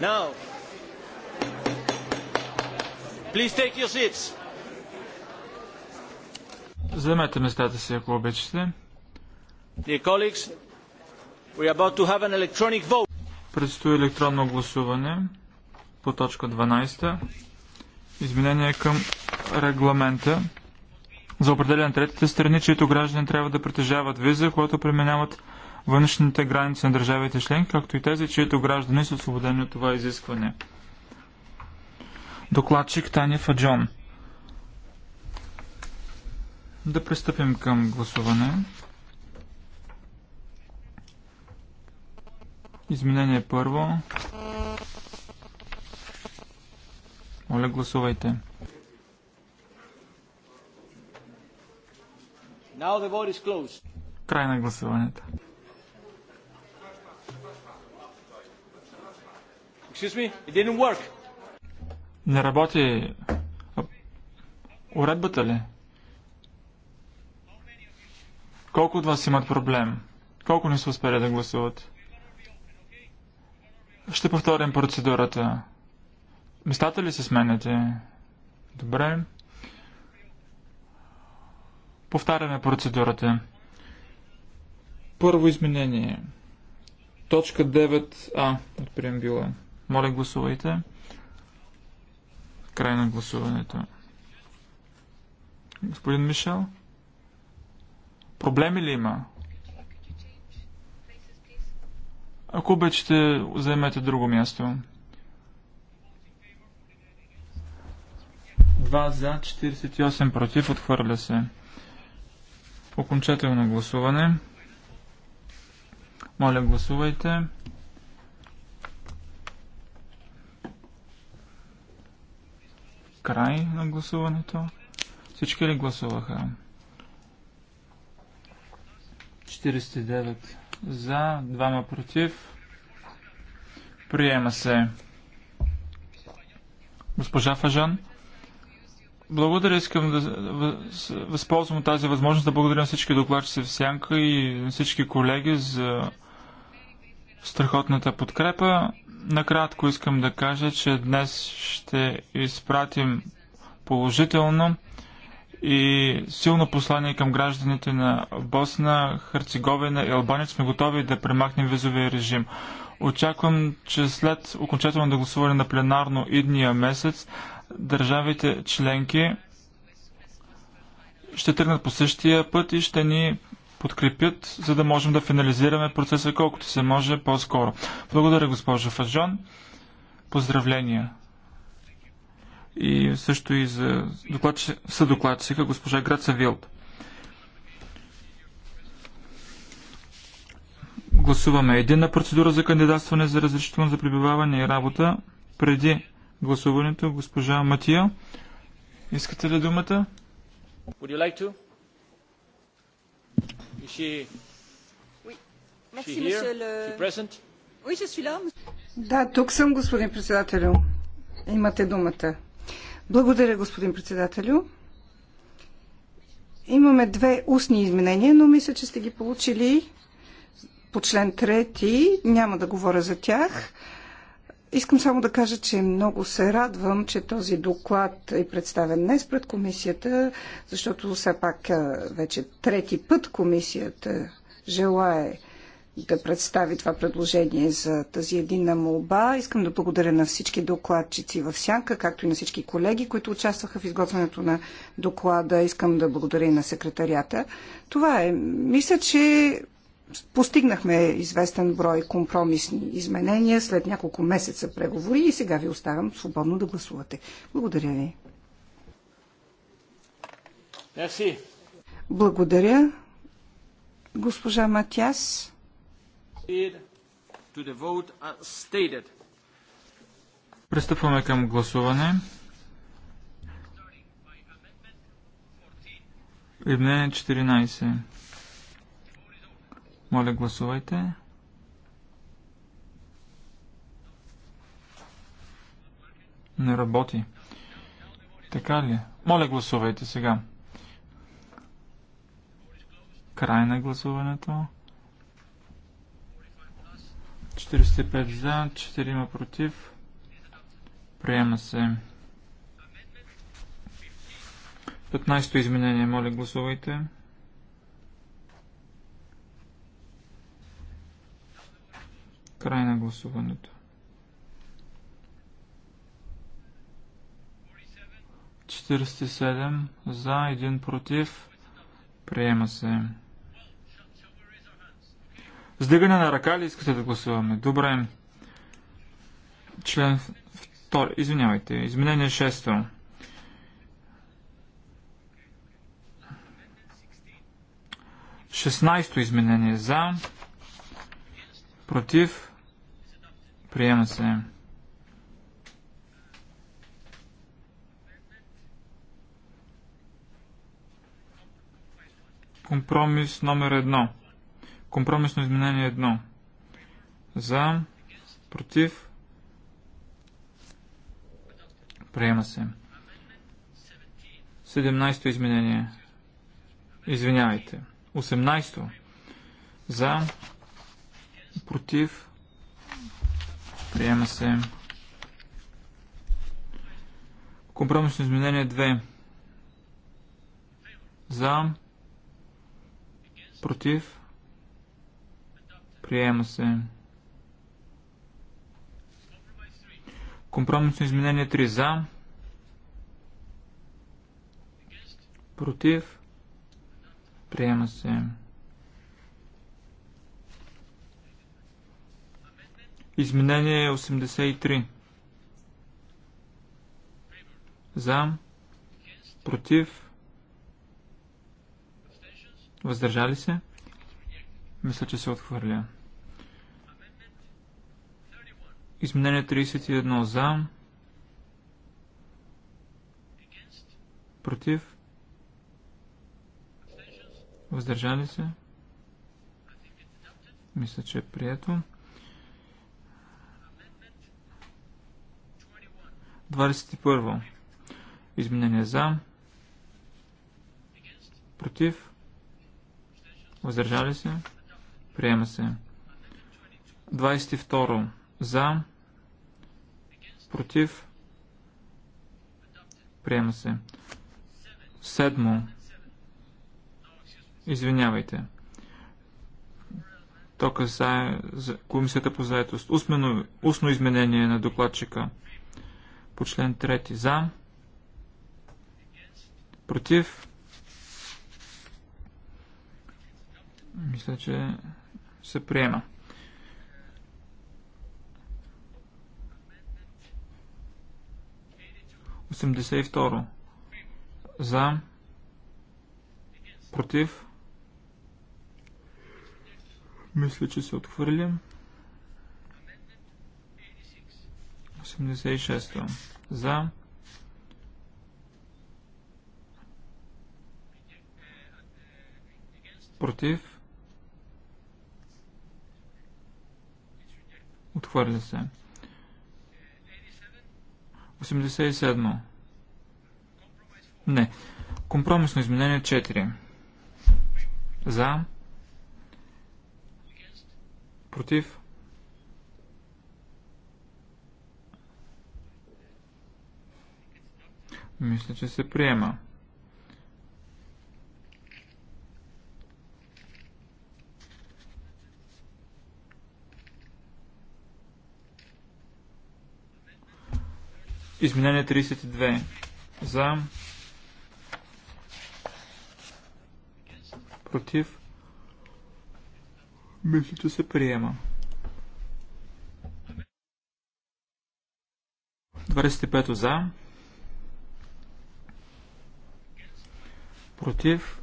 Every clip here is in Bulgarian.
Now, please take your seats. Заемете местата си, ако обичате. Dear colleagues, we are about to have an electronic vote. Предстои електронно гласуване по точка 12. Изменение към регламента за определен третите страни, чието граждани трябва да притежават виза, когато преминават външните граници на държавите членки, както и тези, чието граждани са освободени от това изискване. Докладчик Таня Фаджон. Да пристъпим към гласуване. Изменение първо. Моля, гласувайте. Край на гласуването. Excuse me, it didn't work. Не работи уредбата ли? Колко от вас имат проблем? Колко не са успели да гласуват? Ще повторим процедурата. Местата ли се сменяте? Добре. Повтаряме процедурата. Първо изменение. Точка 9а от преамбюла. Моля, гласувайте. Край на гласуването. Господин Мишел? Проблеми ли има? Ако обичате, займете друго място. Два за, 48 против, отхвърля се. Окончателно гласуване. Моля, гласувайте. Край на гласуването. Всички ли гласуваха? 49 за, 2 против. Приема се. Госпожа Фажан. Благодаря, искам да възползвам тази възможност да благодаря на всички докладчици в Сянка и на всички колеги за страхотната подкрепа. Накратко искам да кажа, че днес ще изпратим положително и силно послание към гражданите на Босна, Херцеговина и Албания. Сме готови да премахнем визовия режим. Очаквам, че след окончателно да гласуване на пленарно идния месец, държавите членки ще тръгнат по същия път и ще ни подкрепят, за да можем да финализираме процеса колкото се може по-скоро. Благодаря, госпожо Фажон. Поздравления. И също и за съдокладчика госпожа Граца Вилд. Гласуваме единна процедура за кандидатстване за разрешително за пребиваване и работа. Преди гласуването, госпожа Матия, искате ли думата? Would you like to? Is she, oui. Merci, she here? Le... She present? Oui, je suis là. Да, тук съм, господин председателю. Имате думата. Благодаря, господин председателю. Имаме две устни изменения, но мисля, че сте ги получили по член трети. Няма да говоря за тях. Искам само да кажа, че много се радвам, че този доклад е представен днес пред комисията, защото все пак вече трети път комисията желае да представи това предложение за тази единна молба. Искам да благодаря на всички докладчици в Сянка, както и на всички колеги, които участваха в изготвянето на доклада. Искам да благодаря и на секретарията. Това е. Мисля, че Постигнахме известен брой компромисни изменения след няколко месеца преговори и сега ви оставям свободно да гласувате. Благодаря ви. Merci. Благодаря, госпожа Матяс. Пристъпваме към гласуване. Изменение 14. Моля, гласувайте. Не работи. Така ли? Моля, гласувайте сега. Край на гласуването. 45 за, 4 има против. Приема се. 15-то изменение, моля гласувайте. Край на гласуването. 47 за, 1 против. Приема се. Сдигане на ръка ли искате да гласуваме? Добре. Член 2. Извинявайте. Изменение 6. Шестнайсто изменение за, против, Приема се. Компромис номер едно. Компромисно изменение едно. За, против, приема се. 17-то изменение. Извинявайте. 18-то. За, против, Приема се. Компромисно изменение 2. За. Против. Приема се. Компромисно изменение 3. За. Против. Приема се. Изменение 83. За. Против. Въздържали се? Мисля, че се отхвърля. Изменение 31 за. Против. Въздържали се? Мисля, че е прието. 21. Изменение за. Против. Въздържали се. Приема се. 22. За. Против. Приема се. Седмо. Извинявайте. Тока за Комисията по заедост. устно изменение на докладчика по член 3 за, против, мисля, че се приема. Осемдесет и второ. За. Против. Мисля, че се отхвърлим. 86 За. Против. Отхвърля се. 87. Не. Компромисно изменение 4. За. Против. Мисля, че се приема. Изменение 32. За. Против. Мисля, че се приема. 25 за. Против.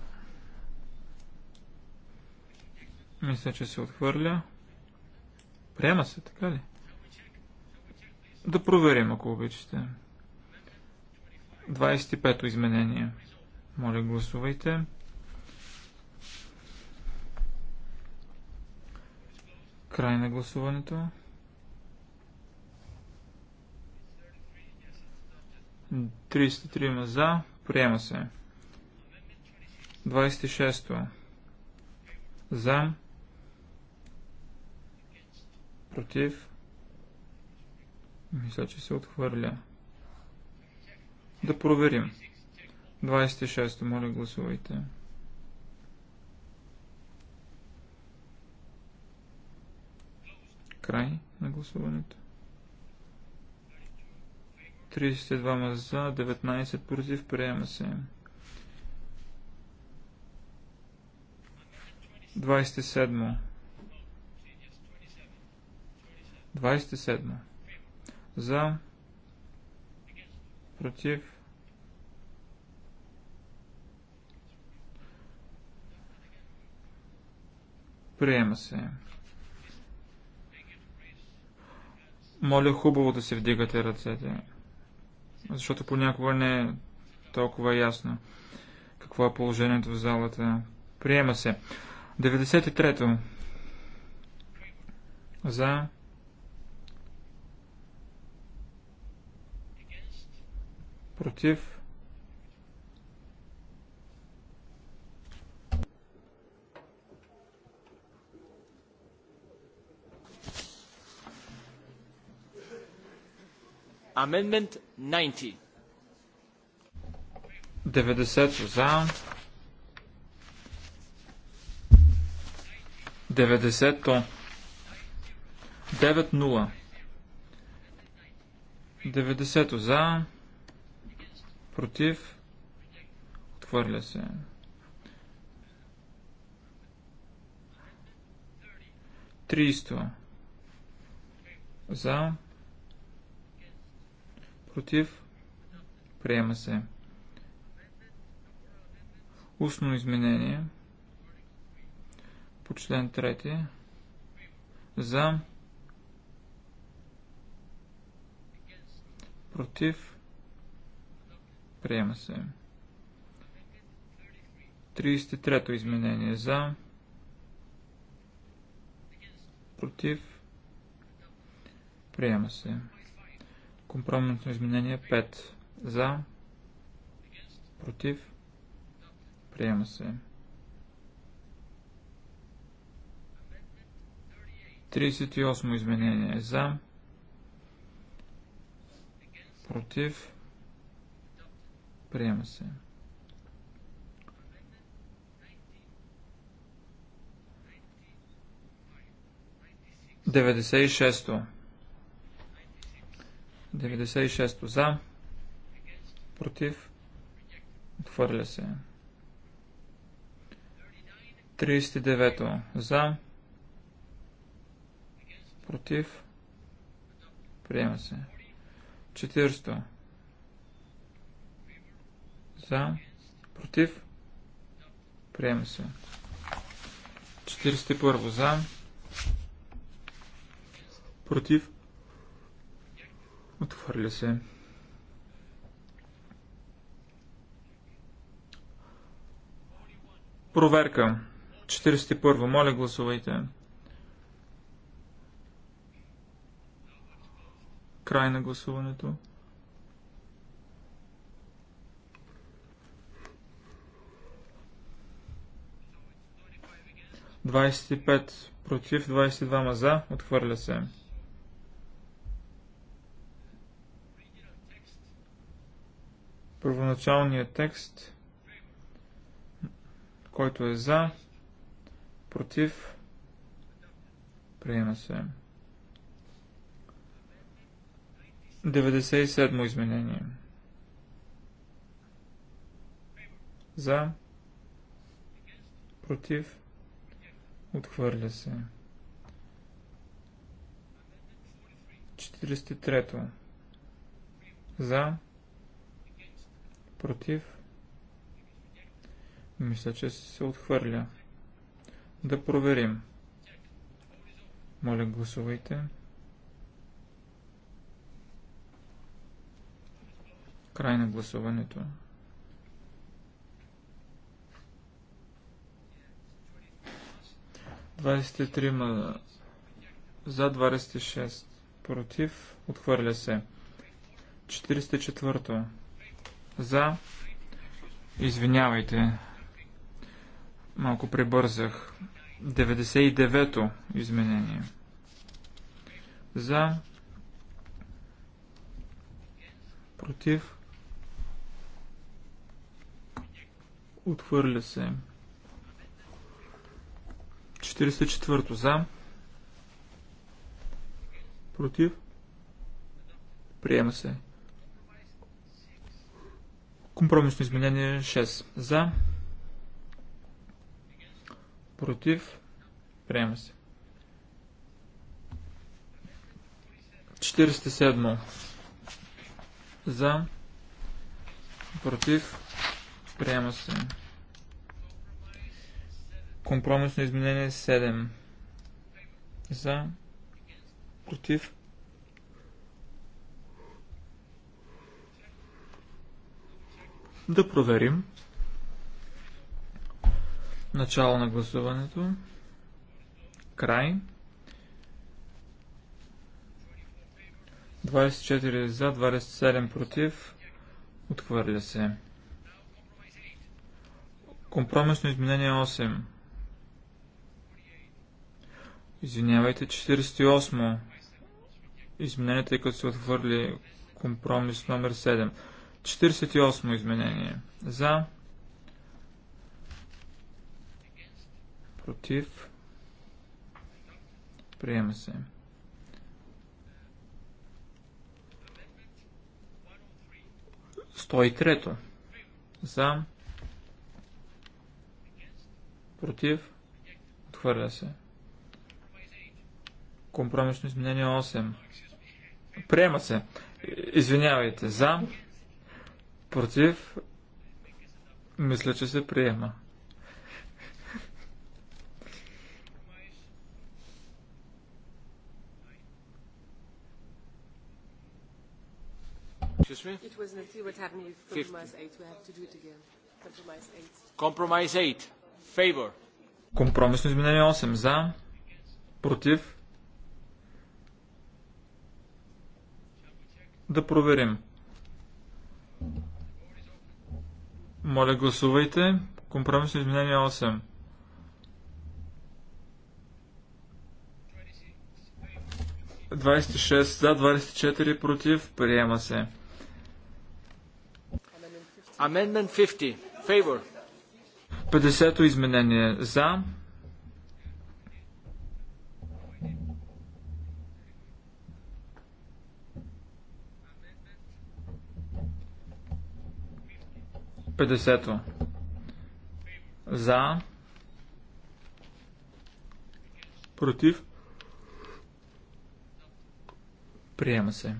Мисля, че се отхвърля. Приема се, така ли? Да проверим, ако обичате. 25-то изменение. Моля, гласувайте. Край на гласуването. Триста трима за. Приема се. 26. За. Против. Мисля, че се отхвърля. Да проверим. 26. Моля, гласувайте. Край на гласуването. 32 за, 19 против, приема се. 27. 27. За. Против. Приема се. Моля хубаво да се вдигате ръцете, защото понякога не е толкова ясно какво е положението в залата. Приема се. 93-то. За. Против. Amendment 90. 90 за. 90-то. 9-0. 90-то за. Против. Отхвърля се. 30 за. Против. Приема се. Устно изменение по член 3 за против приема се. 33-то изменение за против приема се. Компромисно изменение 5 за против приема се. 38 изменение за, против, приема се. Деведесет и шесто. 96 за, против, отхвърля се. 39 за, Против. Приема се. 400. За. Против. Приема се. 41. За. Против. Отхвърля се. Проверка. 41. Моля гласувайте. Край на гласуването. Двадесет пет против, 22 за, отхвърля се. Първоначалният текст, който е за, против, приема се. 97 изменение. За. Против. Отхвърля се. 43. За. Против. Мисля, че се отхвърля. Да проверим. Моля, гласувайте. Край на гласуването. за 26. Против. Отхвърля се. 44. За. Извинявайте. Малко прибързах. 99-то изменение. За. Против. Отхвърля се. 44 за. Против. Приема се. Компромисно изменение 6 за. Против. Приема се. 47 за. Против. Приема се. Компромисно изменение 7. За. Против. Да проверим. Начало на гласуването. Край. 24 за, 27 против. Отхвърля се. Компромисно изменение 8. Извинявайте, 48. Изменение, тъй като се отвърли компромис номер 7. 48 изменение. За. Против. Приема се. Сто и трето. За. Против. Отхвърля се. Компромисно изменение 8. Приема се. Извинявайте. За. Против. Мисля, че се приема. Excuse me? It was not clear what happened with compromise 8. We have to do it again. Compromise 8. Compromise 8. Favor. Компромисно изменение 8 за, против. Да проверим. Моля, гласувайте. Компромисно изменение 8. 26 за, 24 против. Приема се. Amendment 50. Favor. 50-то изменение за. Петдесето. За. Против. Приема се.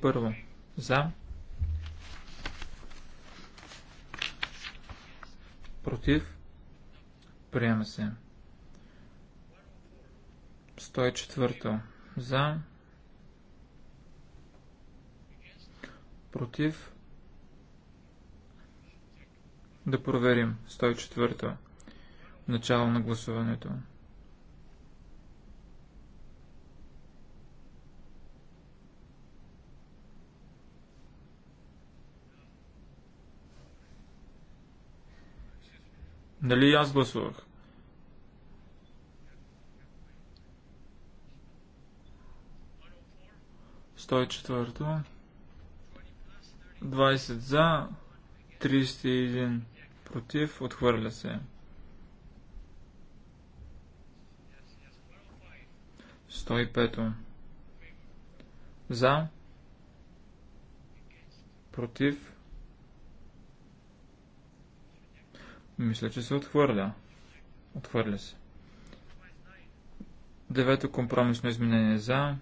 първо За. Против. Приема се. 104. За. Против. Да проверим. 104. Начало на гласуването. Нали аз гласувах? Стой четвърто. 20 за, 31 против, отхвърля се. Стой пето. За, против, Мисля, че се отхвърля. Отхвърля се. Девето компромисно изменение за.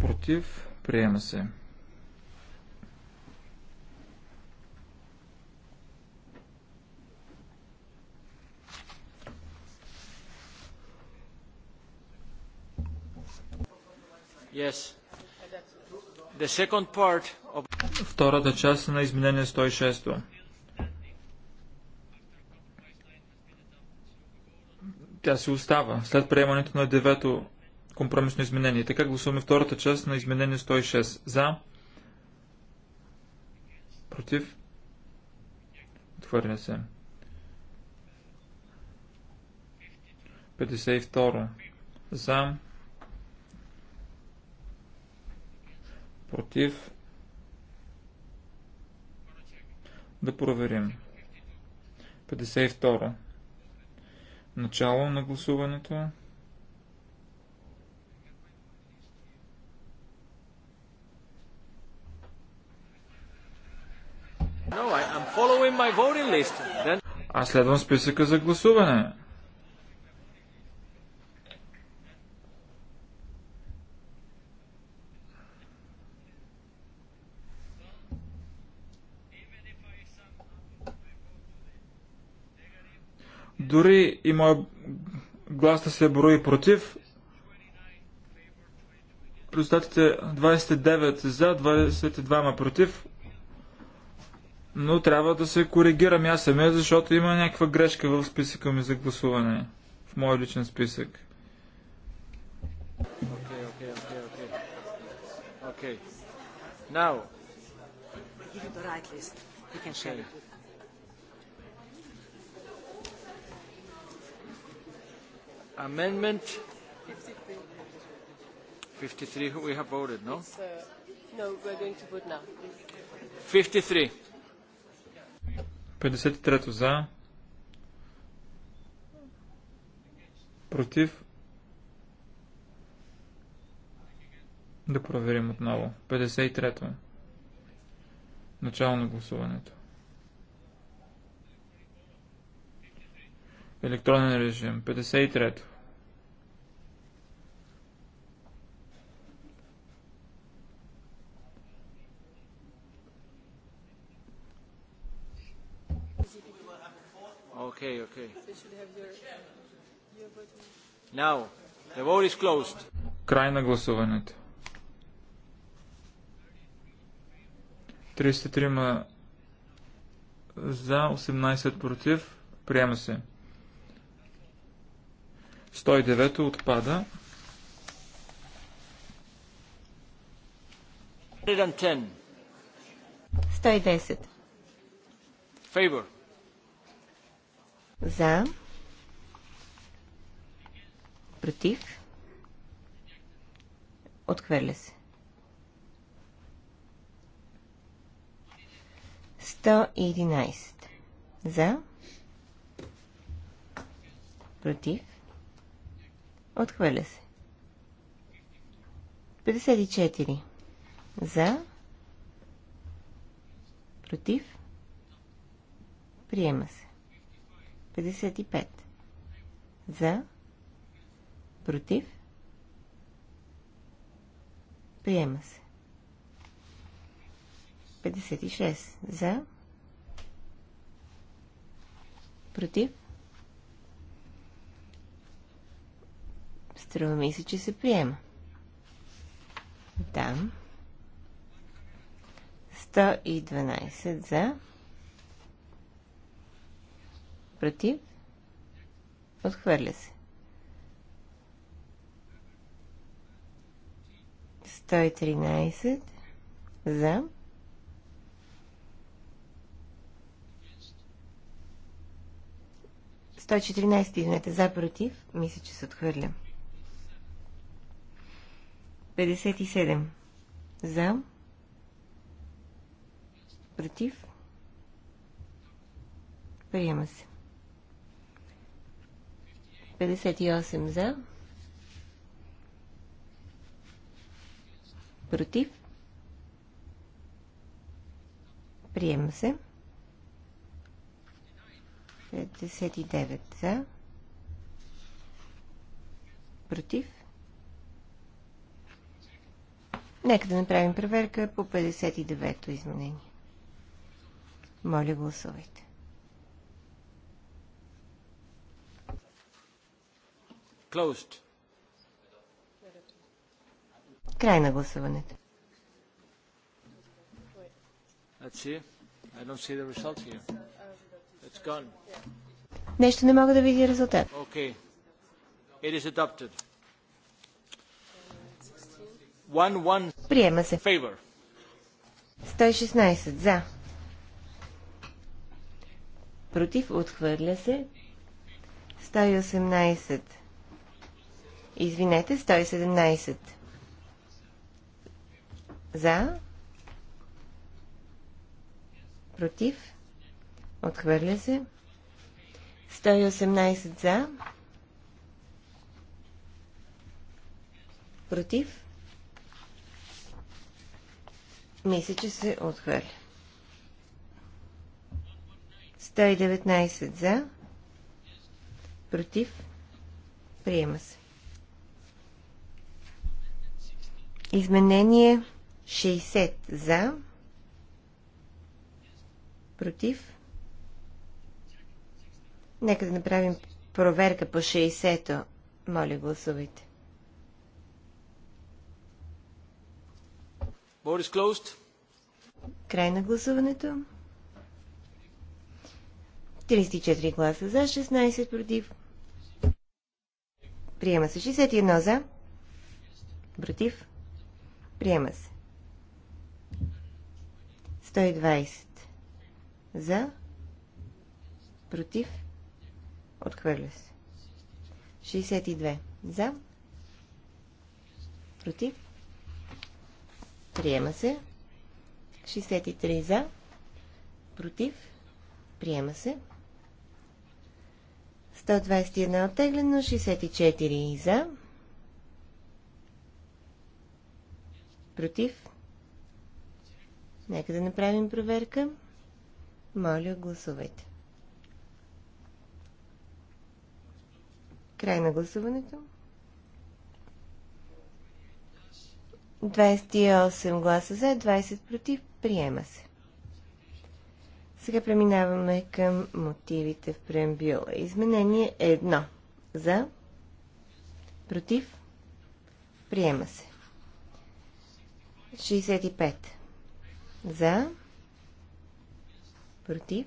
Против. Приема се. Yes. The second part Втората част на изменение 106. Тя се остава след приемането на девето компромисно изменение. Така гласуваме втората част на изменение 106. За. Против. Отхвърля се. 52. За. Против. Да проверим. 52. Начало на гласуването. No, I, following my voting list. Then... Аз следвам списъка за гласуване. Дори и моя глас да се брои против, резултатите 29 за, 22 против, но трябва да се коригирам аз самия, защото има някаква грешка в списъка ми за гласуване, в моя личен списък. Okay, okay, okay, okay. Okay. Now. Give you the right list. We can share it. Amendment 53, we have voted, no? It's, uh, no, we're going to vote now. 53. 53 за. Против. Да проверим отново. 53-то. Начало на гласуването. електронен режим. 53-то. Okay, okay. Now, the vote is closed. Край на гласуването. 303 за, 18 против. Приема се. 109 отпада. 110. Favor. За. Против. Отхвърля се. 111. За. Против. Отхвърля се. 54. За. Против. Приема се. 55. За. Против. Приема се. 56. За. Против. Струва ми се, че се приема. Там. 112 за. Против. Отхвърля се. 113 за. Сто четиринайсет, извинете, за против. Мисля, че се отхвърля. 57. За. Против. Приема се. 58 за. Против. Приема се. 59 за. Против. Нека да направим проверка по 59-то изменение. Моля, гласувайте. Closed. Край на гласуването. Нещо не мога да видя резултат. Okay. Приема се. 116 за. Против отхвърля се. 118. Извинете, 117. За. Против. Отхвърля се. 118 за. Против. Мисля, че се отхвърля. 119 за. Против. Приема се. Изменение 60 за. Против. Нека да направим проверка по 60-то. Моля, гласувайте. Vote is closed. Край на гласуването. 34 гласа за, 16 против. Приема се 61 за. Против. Приема се. 120 за. Против. Отхвърля се. 62 за. Против. Приема се. 63 за. Против. Приема се. 121 оттеглено. 64 за. Против. Нека да направим проверка. Моля, гласувайте. Край на гласуването. 28 гласа за, 20 против. Приема се. Сега преминаваме към мотивите в преамбюла. Изменение 1. За. Против. Приема се. 65. За. Против.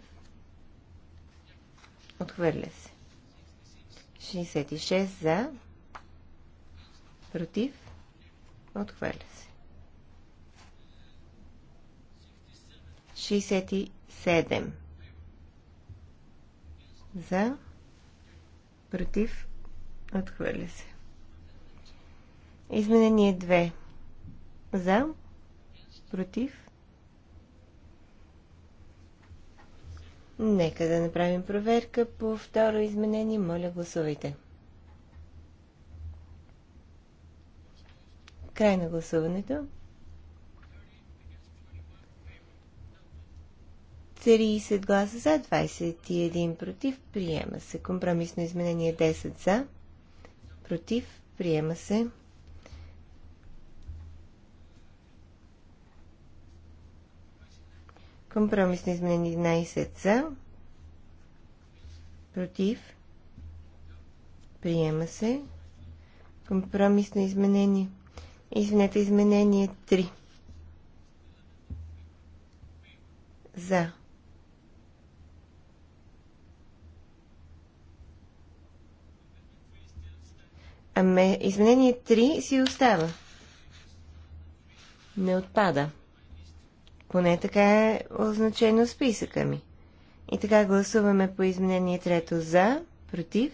Отхвърля се. 66 за. Против. Отхвърля се. 67. За. Против. Отхвърля се. Изменение 2. За. Против. Нека да направим проверка по второ изменение. Моля, гласувайте. 67. Край на гласуването. 30 гласа за, 21 против, приема се. Компромисно изменение 10 за, против, приема се. Компромисно изменение 11 за, против, приема се. Компромисно изменение Извинете, изменение 3. За. Аме изменение 3 си остава. Не отпада. Поне така е означено списъка ми. И така гласуваме по изменение трето за, против.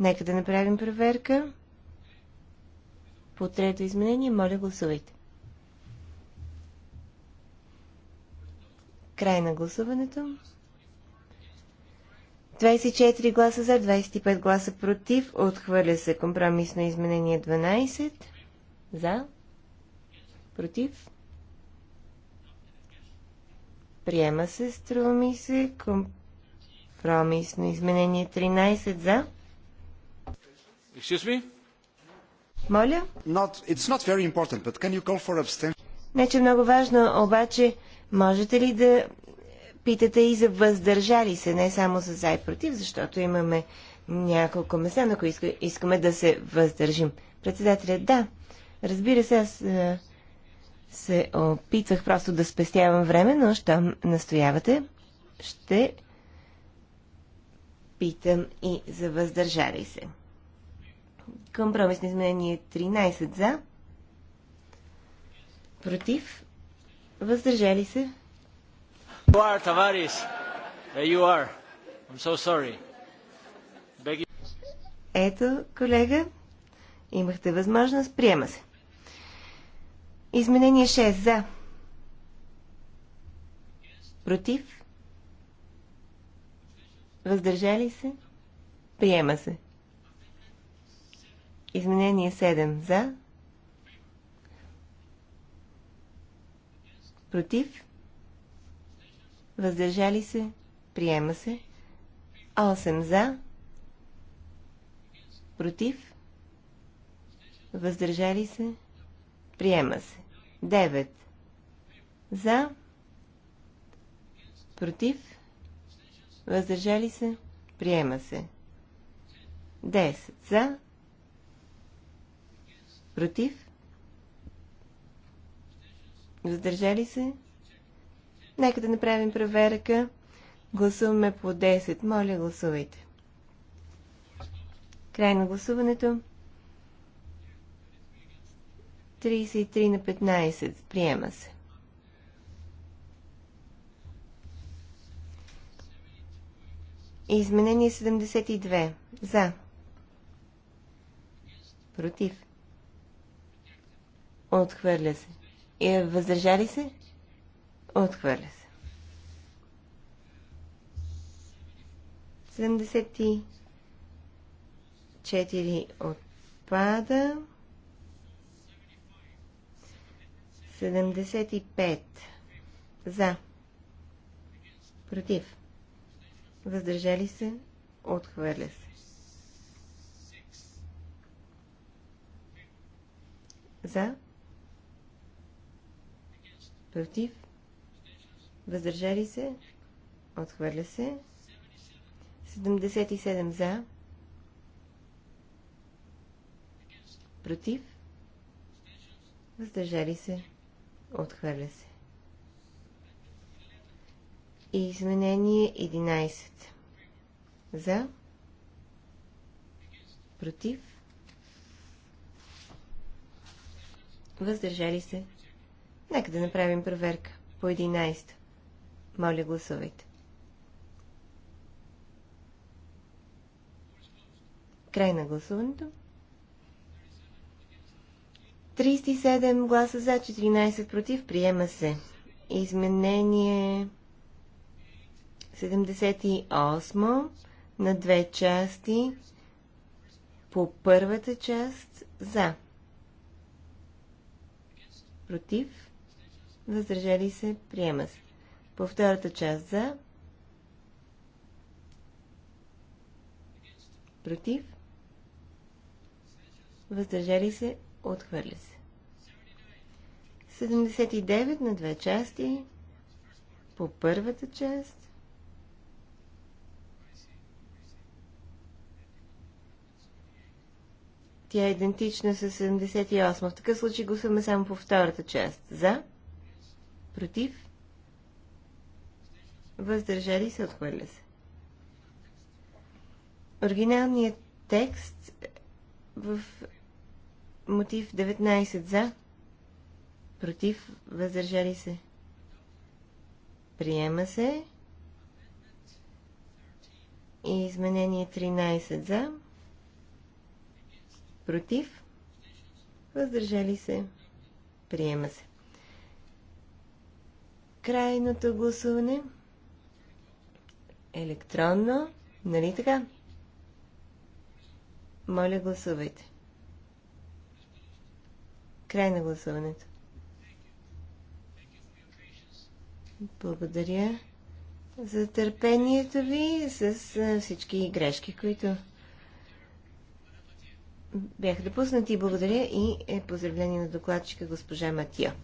Нека да направим проверка. По трето изменение, моля гласувайте. Край на гласуването. 24 гласа за, 25 гласа против. Отхвърля се компромисно изменение 12. За. Против. Приема се, струва ми се, компромисно изменение 13 за. Excuse me? Моля? Not, Не, че е много важно, обаче можете ли да питате и за въздържали се, не само за за и против, защото имаме няколко места, на които искаме да се въздържим. Председателя, да. Разбира се, аз е, се опитвах просто да спестявам време, но щом настоявате, ще питам и за въздържали се. Компромисно изменение 13 за. Против. Въздържали се. You are, Tavares. you are. I'm so sorry. Beg Ето, колега, имахте възможност, приема се. Изменение 6 за. Против. Въздържали се. Приема се. Изменение 7 за. Против. Въздържали се. Приема се. 8 за. Против. Въздържали се. Приема се. 9 за. Против. Въздържали се. Приема се. 10 за Против? Въздържали се? Нека да направим проверка. Гласуваме по 10. Моля, гласувайте. Край на гласуването. 33 на 15. Приема се. Изменение 72. За. Против. Отхвърля се. И Е, въздържали се? Отхвърля се. 74 отпада. 75 за. Против. Въздържали се? Отхвърля се. За? против, въздържали се, отхвърля се, 77 за, против, въздържали се, отхвърля се. И изменение 11 за, против, въздържали се, Нека да направим проверка по 11. Моля, гласувайте. Край на гласуването. 37 гласа за, 14 против. Приема се. Изменение 78 на две части. По първата част за. Против въздържали се, приема се. По втората част за, против, въздържали се, отхвърля се. 79 на две части, по първата част, Тя е идентична с 78. В такъв случай гласуваме само по втората част. За? против, въздържали се, отхвърля се. Оригиналният текст в мотив 19 за, против, въздържали се. Приема се. И изменение 13 за, против, въздържали се. Приема се крайното гласуване. Електронно, нали така? Моля, гласувайте. Край на гласуването. Благодаря за търпението ви с всички грешки, които бяха допуснати. Благодаря и е поздравление на докладчика госпожа Матия.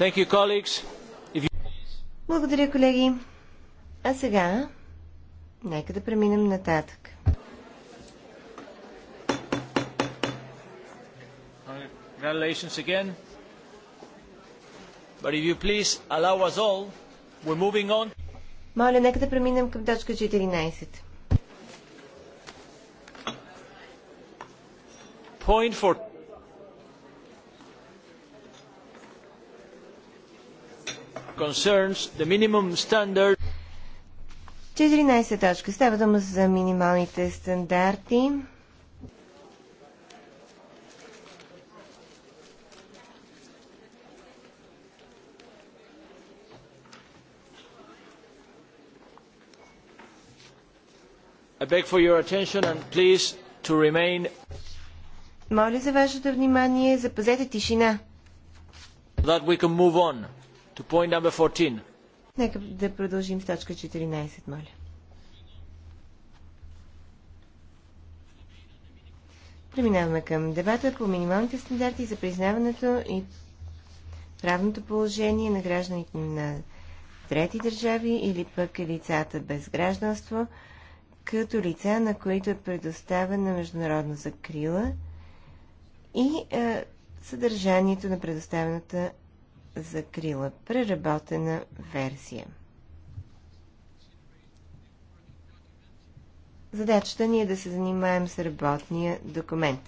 You, you... Благодаря, колеги. А сега, нека да преминем нататък. Congratulations again. But if you please allow us all, we're moving on. Моля, нека да преминем към точка 14. Point for 14 точка. минималните стандарти. Моля за вашето внимание, запазете тишина. That we can move on. To point number 14. Нека да продължим с точка 14, моля. Преминаваме към дебата по минималните стандарти за признаването и правното положение на гражданите на трети държави или пък лицата без гражданство, като лица, на които е предоставена международна закрила и е, съдържанието на предоставената закрила. Преработена версия. Задачата ни е да се занимаем с работния документ.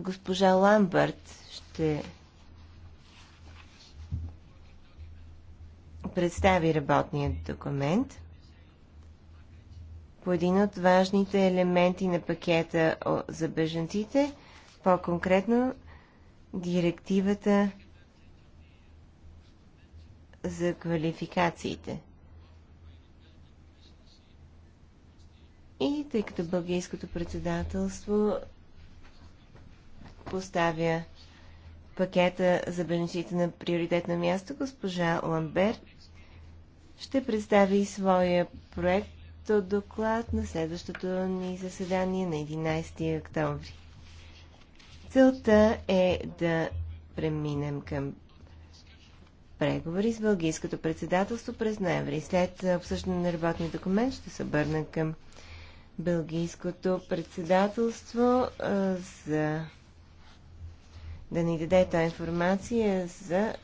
Госпожа Ламбърт ще представи работния документ по един от важните елементи на пакета за бежанците, по-конкретно директивата за квалификациите. И тъй като Бългийското председателство поставя пакета за бенефициите на приоритетно място, госпожа Ламбер ще представи своя проект от доклад на следващото ни заседание на 11 октомври. Целта е да преминем към преговори с Бългийското председателство през ноември. След обсъждане на работния документ ще се обърна към Бългийското председателство за да ни даде тази информация за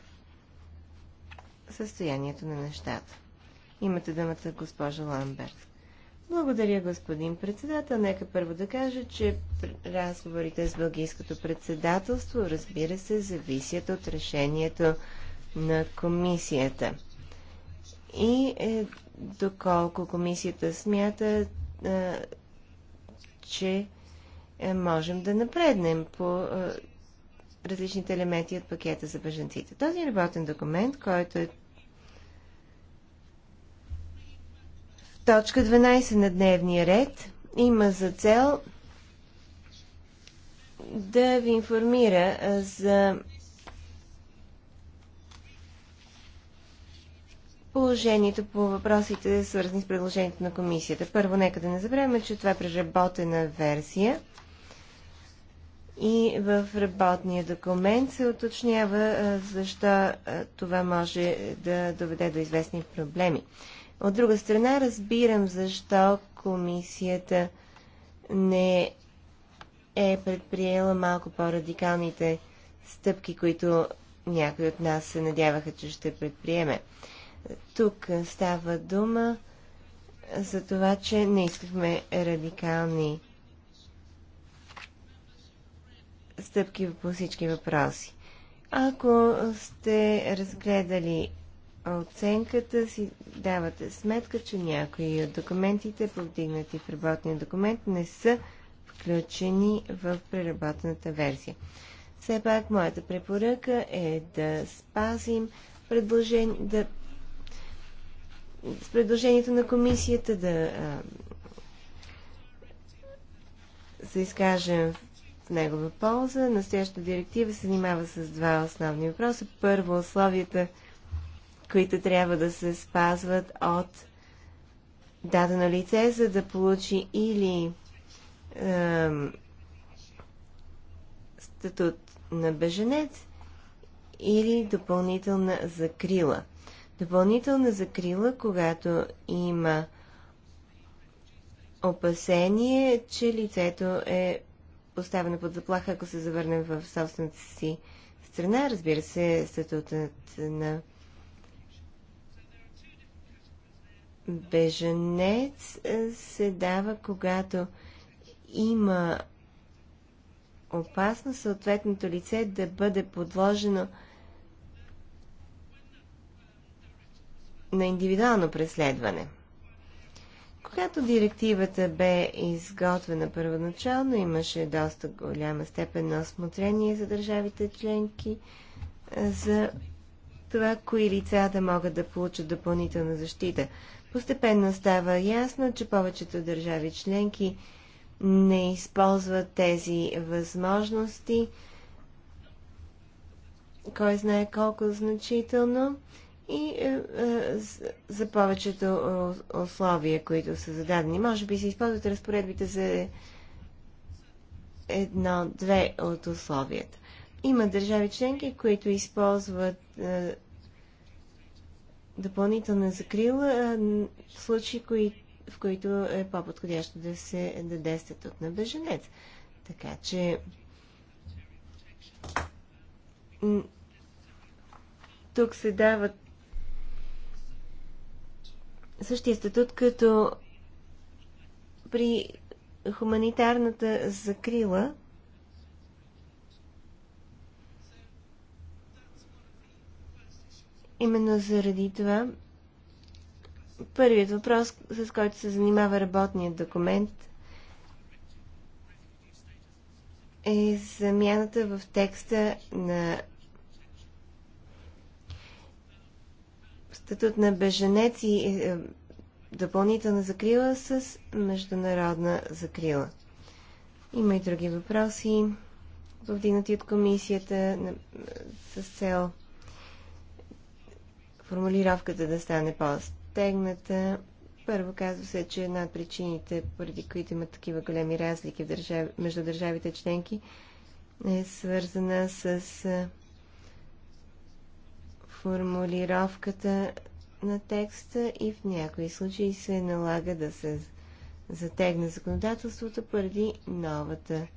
състоянието на нещата. Имате думата госпожа Ламберт. Благодаря, господин председател. Нека първо да кажа, че разговорите с Бългийското председателство, разбира се, зависят от решението на комисията. И е, доколко комисията смята, е, че е, можем да напреднем по е, различните елементи от пакета за бъженците. Този работен документ, който е Точка 12 на дневния ред има за цел да ви информира за положението по въпросите, свързани с предложението на комисията. Първо, нека да не забравяме, че това е преработена версия и в работния документ се уточнява защо това може да доведе до известни проблеми. От друга страна, разбирам защо комисията не е предприела малко по-радикалните стъпки, които някои от нас се надяваха, че ще предприеме. Тук става дума за това, че не искахме радикални стъпки по всички въпроси. Ако сте разгледали оценката си давате сметка, че някои от документите, повдигнати в работния документ, не са включени в преработената версия. Все пак, моята препоръка е да спазим предложение, да, с предложението на комисията да а, се изкажем в негова полза. Настоящата директива се занимава с два основни въпроса. Първо, условията които трябва да се спазват от дадено лице, за да получи или е, статут на беженец, или допълнителна закрила. Допълнителна закрила, когато има опасение, че лицето е поставено под заплаха, ако се завърне в собствената си страна. Разбира се, статутът на беженец е, се дава, когато има опасно съответното лице да бъде подложено на индивидуално преследване. Когато директивата бе изготвена първоначално, имаше доста голяма степен на осмотрение за държавите членки е, за това, кои лица да могат да получат допълнителна защита. Постепенно става ясно, че повечето държави членки не използват тези възможности, кой знае колко значително и е, е, за повечето условия, които са зададени. Може би се използват разпоредбите за едно-две от условията. Има държави членки, които използват е, допълнителна закрила в случаи, кои, в които е по-подходящо да се даде статут на беженец. Така че тук се дават същия статут като при хуманитарната закрила – Именно заради това първият въпрос, с който се занимава работният документ, е замяната в текста на статут на беженец и е, допълнителна закрила с международна закрила. Има и други въпроси, повдигнати от комисията с цел формулировката да стане по-стегната. Първо казва се, че една от причините, поради които има такива големи разлики държави, между държавите членки, е свързана с формулировката на текста и в някои случаи се налага да се затегне законодателството поради новата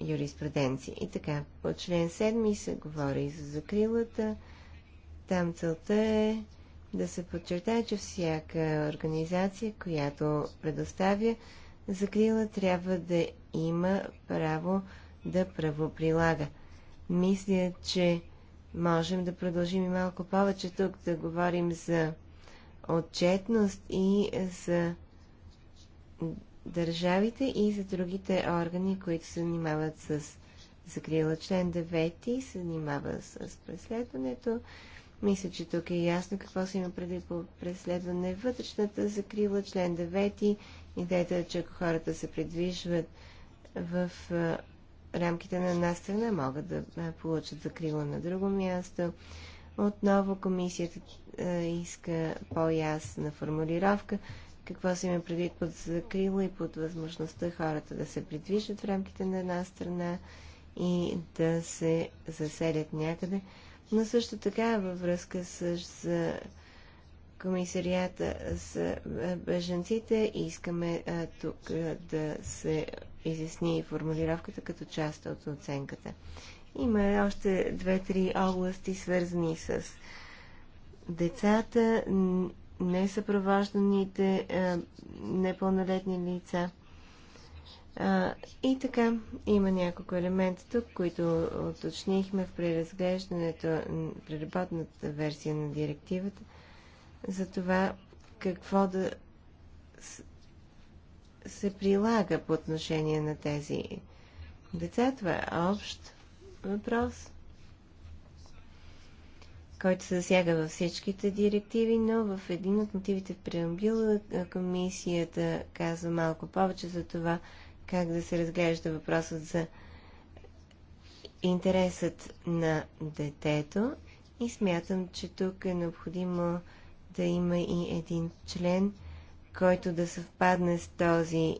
юриспруденция. И така, по член 7 се говори за закрилата там целта е да се подчертае, че всяка организация, която предоставя закрила, трябва да има право да правоприлага. Мисля, че можем да продължим и малко повече тук да говорим за отчетност и за държавите и за другите органи, които се занимават с закрила. Член 9 се занимава с преследването. Мисля, че тук е ясно какво се има преди по преследване. Вътрешната закрила, член 9. Идеята е, че ако хората се придвижват в рамките на една страна, могат да получат закрила на друго място. Отново комисията иска по-ясна формулировка какво се има предвид под закрила и под възможността хората да се придвижат в рамките на една страна и да се заселят някъде но също така във връзка с, с комисарията с беженците искаме а, тук а, да се изясни формулировката като част от оценката. Има още две-три области, свързани с децата, несъпровожданите непълнолетни лица – а, и така, има няколко елемента тук, които уточнихме в преразглеждането, преработната версия на директивата, за това какво да се прилага по отношение на тези деца. Това е общ въпрос, който се засяга във всичките директиви, но в един от мотивите в преамбюла комисията казва малко повече за това, как да се разглежда въпросът за интересът на детето и смятам, че тук е необходимо да има и един член, който да съвпадне с този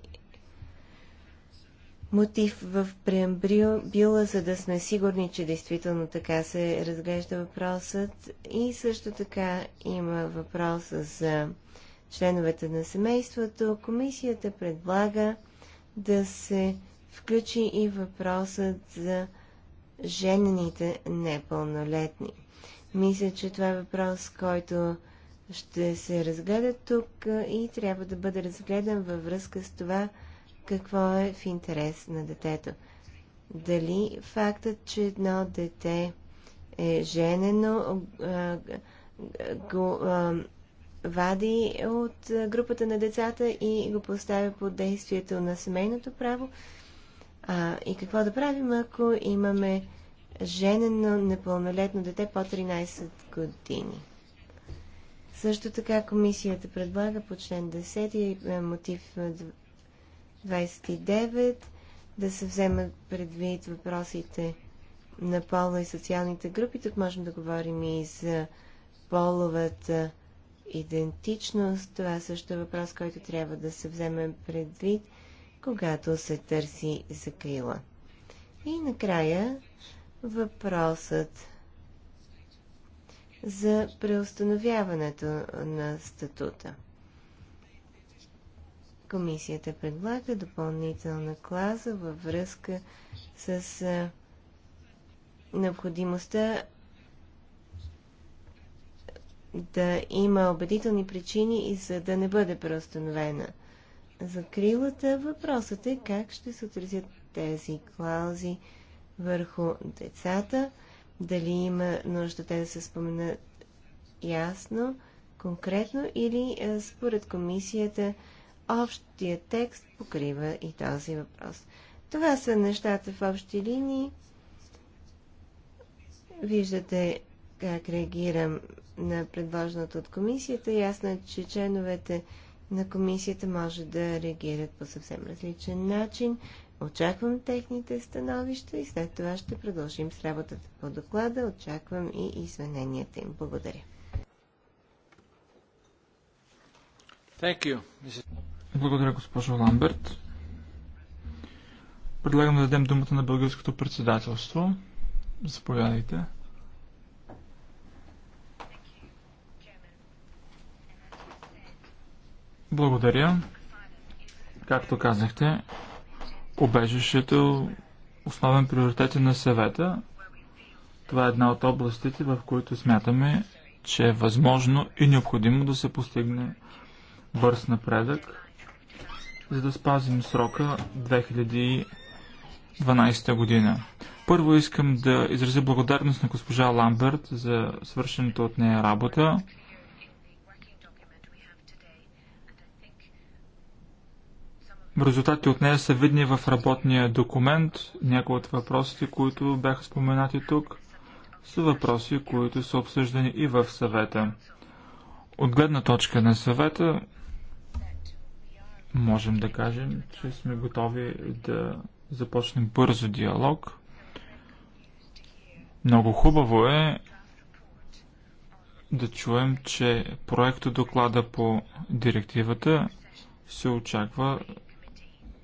мотив в преамбрила, за да сме сигурни, че действително така се разглежда въпросът. И също така има въпрос за членовете на семейството. Комисията предлага да се включи и въпросът за женените непълнолетни. Мисля, че това е въпрос, който ще се разгледа тук и трябва да бъде разгледан във връзка с това, какво е в интерес на детето. Дали фактът, че едно дете е женено, го вади от е, групата на децата и го поставя под действието на семейното право. А, и какво да правим, ако имаме женено непълнолетно дете по 13 години? Също така комисията предлага по член 10 е, е, мотив 29 да се вземат предвид въпросите на пола и социалните групи. Тук можем да говорим и за половата идентичност. Това е също е въпрос, който трябва да се вземе предвид, когато се търси закрила. И накрая въпросът за преустановяването на статута. Комисията предлага допълнителна клаза във връзка с необходимостта да има убедителни причини и за да не бъде преустановена за крилата, Въпросът е как ще се отразят тези клаузи върху децата, дали има нужда те да се споменат ясно, конкретно или е, според комисията общия текст покрива и този въпрос. Това са нещата в общи линии. Виждате как реагирам на предложеното от комисията. Ясно е, че членовете на комисията може да реагират по съвсем различен начин. Очаквам техните становища и след това ще продължим с работата по доклада. Очаквам и извиненията им. Благодаря. Thank you. Благодаря, госпожо Ламберт. Предлагам да дадем думата на българското председателство. Заповядайте. Благодаря. Както казахте, обежището основен приоритет е на съвета. Това е една от областите, в които смятаме, че е възможно и необходимо да се постигне бърз напредък, за да спазим срока 2012 година. Първо искам да изразя благодарност на госпожа Ламберт за свършената от нея работа. Резултатите от нея са видни в работния документ. Някои от въпросите, които бяха споменати тук, са въпроси, които са обсъждани и в съвета. От гледна точка на съвета, можем да кажем, че сме готови да започнем бързо диалог. Много хубаво е да чуем, че проекто доклада по директивата се очаква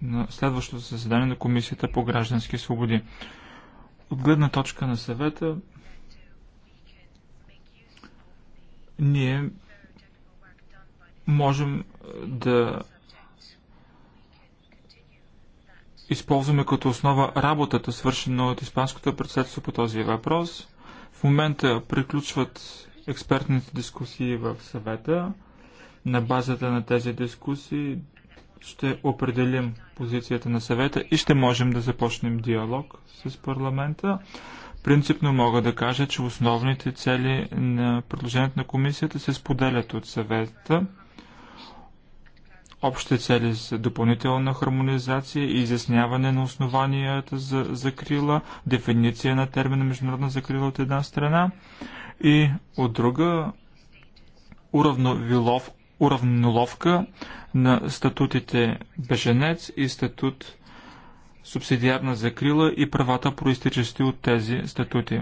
на следващото заседание на Комисията по граждански свободи. От гледна точка на съвета, ние можем е, да използваме като основа работата, свършена от Испанското председателство по този въпрос. В момента приключват експертните дискусии в съвета. На базата на тези дискусии ще определим позицията на съвета и ще можем да започнем диалог с парламента. Принципно мога да кажа, че основните цели на предложението на комисията се споделят от съвета. Общите цели са допълнителна хармонизация и изясняване на основанията за закрила, дефиниция на термина международна закрила от една страна и от друга уравновилов уравниловка на статутите беженец и статут субсидиарна закрила и правата, проистичащи от тези статути.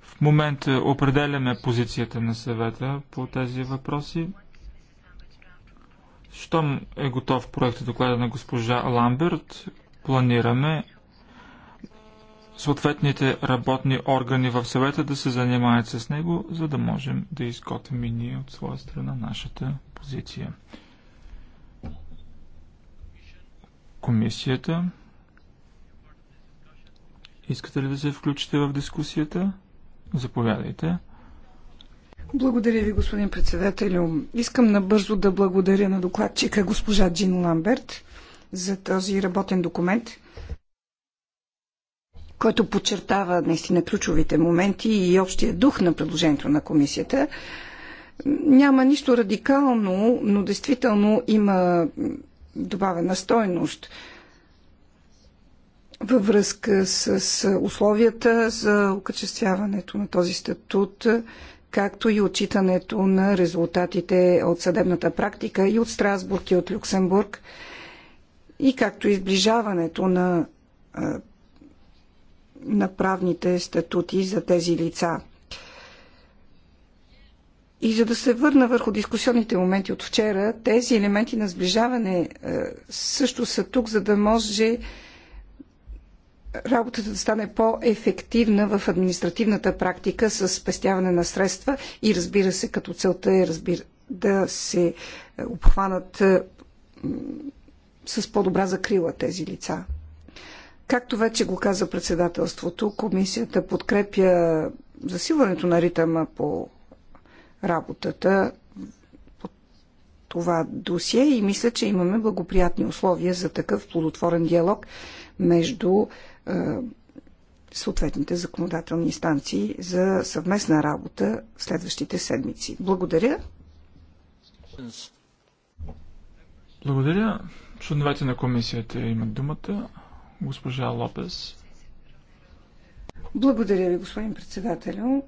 В момента определяме позицията на съвета по тези въпроси. Щом е готов проектът доклада на госпожа Ламберт, планираме съответните работни органи в съвета да се занимаят с него, за да можем да изготвим и ние от своя страна нашата позиция. Комисията. Искате ли да се включите в дискусията? Заповядайте. Благодаря ви, господин председател. Искам набързо да благодаря на докладчика госпожа Джин Ламберт за този работен документ – който подчертава наистина ключовите моменти и общия дух на предложението на комисията. Няма нищо радикално, но действително има добавена стойност във връзка с условията за окачествяването на този статут, както и отчитането на резултатите от съдебната практика и от Страсбург и от Люксембург, и както изближаването на на правните статути за тези лица. И за да се върна върху дискусионните моменти от вчера, тези елементи на сближаване е, също са тук, за да може работата да стане по-ефективна в административната практика с спестяване на средства и разбира се, като целта е разбира, да се е, обхванат е, с по-добра закрила тези лица. Както вече го каза председателството, комисията подкрепя засилването на ритъма по работата по това досие и мисля, че имаме благоприятни условия за такъв плодотворен диалог между е, съответните законодателни инстанции за съвместна работа в следващите седмици. Благодаря. Благодаря. Членовете на комисията имат думата госпожа Лопес. Благодаря ви, господин председател.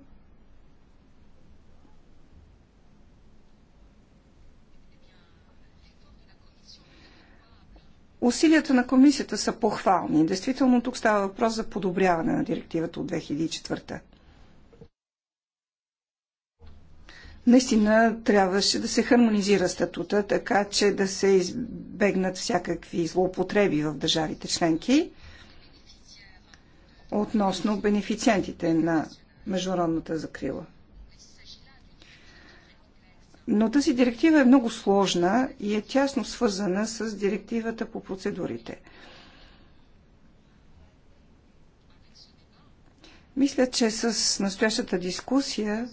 Усилията на комисията са похвални. Действително тук става въпрос за подобряване на директивата от 2004. Наистина трябваше да се хармонизира статута, така че да се избегнат всякакви злоупотреби в държавите членки относно бенефициентите на международната закрила. Но тази директива е много сложна и е тясно свързана с директивата по процедурите. Мисля, че с настоящата дискусия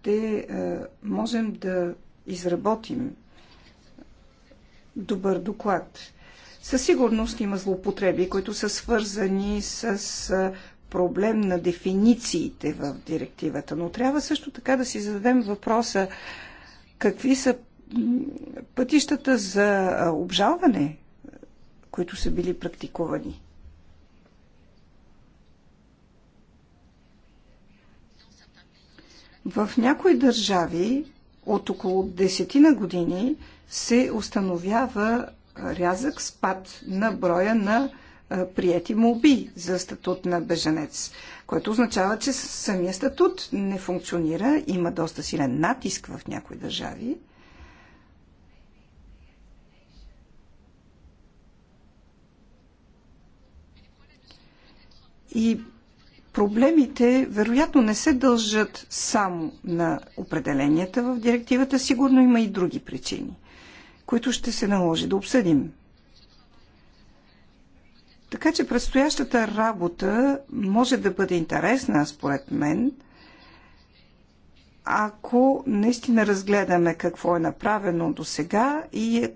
ще е, можем да изработим добър доклад. Със сигурност има злоупотреби, които са свързани с е, проблем на дефинициите в директивата, но трябва също така да си зададем въпроса какви са пътищата за е, обжалване, които са били практикувани. В някои държави от около десетина години се установява рязък спад на броя на прияти молби за статут на беженец, което означава, че самия статут не функционира, има доста силен натиск в някои държави. И проблемите вероятно не се дължат само на определенията в директивата, сигурно има и други причини, които ще се наложи да обсъдим. Така че предстоящата работа може да бъде интересна, според мен, ако наистина разгледаме какво е направено до сега и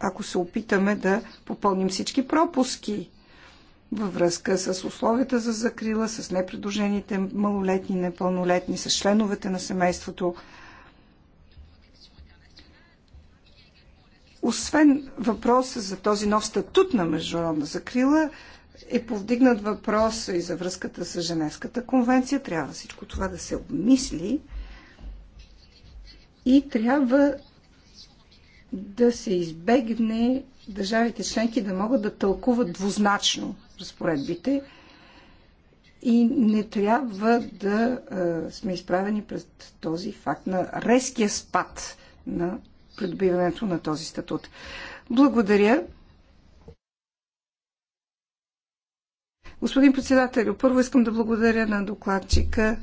ако се опитаме да попълним всички пропуски, във връзка с условията за закрила, с непредложените малолетни, непълнолетни, с членовете на семейството. Освен въпроса за този нов статут на международна закрила, е повдигнат въпрос и за връзката с Женевската конвенция. Трябва всичко това да се обмисли и трябва да се избегне държавите членки да могат да тълкуват двузначно разпоредбите и не трябва да а, сме изправени пред този факт на резкия спад на придобиването на този статут. Благодаря. Господин председател, първо искам да благодаря на докладчика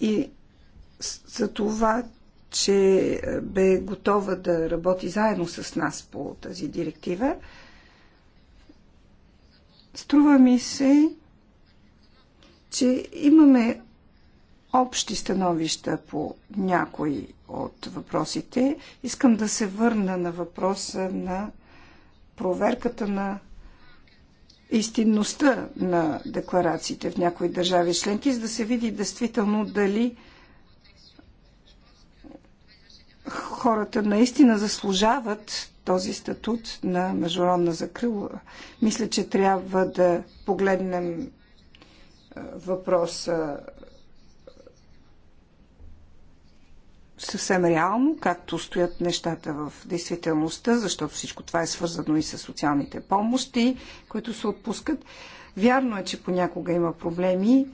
и за това, че бе готова да работи заедно с нас по тази директива. Струва ми се, че имаме общи становища по някои от въпросите. Искам да се върна на въпроса на проверката на истинността на декларациите в някои държави членки, за да се види действително дали хората наистина заслужават този статут на международна закрила. Мисля, че трябва да погледнем е, въпроса е, съвсем реално, както стоят нещата в действителността, защото всичко това е свързано и с социалните помощи, които се отпускат. Вярно е, че понякога има проблеми,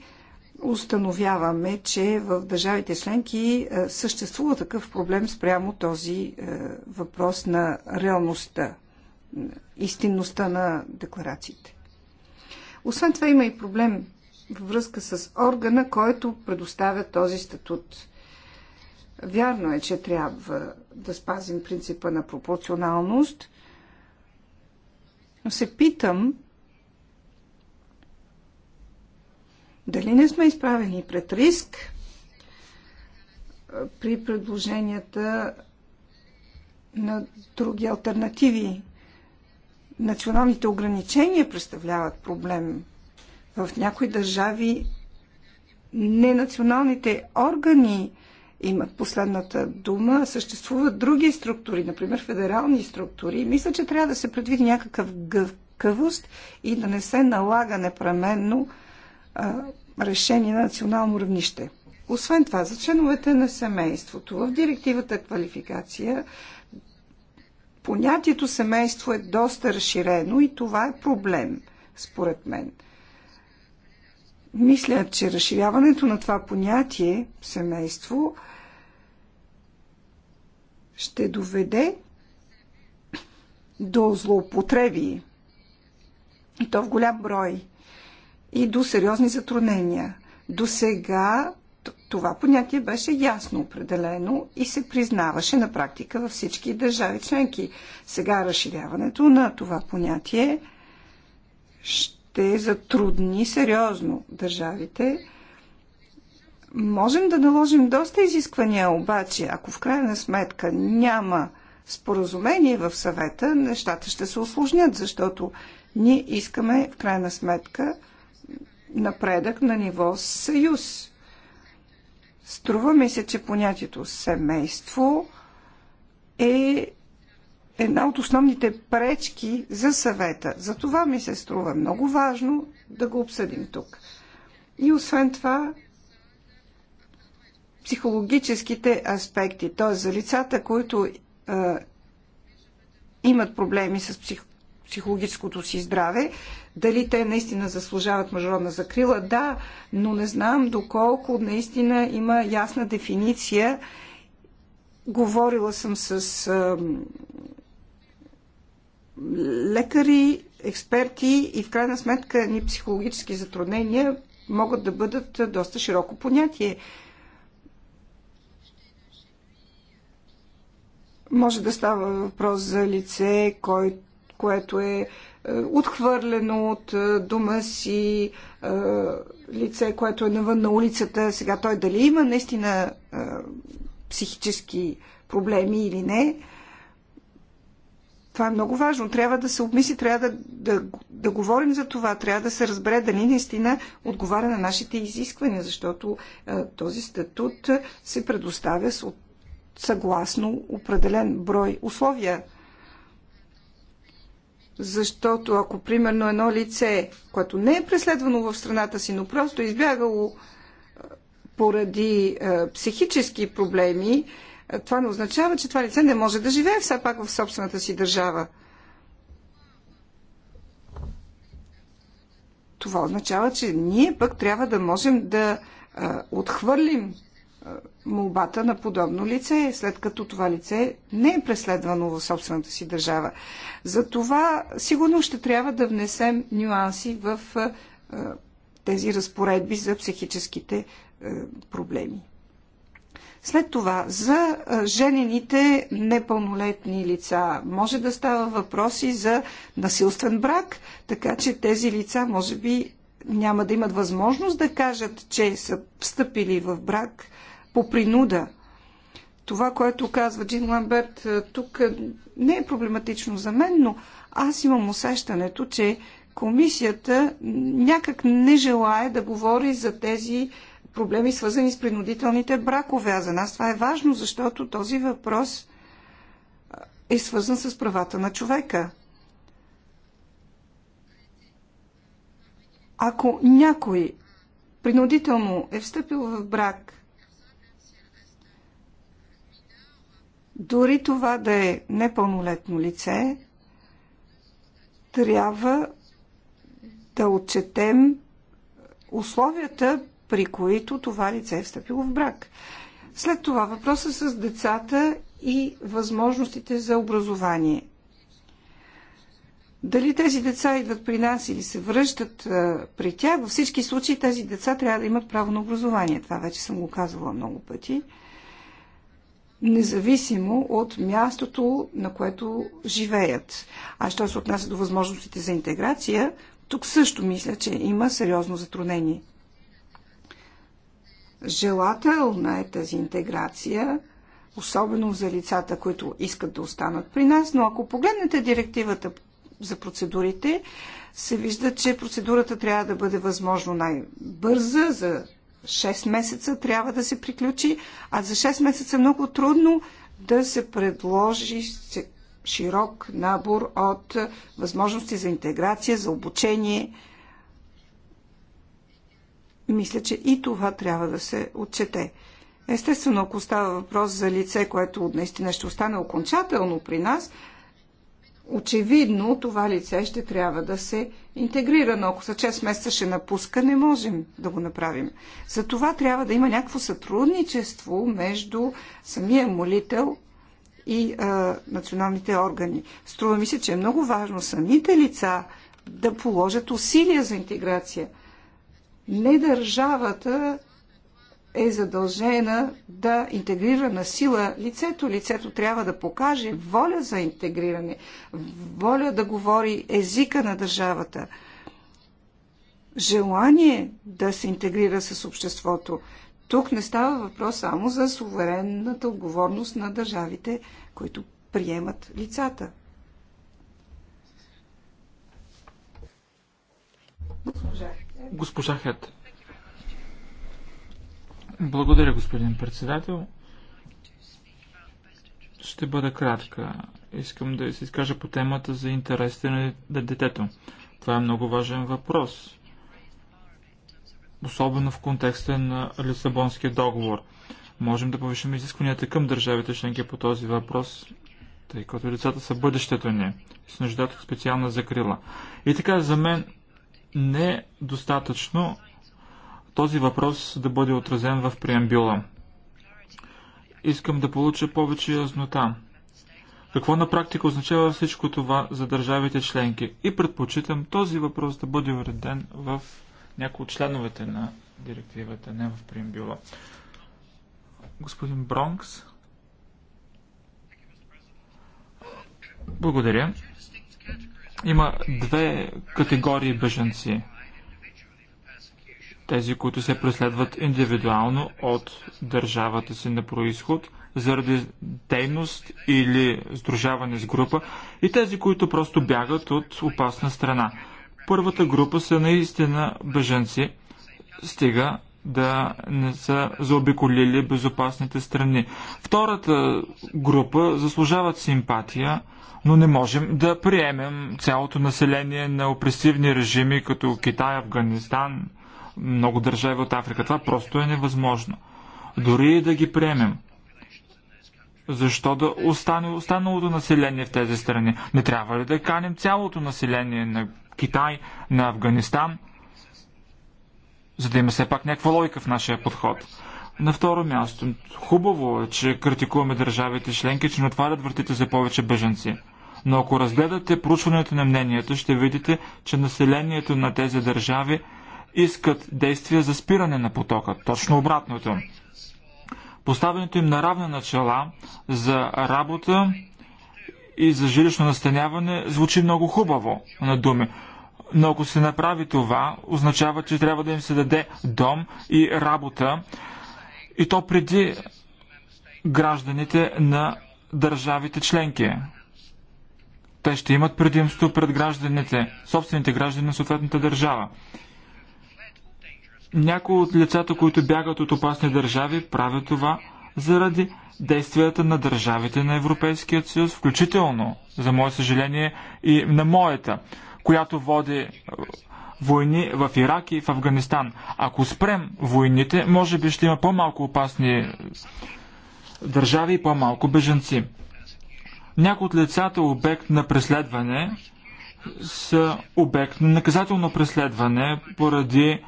установяваме, че в държавите членки е, съществува такъв проблем спрямо този е, въпрос на реалността, истинността на декларациите. Освен това има и проблем във връзка с органа, който предоставя този статут. Вярно е, че трябва да спазим принципа на пропорционалност, но се питам Дали не сме изправени пред риск при предложенията на други альтернативи? Националните ограничения представляват проблем. В някои държави ненационалните органи имат последната дума. Съществуват други структури, например федерални структури. Мисля, че трябва да се предвиди някакъв гъвкавост и да не се налага непременно решение на национално равнище. Освен това, за членовете на семейството, в директивата квалификация понятието семейство е доста разширено и това е проблем, според мен. Мисля, че разширяването на това понятие семейство ще доведе до злоупотреби. И то в голям брой и до сериозни затруднения. До сега това понятие беше ясно определено и се признаваше на практика във всички държави членки. Сега разширяването на това понятие ще затрудни сериозно държавите. Можем да наложим доста изисквания, обаче ако в крайна сметка няма споразумение в съвета, нещата ще се осложнят, защото ние искаме в крайна сметка напредък на ниво съюз. Струва ми се, че понятието семейство е една от основните пречки за съвета. За това ми се струва много важно да го обсъдим тук. И освен това, психологическите аспекти, т.е. за лицата, които е, имат проблеми с псих, психологическото си здраве, дали те наистина заслужават международна закрила. Да, но не знам доколко наистина има ясна дефиниция. Говорила съм с ам, лекари, експерти и в крайна сметка ни психологически затруднения могат да бъдат доста широко понятие. Може да става въпрос за лице, кой, което е е, отхвърлено от е, дома си е, лице, което е навън на улицата. Сега той дали има наистина психически проблеми или не. Това е много важно. Трябва да се обмисли, трябва да, да, да говорим за това, трябва да се разбере дали наистина отговаря на нашите изисквания, защото е, този статут се предоставя с, от, съгласно определен брой условия. Защото ако, примерно, едно лице, което не е преследвано в страната си, но просто е избягало е, поради е, психически проблеми, е, това не означава, че това лице не може да живее все пак в собствената си държава. Това означава, че ние пък трябва да можем да е, отхвърлим е, молбата на подобно лице, след като това лице не е преследвано в собствената си държава. За това сигурно ще трябва да внесем нюанси в тези разпоредби за психическите проблеми. След това, за женените непълнолетни лица може да става въпроси за насилствен брак, така че тези лица може би няма да имат възможност да кажат, че са встъпили в брак по принуда. Това, което казва Джин Ламберт е, тук не е проблематично за мен, но аз имам усещането, че комисията някак не желая да говори за тези проблеми, свързани с принудителните бракове. А за нас това е важно, защото този въпрос е, е свързан с правата на човека. Ако някой принудително е встъпил в брак Дори това да е непълнолетно лице, трябва да отчетем условията, при които това лице е встъпило в брак. След това въпроса с децата и възможностите за образование. Дали тези деца идват при нас или се връщат а, при тях, във всички случаи тези деца трябва да имат право на образование. Това вече съм го казвала много пъти независимо от мястото, на което живеят. А що се отнася до възможностите за интеграция, тук също мисля, че има сериозно затруднение. Желателна е тази интеграция, особено за лицата, които искат да останат при нас, но ако погледнете директивата за процедурите, се вижда, че процедурата трябва да бъде възможно най-бърза за 6 месеца трябва да се приключи, а за 6 месеца е много трудно да се предложи широк набор от е, възможности за интеграция, за обучение. Мисля, че и това трябва да се отчете. Естествено, ако става въпрос за лице, което наистина ще остане окончателно при нас, очевидно това лице ще трябва да се интегрира, но ако за 6 месеца ще напуска, не можем да го направим. За това трябва да има някакво сътрудничество между самия молител и а, националните органи. Струва ми се, че е много важно самите лица да положат усилия за интеграция. Не държавата е задължена да интегрира на сила лицето. Лицето трябва да покаже воля за интегриране, воля да говори езика на държавата, желание да се интегрира с обществото. Тук не става въпрос само за суверенната отговорност на държавите, които приемат лицата. Госпожа Хет. Госпожа Хет. Благодаря, господин председател. Ще бъда кратка. Искам да се изкажа по темата за интересите на детето. Това е много важен въпрос. Особено в контекста на Лисабонския договор. Можем да повишим изискванията към държавите членки по този въпрос, тъй като децата са бъдещето ни С нуждата специална закрила. И така, за мен не е достатъчно този въпрос да бъде отразен в преамбюла. Искам да получа повече яснота. Какво на практика означава всичко това за държавите членки? И предпочитам този въпрос да бъде уреден в някои от членовете на директивата, не в преамбюла. Господин Бронкс. Благодаря. Има две категории беженци тези, които се преследват индивидуално от държавата си на происход, заради дейност или сдружаване с група, и тези, които просто бягат от опасна страна. Първата група са наистина беженци, стига да не са заобиколили безопасните страни. Втората група заслужават симпатия, но не можем да приемем цялото население на опресивни режими като Китай, Афганистан, много държави от Африка. Това просто е невъзможно. Дори и да ги приемем. Защо да остане останалото население в тези страни? Не трябва ли да каним цялото население на Китай, на Афганистан, за да има все пак някаква логика в нашия подход? На второ място, хубаво е, че критикуваме държавите членки, че не отварят вратите за повече беженци. Но ако разгледате проучването на мненията, ще видите, че населението на тези държави искат действия за спиране на потока. Точно обратното. Поставянето им на равна начала за работа и за жилищно настаняване звучи много хубаво на думи. Но ако се направи това, означава, че трябва да им се даде дом и работа и то преди гражданите на държавите членки. Те ще имат предимство пред гражданите, собствените граждани на съответната държава. Някои от лицата, които бягат от опасни държави, правят това заради действията на държавите на Европейския съюз, включително, за мое съжаление, и на моята, която води е, войни в Ирак и в Афганистан. Ако спрем войните, може би ще има по-малко опасни е, държави и по-малко беженци. Някои от лицата обект на преследване са обект на наказателно преследване поради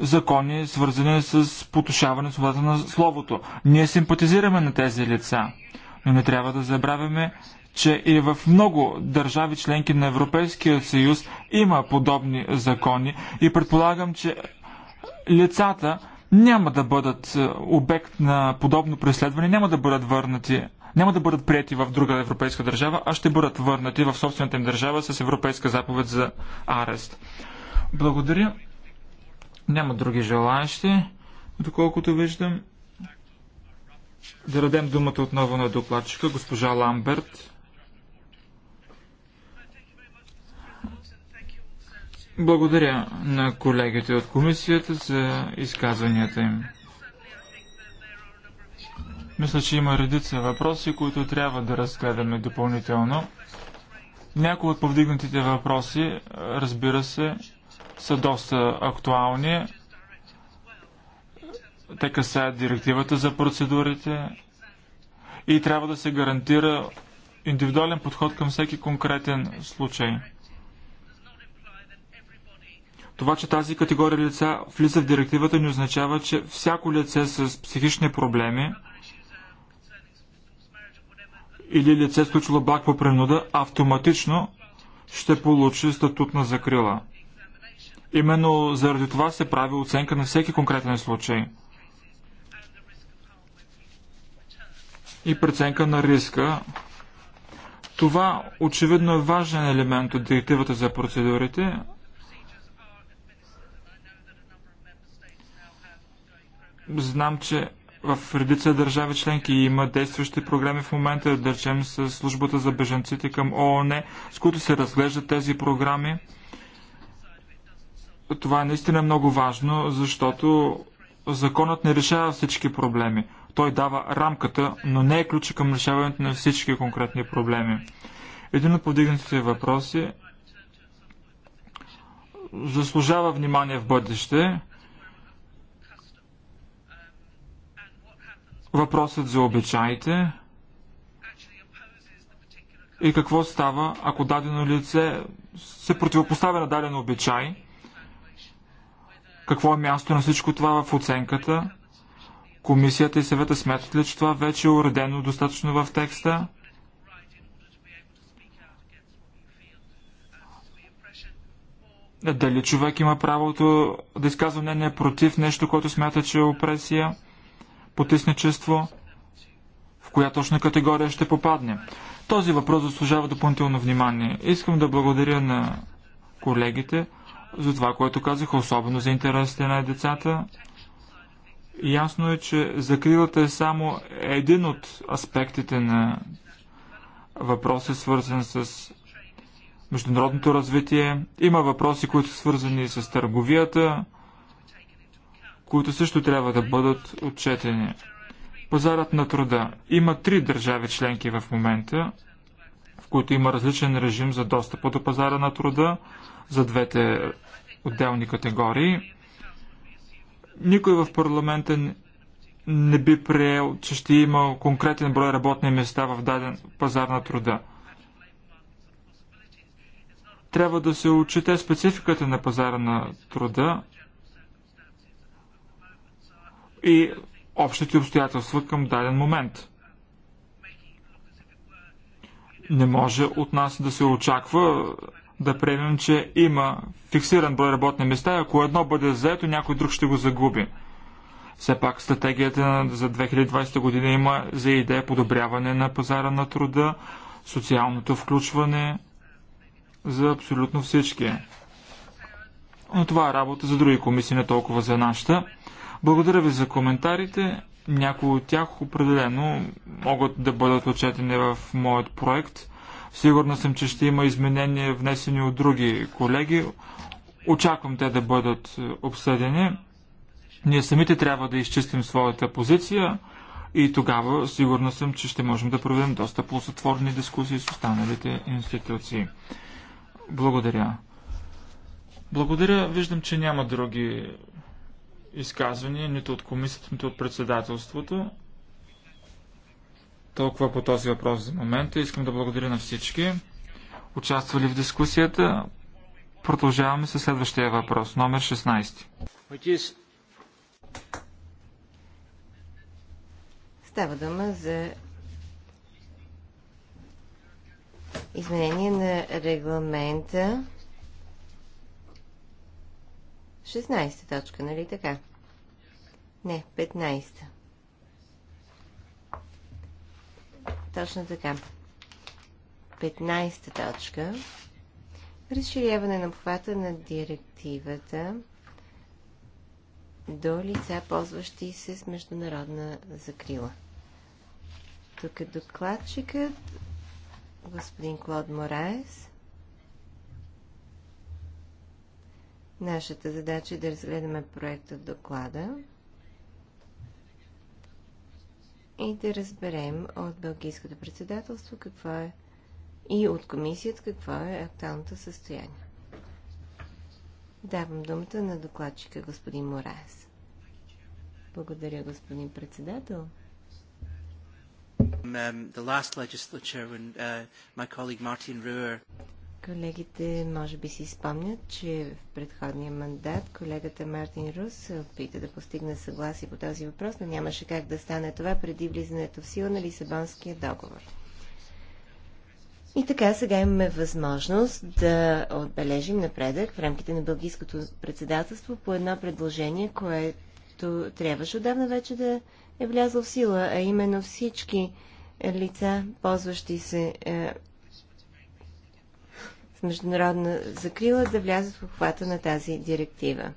закони, свързани с потушаване свободата на словото. Ние симпатизираме на тези лица, но не трябва да забравяме, че и в много държави членки на Европейския съюз има подобни закони и предполагам, че лицата няма да бъдат е, обект на подобно преследване, няма да бъдат върнати, няма да бъдат прияти в друга европейска държава, а ще бъдат върнати в собствената им държава с европейска заповед за арест. Благодаря. Няма други желаящи, доколкото виждам. Да дадем думата отново на докладчика, госпожа Ламберт. Благодаря на колегите от комисията за изказванията им. Мисля, че има редица въпроси, които трябва да разгледаме допълнително. Някои от повдигнатите въпроси, разбира се, са доста актуални. Те касаят директивата за процедурите и трябва да се гарантира индивидуален подход към всеки конкретен случай. Това, че тази категория лица влиза в директивата, не означава, че всяко лице с психични проблеми или лице, сключило бак по принуда, автоматично ще получи статут на закрила. Именно заради това се прави оценка на всеки конкретен случай. И преценка на риска. Това очевидно е важен елемент от директивата за процедурите, знам, че в редица държави членки има действащи програми в момента, да речем с службата за беженците към ООН, с които се разглеждат тези програми. Това е наистина много важно, защото законът не решава всички проблеми. Той дава рамката, но не е ключа към решаването на всички конкретни проблеми. Един от подигнатите въпроси заслужава внимание в бъдеще. Въпросът за обичаите и какво става, ако дадено лице се противопоставя на даден обичай – какво е място на всичко това в оценката? Комисията и съвета смятат ли, че това вече е уредено достатъчно в текста? Дали човек има правото да изказва мнение против нещо, което смята, че е опресия, потисничество, в коя точна категория ще попадне? Този въпрос заслужава допълнително внимание. Искам да благодаря на колегите за това, което казах, особено за интересите на децата. Ясно е, че закрилата е само един от аспектите на въпроса, свързан с международното развитие. Има въпроси, които са свързани с търговията, които също трябва да бъдат отчетени. Пазарът на труда. Има три държави членки в момента, в които има различен режим за достъпа до пазара на труда за двете отделни категории. Никой в парламента не би приел, че ще има конкретен брой работни места в даден пазар на труда. Трябва да се отчете спецификата на пазара на труда и общите обстоятелства към даден момент. Не може от нас да се очаква да приемем, че има фиксиран брой работни места и ако едно бъде заето, някой друг ще го загуби. Все пак стратегията за 2020 година има за идея подобряване на пазара на труда, социалното включване за абсолютно всички. Но това е работа за други комисии, не толкова за нашата. Благодаря ви за коментарите. Някои от тях определено могат да бъдат отчетени в моят проект – Сигурна съм, че ще има изменения внесени от други колеги. Очаквам те да бъдат е, обсъдени. Ние самите трябва да изчистим своята позиция и тогава сигурна съм, че ще можем да проведем доста плосотворни дискусии с останалите институции. Благодаря. Благодаря. Виждам, че няма други изказвания, нито от комисията, нито от председателството. Толкова по този въпрос за момента. Искам да благодаря на всички, участвали в дискусията. Продължаваме с следващия въпрос, номер 16. Става дума за изменение на регламента 16 точка, нали така? Не, 15. Точно така. 15 точка. Разширяване на обхвата на директивата до лица, ползващи се с международна закрила. Тук е докладчикът, господин Клод Мораес. Нашата задача е да разгледаме проекта в доклада и да разберем от Белгийското председателство какво е и от комисията какво е актуалното състояние. Давам думата на докладчика господин Мораес. Благодаря, господин председател. Um, the last legislature when uh, my colleague Martin Ruhr Колегите може би си спомнят, че в предходния мандат колегата Мартин Рус се опита да постигне съгласие по този въпрос, но нямаше как да стане това преди влизането в сила на Лисабонския договор. И така, сега имаме възможност да отбележим напредък в рамките на Бългийското председателство по едно предложение, което трябваше отдавна вече да е влязло в сила, а именно всички лица, ползващи се е, международна закрила да влязат в обхвата на тази директива.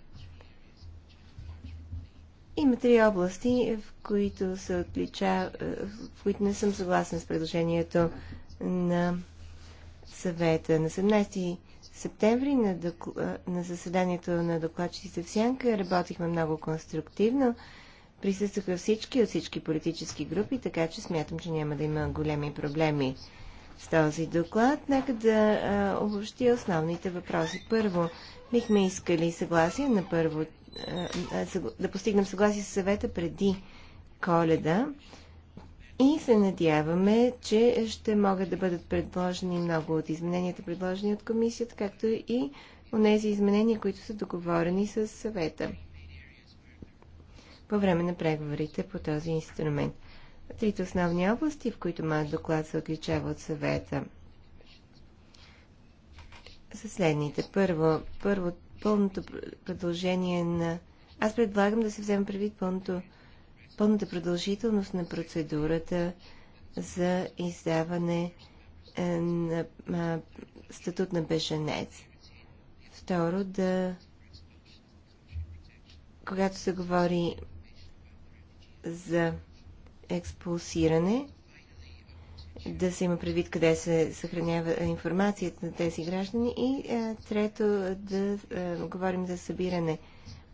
Има три области, в които се отлича, е, в които не съм съгласна с предложението на съвета. На 17 септември на, док... Е, на заседанието на докладчиците в Сянка работихме много конструктивно. Присъстваха всички от всички политически групи, така че смятам, че няма да има големи проблеми с този доклад. Нека да а, обобщи основните въпроси. Първо, бихме искали съгласие на първо, а, да постигнем съгласие с съвета преди коледа и се надяваме, че ще могат да бъдат предложени много от измененията, предложени от комисията, както и тези изменения, които са договорени с съвета по време на преговорите по този инструмент трите основни области, в които моят доклад се отличава от съвета. Са следните. Първо, първо пълното продължение на... Аз предлагам да се вземе предвид пълното, пълната продължителност на процедурата за издаване е, на статут на беженец. Второ, да когато се говори за експулсиране, да се има предвид къде се съхранява информацията на тези граждани и а, е, трето да а, е, говорим за събиране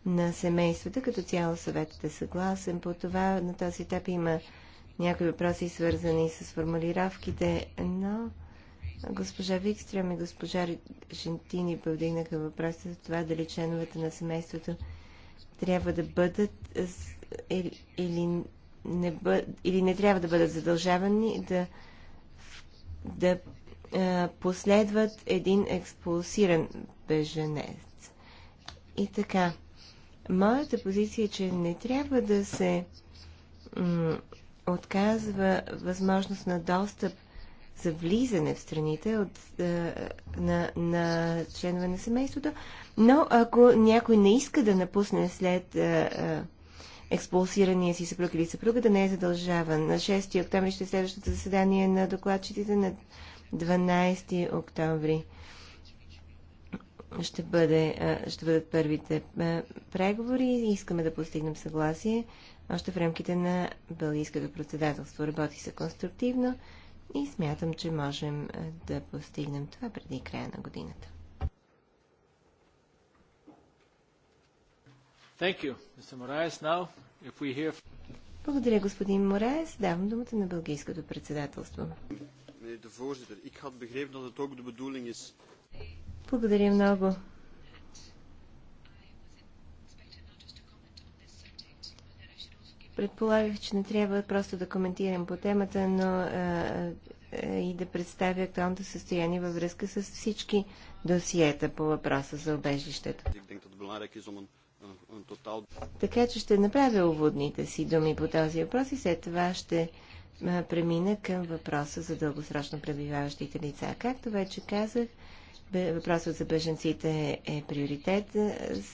на семействата. Като цяло съветът е съгласен по това. На този етап има някои въпроси свързани с формулировките, но госпожа Викстрем и госпожа Жентини повдигнаха въпроса за това дали членовете на семейството трябва да бъдат е, или, или не бъд, или не трябва да бъдат задължавани да, да а, последват един експулсиран беженец. И така, моята позиция е, че не трябва да се отказва възможност на достъп за влизане в страните от, а, на, на членове на семейството, но ако някой не иска да напусне след А, а, експулсирания си съпруг или съпруга, да не е задължаван. На 6 октомври ще е следващото заседание на докладчиците на 12 октомври ще, бъде, ще бъдат първите преговори и искаме да постигнем съгласие още в рамките на Бългийското председателство. Работи се конструктивно и смятам, че можем да постигнем това преди края на годината. Благодаря, господин Мораес. Давам думата на Бългийското председателство. Благодаря много. Предполагах, че не трябва просто да коментирам по темата, но а, а, и да представя актуалното състояние във връзка с всички досиета по въпроса за обежището. Ik denk dat het belangrijk is om een така че ще направя уводните си думи по този въпрос и след това ще премина към въпроса за дългосрочно пребиваващите лица. Както вече казах, въпросът за беженците е приоритет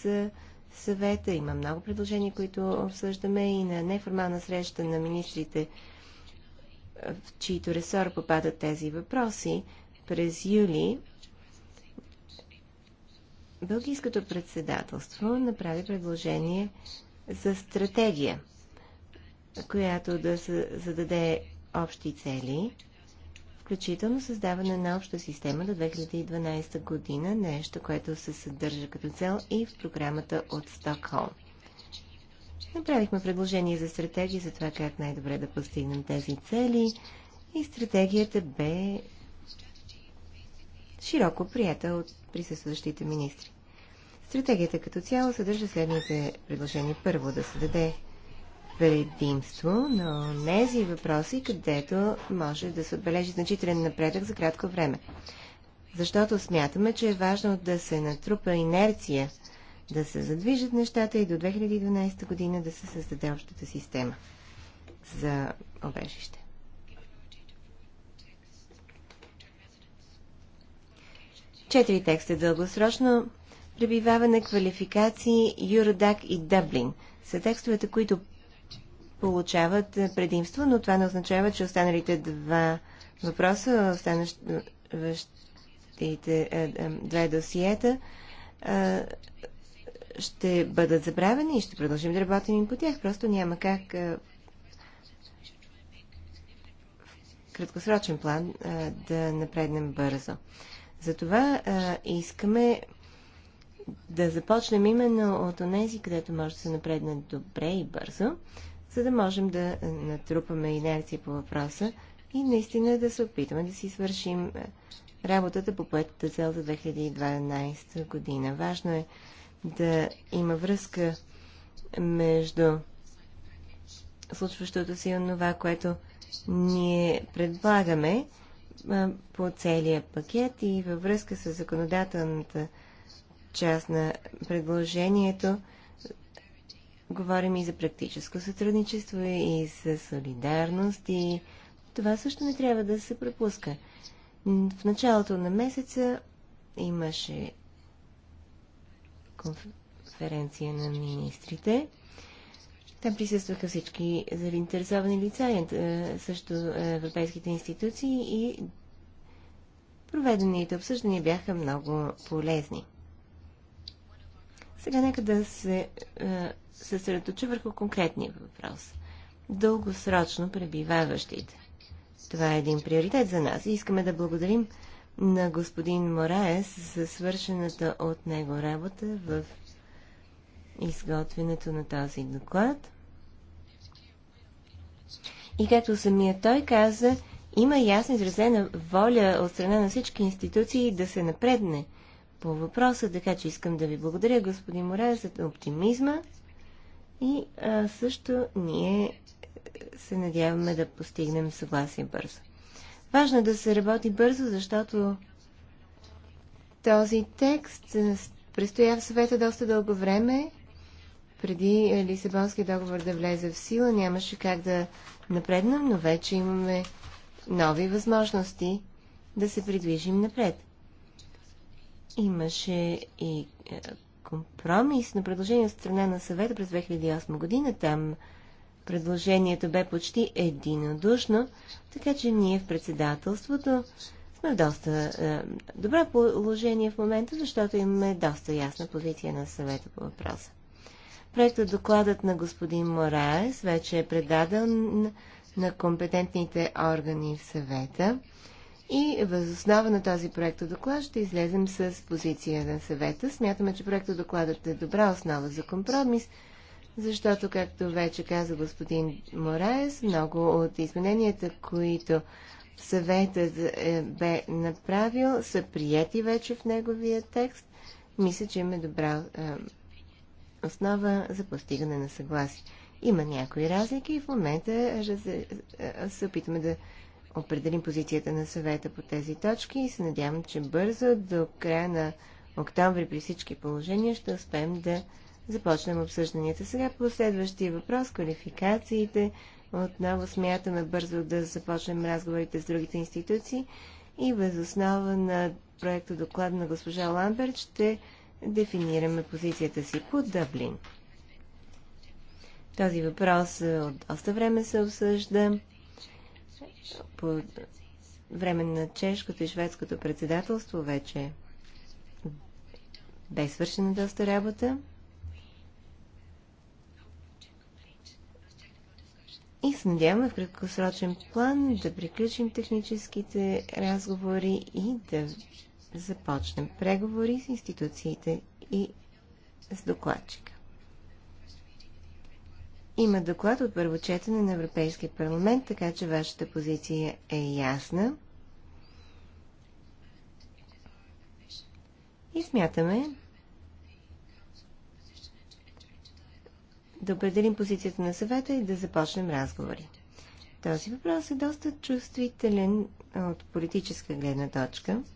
за съвета. Има много предложения, които обсъждаме и на неформална среща на министрите, в чието ресор попадат тези въпроси, през юли Бългийското председателство направи предложение за стратегия, която да зададе общи цели, включително създаване на обща система до 2012 година, нещо, което се съдържа като цел и в програмата от Стокхолм. Направихме предложение за стратегия за това как най-добре да постигнем тези цели и стратегията бе широко прията от присъстващите министри. Стратегията като цяло съдържа следните предложения. Първо, да се даде предимство на тези въпроси, където може да се отбележи значителен напредък за кратко време. Защото смятаме, че е важно да се натрупа инерция, да се задвижат нещата и до 2012 година да се създаде общата система за обежище. Четири текста дългосрочно пребиваване, квалификации, Юрдак и Дъблин са текстовете, които получават предимство, но това не означава, че останалите два въпроса, останалите е, е, две досиета е, ще бъдат забравени и ще продължим да работим по тях. Просто няма как в краткосрочен план да напреднем бързо. Затова искаме да започнем именно от онези, където може да се напредне добре и бързо, за да можем да натрупаме инерция по въпроса и наистина да се опитаме да си свършим работата по поетата цел за 2012 година. Важно е да има връзка между случващото се и това, което ние предлагаме по целия пакет и във връзка с законодателната част на предложението говорим и за практическо сътрудничество и за солидарност и това също не трябва да се пропуска. В началото на месеца имаше конференция на министрите там присъстваха всички заинтересовани лица, е, също европейските институции и проведените обсъждания бяха много полезни. Сега нека да се е, съсредоточа върху конкретния въпрос. Дългосрочно пребиваващите. Това е един приоритет за нас и искаме да благодарим на господин Мораес за свършената от него работа в изготвянето на този доклад. И като самия той каза, има ясно изразена воля от страна на всички институции да се напредне по въпроса, така че искам да ви благодаря, господин Морел, за оптимизма и а, също ние се надяваме да постигнем съгласие бързо. Важно е да се работи бързо, защото този текст предстоя в съвета доста дълго време преди Лисабонския договор да влезе в сила, нямаше как да напреднем, но вече имаме нови възможности да се придвижим напред. Имаше и е, компромис на предложение от страна на съвета през 2008 година. Там предложението бе почти единодушно, така че ние в председателството сме в доста е, добро положение в момента, защото имаме доста ясна позиция на съвета по въпроса. Проектът докладът на господин Мораес вече е предаден на компетентните органи в съвета и възоснова на този проект доклад ще излезем с позиция на съвета. Смятаме, че проекта докладът е добра основа за компромис, защото, както вече каза господин Мораес, много от измененията, които съветът е, бе направил, са прияти вече в неговия текст. Мисля, че има добра е, основа за постигане на съгласие. Има някои разлики и в момента се опитваме да определим позицията на съвета по тези точки и се надявам, че бързо до края на октомври при всички положения ще успеем да започнем обсъжданията. Сега по следващия въпрос, квалификациите. Отново смятаме бързо да започнем разговорите с другите институции и възоснова на проекта доклад на госпожа Ламберт ще дефинираме позицията си по Дъблин. Този въпрос от доста време се обсъжда по време на чешкото и шведското председателство вече бе свършена доста работа. И се надяваме в краткосрочен план да приключим техническите разговори и да започнем преговори с институциите и с докладчика. Има доклад от първо четене на Европейския парламент, така че вашата позиция е ясна. И смятаме да определим позицията на съвета и да започнем разговори. Този въпрос е доста чувствителен от политическа гледна точка –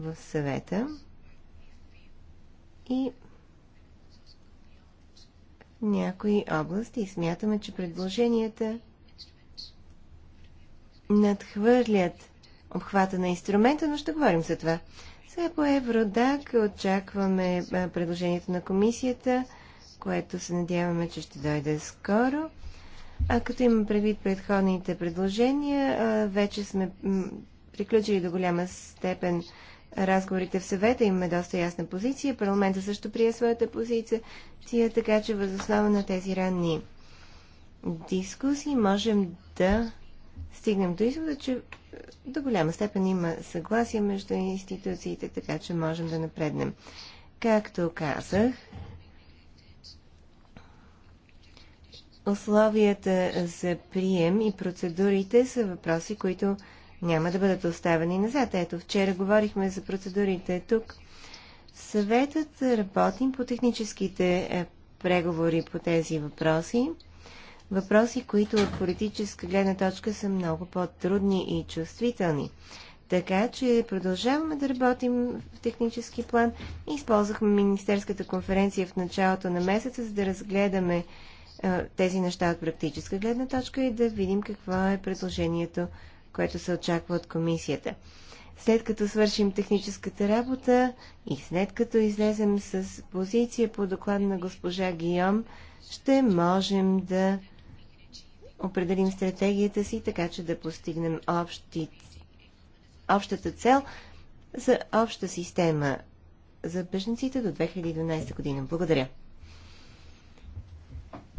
в съвета и някои области смятаме, че предложенията надхвърлят обхвата на инструмента, но ще говорим за това. Сега по Евродак очакваме предложението на комисията, което се надяваме, че ще дойде скоро. А като имам предвид предходните предложения, вече сме приключили до голяма степен разговорите в съвета имаме доста ясна позиция. Парламента също прие своята позиция, така че възоснова на тези ранни дискусии можем да стигнем до извода, че е, до голяма степен има съгласие между институциите, така че можем да напреднем. Както казах, условията за прием и процедурите са въпроси, които няма да бъдат оставени назад. Ето, вчера говорихме за процедурите тук. Съветът работим по техническите е, преговори по тези въпроси. Въпроси, които от политическа гледна точка са много по-трудни и чувствителни. Така че продължаваме да работим в технически план. Използвахме Министерската конференция в началото на месеца, за да разгледаме е, тези неща от практическа гледна точка и да видим какво е предложението което се очаква от комисията. След като свършим техническата работа и след като излезем с позиция по доклад на госпожа Гийом, ще можем да определим стратегията си, така че да постигнем общи, общата цел за обща система за беженците до 2012 година. Благодаря.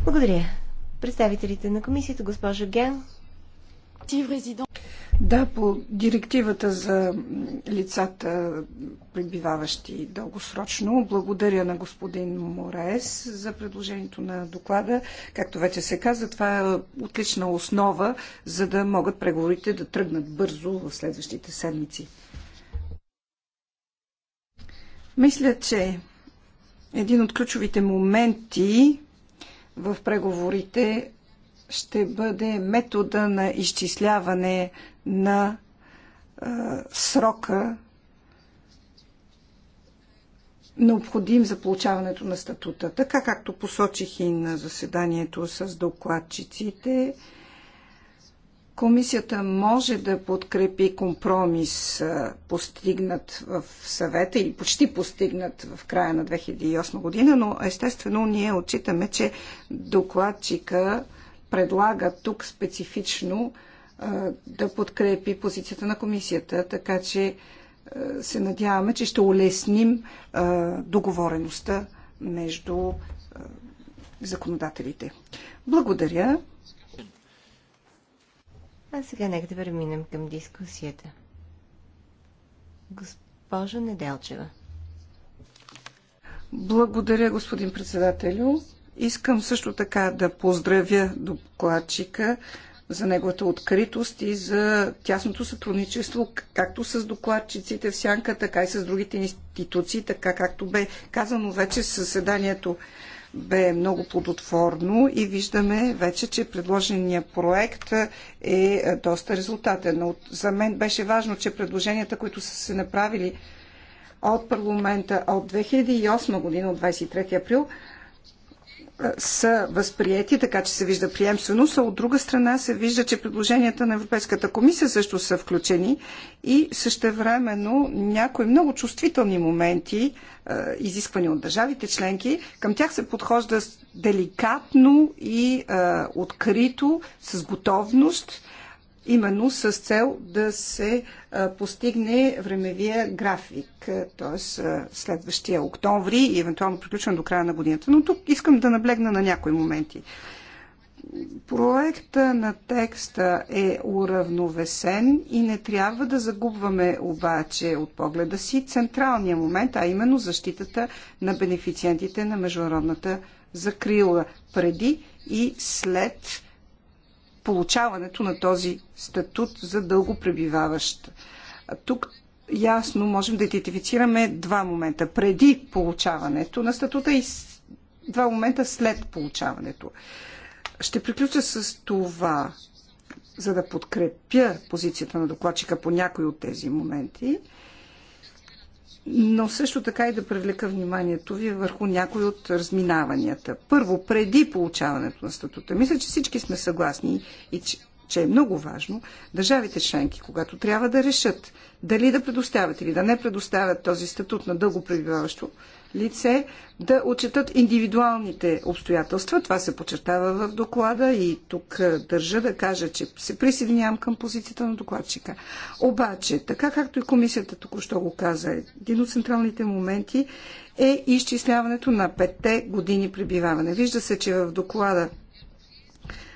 Благодаря. Представителите на комисията, госпожа Ген, да, по директивата за лицата, пребиваващи дългосрочно. Благодаря на господин Мораес за предложението на доклада. Както вече се каза, това е отлична основа, за да могат преговорите да тръгнат бързо в следващите седмици. Мисля, че един от ключовите моменти в преговорите ще бъде метода на изчисляване на а, срока, необходим за получаването на статута. Така както посочих и на заседанието с докладчиците, комисията може да подкрепи компромис, постигнат в съвета или почти постигнат в края на 2008 година, но естествено ние отчитаме, че докладчика предлага тук специфично да подкрепи позицията на комисията, така че се надяваме, че ще улесним договореността между законодателите. Благодаря. А сега нека да преминем към дискусията. Госпожо Неделчева. Благодаря, господин председателю. Искам също така да поздравя докладчика за неговата откритост и за тясното сътрудничество, както с докладчиците в Сянка, така и с другите институции, така както бе казано вече съседанието бе много плодотворно и виждаме вече, че предложения проект е, е доста резултатен. Но за мен беше важно, че предложенията, които са се направили от парламента от 2008 година, от 23 април, са възприяти, така че се вижда приемственост, а от друга страна се вижда, че предложенията на Европейската комисия също са включени и същевременно някои много чувствителни моменти, е, изисквани от държавите членки, към тях се подхожда деликатно и е, открито, с готовност именно с цел да се постигне времевия график, т.е. следващия октомври и евентуално приключване до края на годината. Но тук искам да наблегна на някои моменти. Проекта на текста е уравновесен и не трябва да загубваме обаче от погледа си централния момент, а именно защитата на бенефициентите на международната закрила преди и след получаването на този статут за дълго пребиваващ. Тук ясно можем да идентифицираме два момента. Преди получаването на статута и два момента след получаването. Ще приключа с това, за да подкрепя позицията на докладчика по някои от тези моменти но също така и да привлека вниманието ви върху някои от разминаванията. Първо, преди получаването на статута. Мисля, че всички сме съгласни и че, че е много важно държавите членки, когато трябва да решат дали да предоставят или да не предоставят този статут на дълго пребиваващо лице да отчитат индивидуалните обстоятелства. Това се подчертава в доклада и тук е, държа да кажа, че се присъединявам към позицията на докладчика. Обаче, така както и комисията току-що го каза, един от централните моменти е изчисляването на петте години пребиваване. Вижда се, че в доклада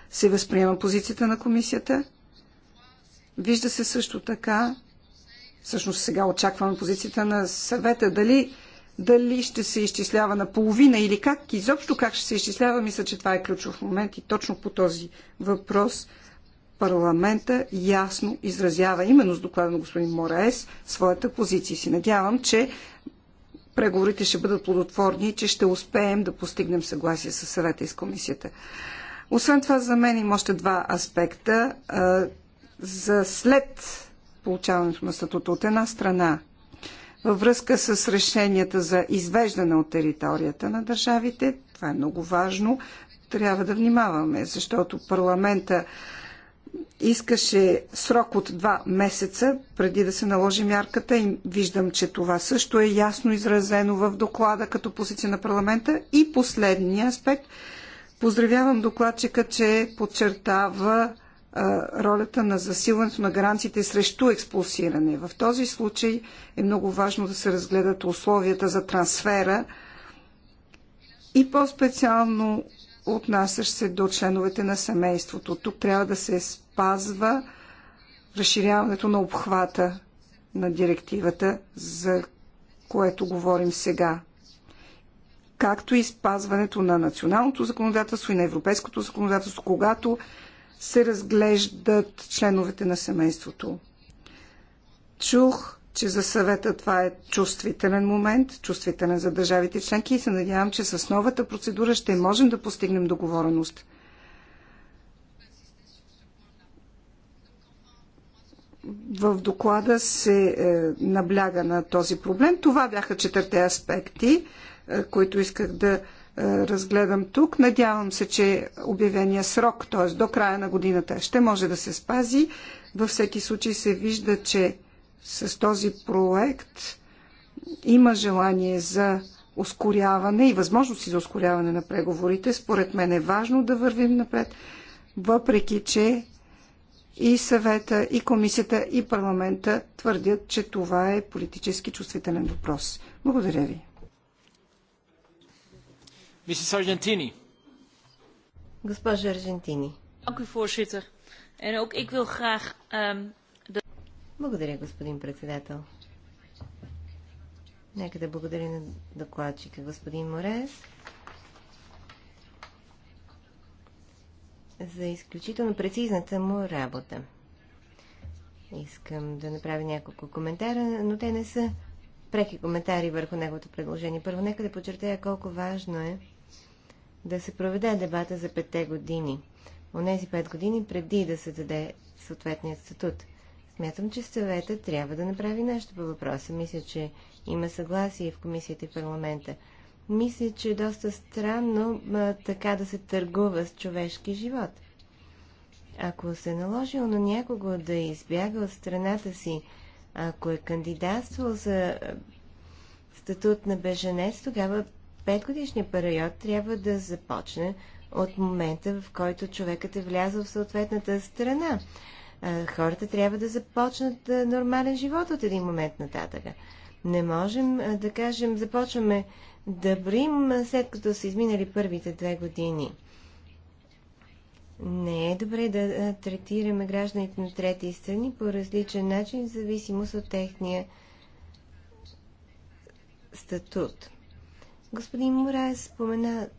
се възприема позицията на комисията. Вижда се също така, всъщност сега очакваме позицията на съвета, дали дали ще се изчислява на половина или как, изобщо как ще се изчислява, мисля, че това е ключов момент и точно по този въпрос парламента ясно изразява именно с доклада на господин Мораес своята позиция. Си надявам, че преговорите ще бъдат плодотворни и че ще успеем да постигнем съгласие с съвета и с комисията. Освен това, за мен има още два аспекта. За след получаването на статута от една страна във връзка с решенията за извеждане от територията на държавите. Това е много важно. Трябва да внимаваме, защото парламента искаше срок от два месеца преди да се наложи мярката и виждам, че това също е ясно изразено в доклада като позиция на парламента. И последния аспект. Поздравявам докладчика, че подчертава ролята на засилването на гаранциите срещу експулсиране. В този случай е много важно да се разгледат условията за трансфера и по-специално отнасящ се до членовете на семейството. Тук трябва да се спазва разширяването на обхвата на директивата, за което говорим сега както и спазването на националното законодателство и на европейското законодателство, когато се разглеждат членовете на семейството. Чух, че за съвета това е чувствителен момент, чувствителен за държавите членки и се надявам, че с новата процедура ще можем да постигнем договореност. В доклада се е, набляга на този проблем. Това бяха четирите аспекти, е, които исках да е, е, разгледам тук. Надявам се, че обявения срок, т.е. до края на годината, ще може да се спази. Във всеки случай се вижда, че с този проект има желание за ускоряване и възможности за ускоряване на преговорите. Според мен е важно да вървим напред, въпреки че и съвета, и комисията, и парламента твърдят, че това е политически чувствителен въпрос. Благодаря ви. Mrs. Argentini. Госпожа Аржентини. Ehm, благодаря, господин председател. Нека да благодаря на докладчика, господин Морес, за изключително прецизната му работа. Искам да направя няколко коментара, но те не са преки коментари върху неговото предложение. Първо, нека да подчертая колко важно е да се проведе дебата за петте години. Онези пет години преди да се даде съответният статут. Смятам, че съвета трябва да направи нещо по въпроса. Мисля, че има съгласие в комисията и парламента. Мисля, че е доста странно а, така да се търгува с човешки живот. Ако се е наложило на някого да избяга от страната си, ако е кандидатствал за статут на беженец, тогава петгодишния период трябва да започне от момента, в който човекът е влязъл в съответната страна. Хората трябва да започнат нормален живот от един момент нататък. Не можем да кажем, започваме да брим след като са изминали първите две години. Не е добре да третираме гражданите на трети страни по различен начин, в зависимост от техния статут. Господин Морай спомена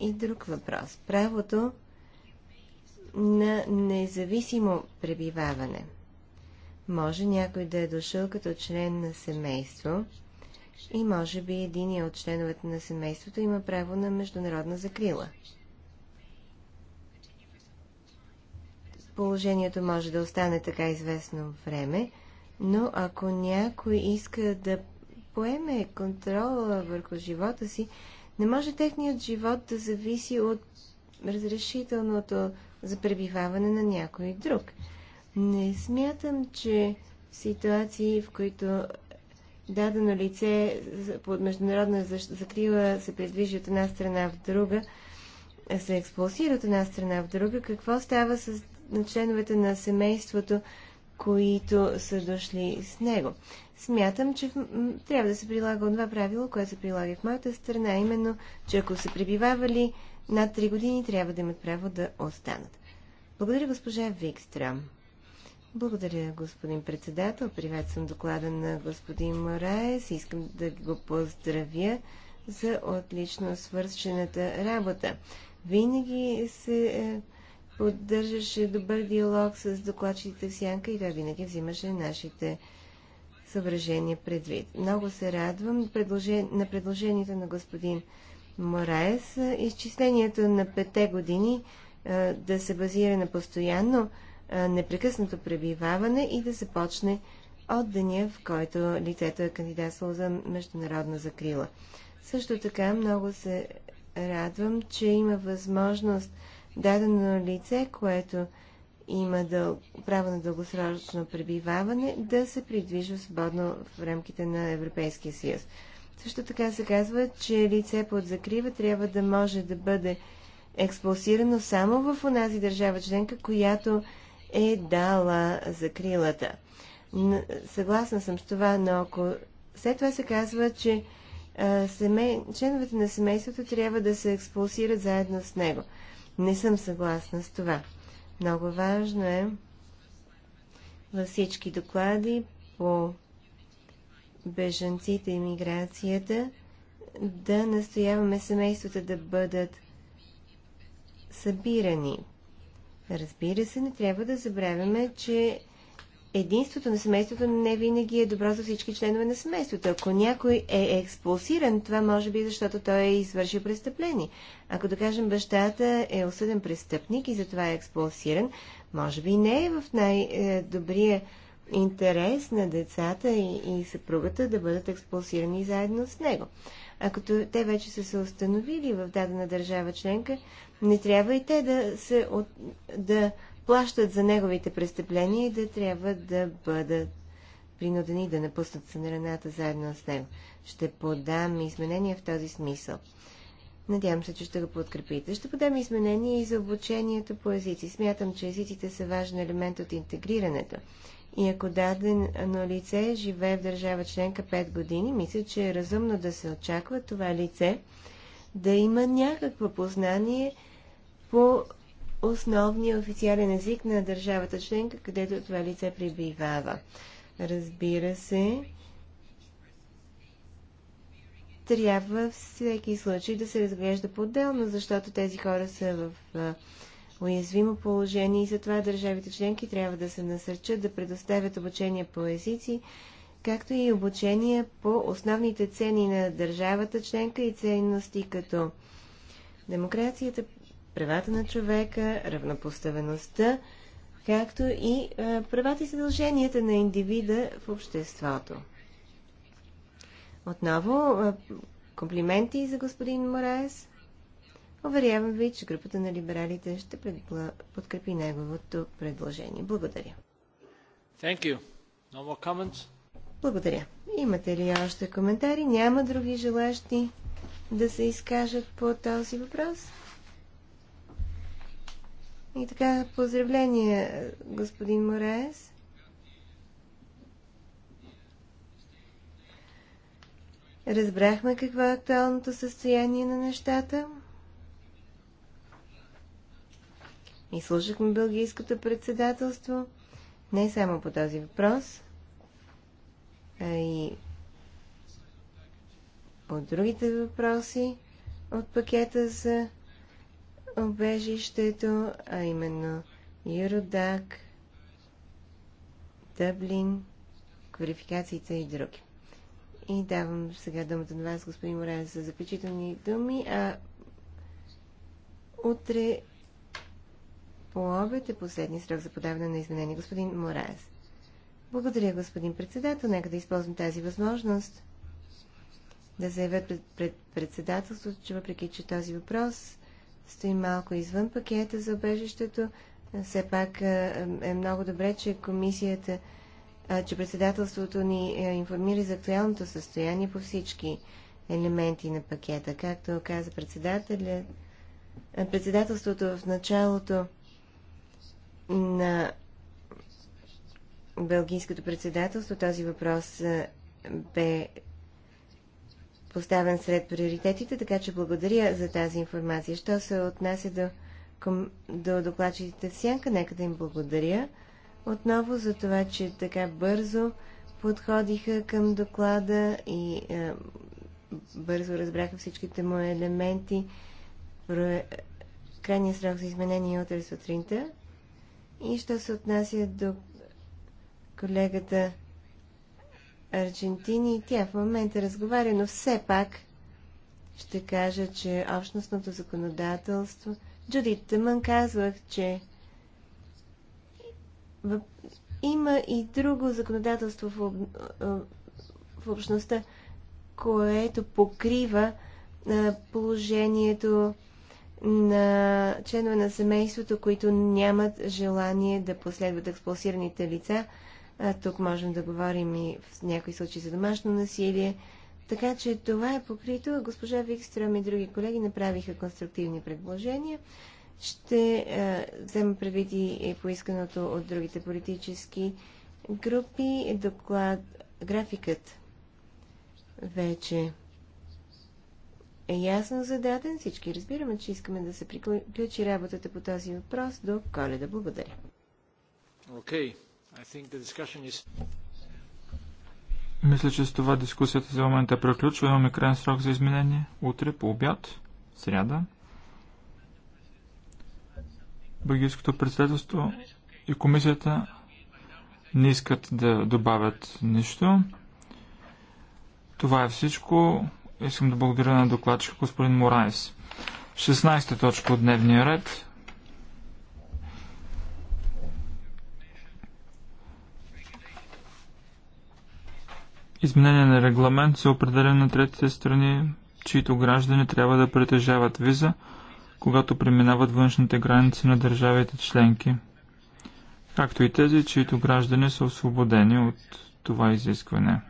и друг въпрос. Правото на независимо пребиваване. Може някой да е дошъл като член на семейство и може би един от членовете на семейството има право на международна закрила. Положението може да остане така известно време, но ако някой иска да поеме контрола върху живота си, не може техният живот да зависи от разрешителното за пребиваване на някой друг. Не смятам, че в ситуации, в които дадено лице под международна закрила се предвижи от една страна в друга, се експулсира от една страна в друга, какво става с членовете на семейството, които са дошли с него. Смятам, че трябва да се прилага от това правило, което се прилага в моята страна, именно, че ако са пребивавали над 3 години, трябва да имат право да останат. Благодаря, госпожа Викстрам. Благодаря, господин председател. Приветствам доклада на господин Мораес. Искам да го поздравя за отлично свършената работа. Винаги се е, поддържаше добър диалог с докладчите в Сянка и той винаги взимаше нашите съображения предвид. Много се радвам на предложението на господин Мораес. Изчислението на пете години да се базира на постоянно непрекъснато пребиваване и да започне от деня, в който лицето е кандидатствало за международна закрила. Също така много се радвам, че има възможност дадено лице, което има дъл... право на дългосрочно пребиваване, да се придвижва свободно в рамките на Европейския съюз. Също така се казва, че лице под закрива трябва да може да бъде експулсирано само в онази държава членка, която е дала закрилата. Съгласна съм с това, но ако след това се казва, че а, семей... членовете на семейството трябва да се експулсират заедно с него. Не съм съгласна с това. Много важно е във всички доклади по бежанците и миграцията да настояваме семействата да бъдат събирани. Разбира се, не трябва да забравяме, че единството на семейството не винаги е добро за всички членове на семейството. Ако някой е експулсиран, това може би защото той е извършил престъпление. Ако да кажем бащата е осъден престъпник и затова е експулсиран, може би не е в най-добрия интерес на децата и, и съпругата да бъдат експулсирани заедно с него. Ако те вече са се установили в дадена държава членка, не трябва и те да се от, да плащат за неговите престъпления и да трябва да бъдат принудени да напуснат сънраната заедно с него. Ще подам изменения в този смисъл. Надявам се, че ще го подкрепите. Ще подам изменения и за обучението по езици. Смятам, че езиците са важен елемент от интегрирането. И ако дадено лице живее в държава членка 5 години, мисля, че е разумно да се очаква това лице да има някакво познание по основния официален език на държавата членка, където това лице пребивава. Разбира се, трябва всеки случай да се разглежда по-отделно, защото тези хора са в уязвимо положение и затова държавите членки трябва да се насърчат да предоставят обучение по езици, както и обучение по основните цени на държавата членка и ценности като демокрацията, правата на човека, равнопоставеността, както и правата и задълженията на индивида в обществото. Отново комплименти за господин Мораес. Уверявам ви, че групата на либералите ще подкрепи неговото предложение. Благодаря. Thank you. No more comments? Благодаря. Имате ли още коментари? Няма други желащи да се изкажат по този въпрос? И така, поздравления, господин Мораес. Разбрахме какво е актуалното състояние на нещата. И слушахме бългийското председателство не само по този въпрос, а и по другите въпроси от пакета за обежището, а именно Юродак, Дъблин, квалификациите и други. И давам сега думата на вас, господин Морен, за заключителни думи, а утре по обед е последния срок за подаване на изменения. Господин Мораес. Благодаря, господин председател. Нека да използвам тази възможност да заявя пред председателството, че въпреки, че този въпрос стои малко извън пакета за обежището. Все пак е, е много добре, че комисията, е, че председателството ни е, информира за актуалното състояние по всички елементи на пакета. Както каза председателя, председателството в началото на Белгийското председателство този въпрос бе поставен сред приоритетите, така че благодаря за тази информация. Що се отнася до, към, до докладчиците в Сянка, нека да им благодаря отново за това, че така бързо подходиха към доклада и е, бързо разбраха всичките мои елементи. Про... Е, крайният срок за изменение е утре сутринта. И що се отнася до колегата Аржентини и тя в момента разговаря, но все пак ще кажа, че общностното законодателство... Джудит Тъмън казвах, че в... има и друго законодателство в, об... в общността, което покрива положението на членове на семейството, които нямат желание да последват експлосираните лица тук можем да говорим и в някои случаи за домашно насилие. Така че това е покрито. Госпожа Викстрем и други колеги направиха конструктивни предложения. Ще а, взема предвид и поисканото от другите политически групи. Доклад, графикът вече е ясно зададен. Всички разбираме, че искаме да се приключи работата по този въпрос до коледа. Благодаря. Okay. Мисля, че с това дискусията за момента приключва. Имаме крайен срок за изменение. Утре по обяд, сряда. Бългийското председателство и комисията не искат да добавят нищо. Това е всичко. Искам да благодаря на докладчика господин Морайс. 16 точка от дневния ред изменение на регламент за определен на третите страни, чието граждани трябва да притежават виза, когато преминават външните граници на държавите членки, както и тези, чието граждани са освободени от това изискване.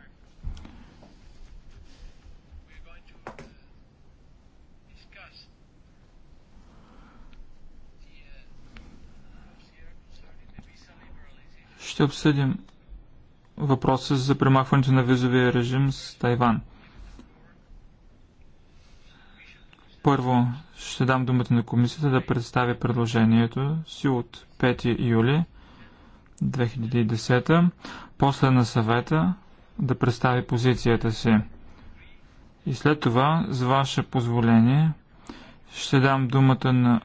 Ще обсъдим въпроса за премахването на визовия режим с Тайван. Първо ще дам думата на комисията да представи предложението си от 5 юли 2010, после на съвета да представи позицията си. И след това, с ваше позволение, ще дам думата на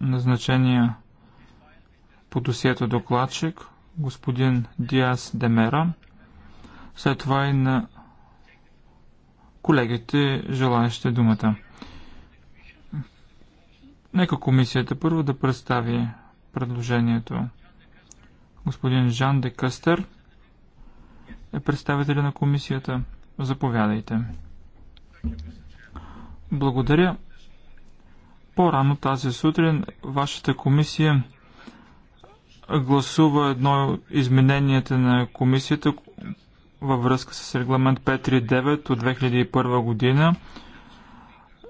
назначения по досието докладчик, господин Диас Демера, след това и на колегите, желаящи думата. Нека комисията първо да представи предложението. Господин Жан де Къстър е представителя на комисията. Заповядайте. Благодаря. По-рано тази сутрин вашата комисия гласува едно измененията на комисията във връзка с регламент 539 от 2001 година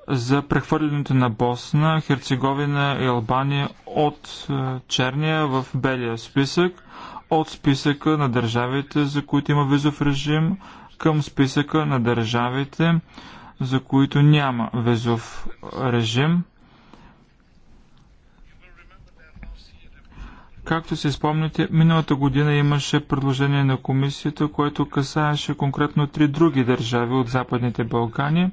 за прехвърлянето на Босна, Херцеговина и Албания от е, черния в белия списък, от списъка на държавите, за които има визов режим, към списъка на държавите, за които няма визов режим. Както се спомняте, миналата година имаше предложение на комисията, което касаеше конкретно три други държави от Западните Балкани.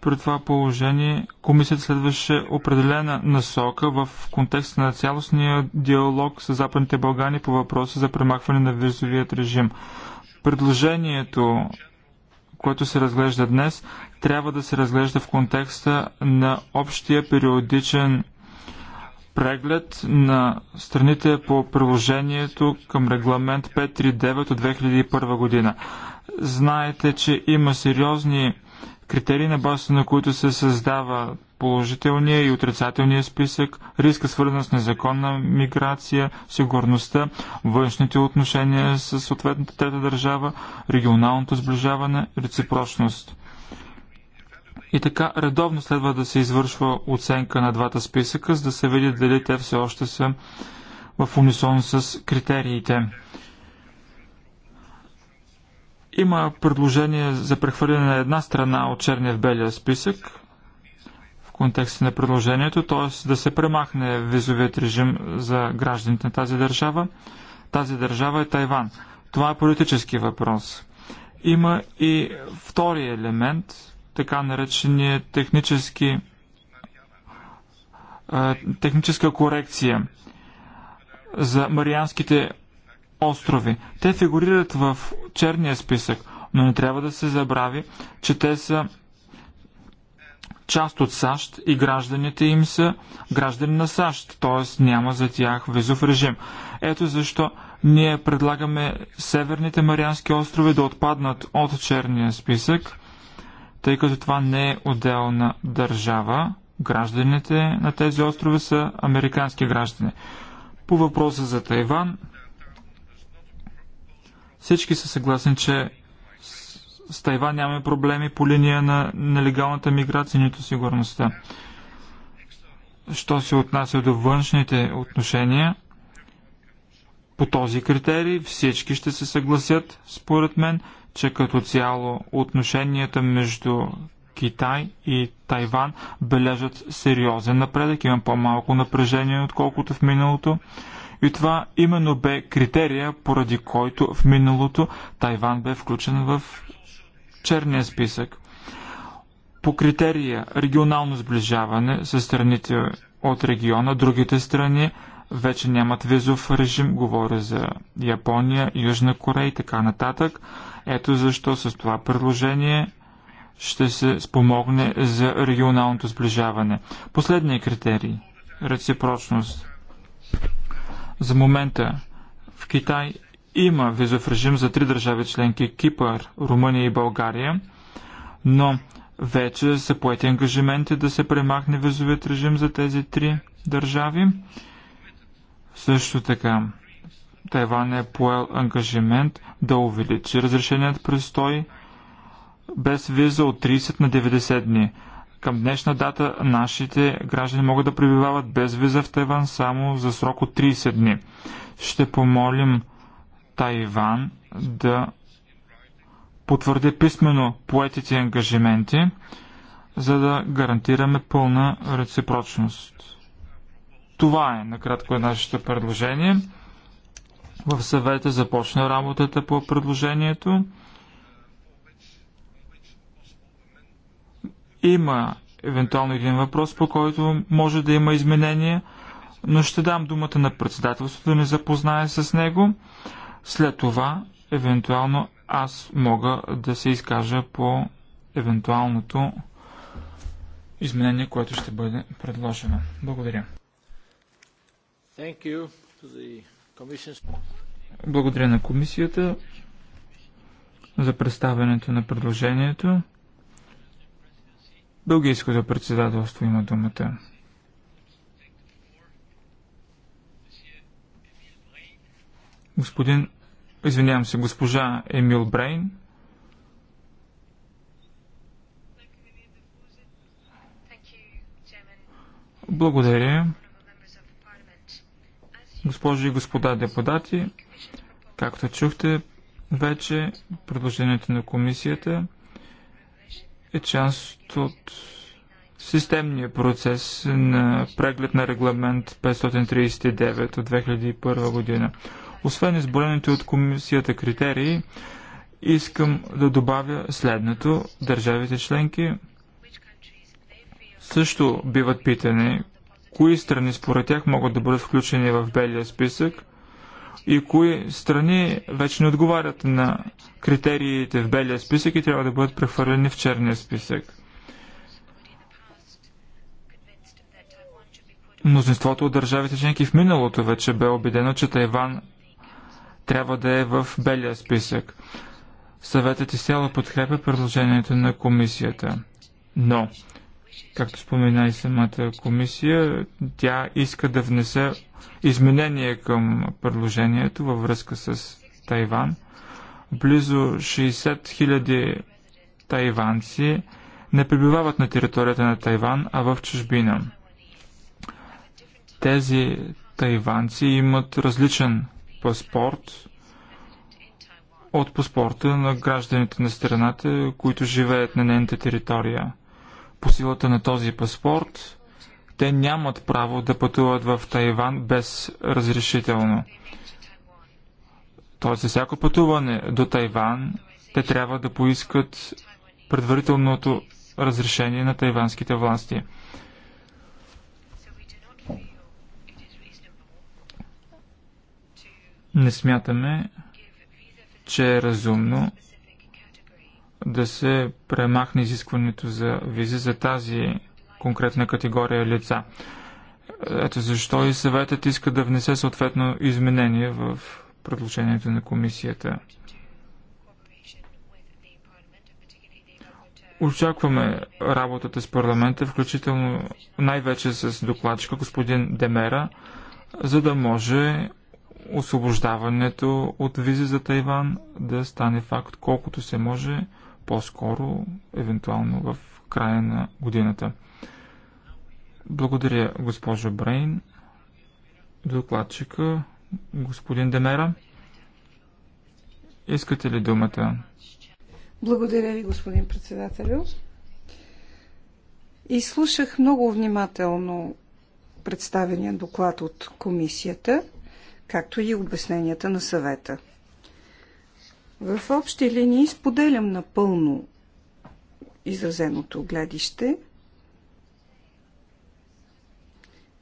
При това положение комисията следваше определена насока в контекста на цялостния диалог с Западните Балкани по въпроса за премахване на визовият режим. Предложението, което се разглежда днес, трябва да се разглежда в контекста на общия периодичен преглед на страните по приложението към регламент 539 от 2001 година. Знаете, че има сериозни критерии на базата на които се създава положителния и отрицателния списък, риска свързан с незаконна миграция, сигурността, външните отношения с съответната трета държава, регионалното сближаване, реципрочност. И така редовно следва да се извършва оценка на двата списъка, за да се види дали те все още са в унисон с критериите. Има предложение за прехвърляне на една страна от черния в белия списък в контекста на предложението, т.е. да се премахне визовият режим за гражданите на тази държава. Тази държава е Тайван. Това е политически въпрос. Има и втори елемент – така наречения технически техническа корекция за Марианските острови. Те фигурират в черния списък, но не трябва да се забрави, че те са част от САЩ и гражданите им са граждани на САЩ, т.е. няма за тях визов режим. Ето защо ние предлагаме Северните Мариански острови да отпаднат от черния списък тъй като това не е отделна държава. Гражданите на тези острови са американски граждани. По въпроса за Тайван, всички са съгласни, че с Тайван нямаме проблеми по линия на нелегалната миграция, нито сигурността. Що се отнася до външните отношения, по този критерий всички ще се съгласят, според мен – че като цяло отношенията между Китай и Тайван бележат сериозен напредък, има по-малко напрежение, отколкото в миналото. И това именно бе критерия, поради който в миналото Тайван бе включен в черния списък. По критерия регионално сближаване с страните от региона, другите страни вече нямат визов режим, говоря за Япония, Южна Корея и така нататък. Ето защо с това предложение ще се спомогне за регионалното сближаване. Последният критерий – реципрочност. За момента в Китай има визов режим за три държави членки – Кипър, Румъния и България, но вече са поети ангажименти да се премахне визовият режим за тези три държави. Също така, Тайван е поел ангажимент да увеличи разрешеният престой без виза от 30 на 90 дни. Към днешна дата нашите граждани могат да пребивават без виза в Тайван само за срок от 30 дни. Ще помолим Тайван да потвърди писменно поетите ангажименти, за да гарантираме пълна реципрочност. Това е накратко е нашето предложение. В съвета започна работата по предложението. Има евентуално един въпрос, по който може да има изменения, но ще дам думата на председателството да ни запознае с него. След това, евентуално, аз мога да се изкажа по евентуалното изменение, което ще бъде предложено. Благодаря. Thank you to the благодаря на комисията за представянето на предложението. Белгийското председателство има думата. Господин, извинявам се, госпожа Емил Брейн. Благодаря. Госпожи и господа депутати, както чухте, вече предложението на комисията е част от системния процес на преглед на регламент 539 от 2001 година. Освен изборените от комисията критерии, искам да добавя следното. Държавите членки също биват питани кои страни според тях могат да бъдат включени в белия списък и кои страни вече не отговарят на критериите в белия списък и трябва да бъдат прехвърлени в черния списък. Мнозинството от държавите членки в миналото вече бе убедено, че Тайван трябва да е в белия списък. Съветът изцяло подкрепя предложението на комисията. Но както спомена и самата комисия, тя иска да внесе изменение към предложението във връзка с Тайван. Близо 60 000 тайванци не пребивават на територията на Тайван, а в чужбина. Тези тайванци имат различен паспорт от паспорта на гражданите на страната, които живеят на нейната територия. По силата на този паспорт, те нямат право да пътуват в Тайван без разрешително. Тоест, за всяко пътуване до Тайван, те трябва да поискат предварителното разрешение на тайванските власти. Не смятаме, че е разумно да се премахне изискването за визи за тази конкретна категория лица. Ето защо и съветът иска да внесе съответно изменение в предложението на комисията. Очакваме работата с парламента, включително най-вече с докладчика господин Демера, за да може освобождаването от визи за Тайван да стане факт колкото се може по-скоро, евентуално в края на годината. Благодаря, госпожо Брейн, докладчика, господин Демера. Искате ли думата? Благодаря ви, господин председателю. И слушах много внимателно представения доклад от комисията, както и обясненията на съвета – в общи линии споделям напълно изразеното гледище.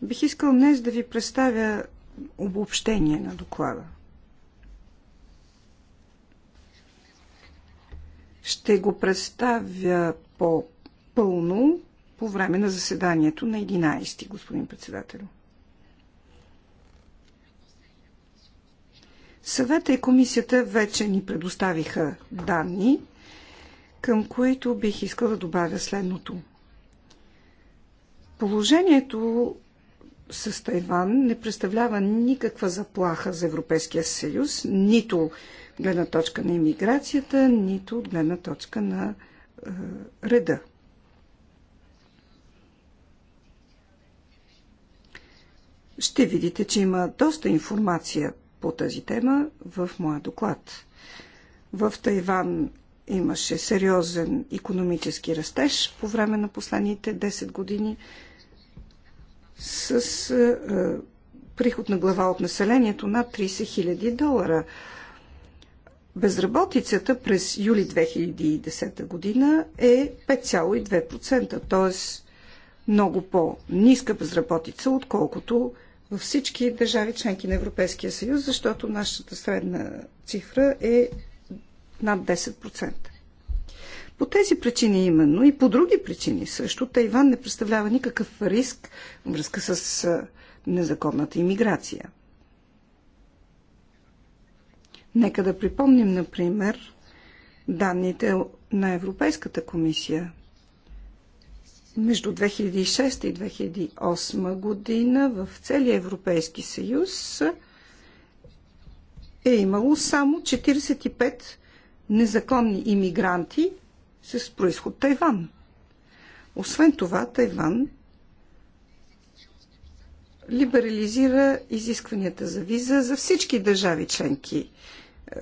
Бих искал днес да ви представя обобщение на доклада. Ще го представя по-пълно по време на заседанието на 11, ти господин председател. Съвета и комисията вече ни предоставиха данни, към които бих искал да добавя следното. Положението с Тайван не представлява никаква заплаха за Европейския съюз, нито гледна точка на иммиграцията, нито от гледна точка на е, реда. Ще видите, че има доста информация по тази тема в моя доклад. В Тайван имаше сериозен економически растеж по време на последните 10 години с е, приход на глава от населението над 30 000 долара. Безработицата през юли 2010 година е 5,2%, т.е. много по-ниска безработица, отколкото във всички държави членки на Европейския съюз, защото нашата средна цифра е над 10%. По тези причини именно и по други причини също Тайван не представлява никакъв риск във връзка с незаконната иммиграция. Нека да припомним, например, данните на Европейската комисия. Между 2006 и 2008 година в целия Европейски съюз е имало само 45 незаконни иммигранти с происход Тайван. Освен това, Тайван либерализира изискванията за виза за всички държави членки е,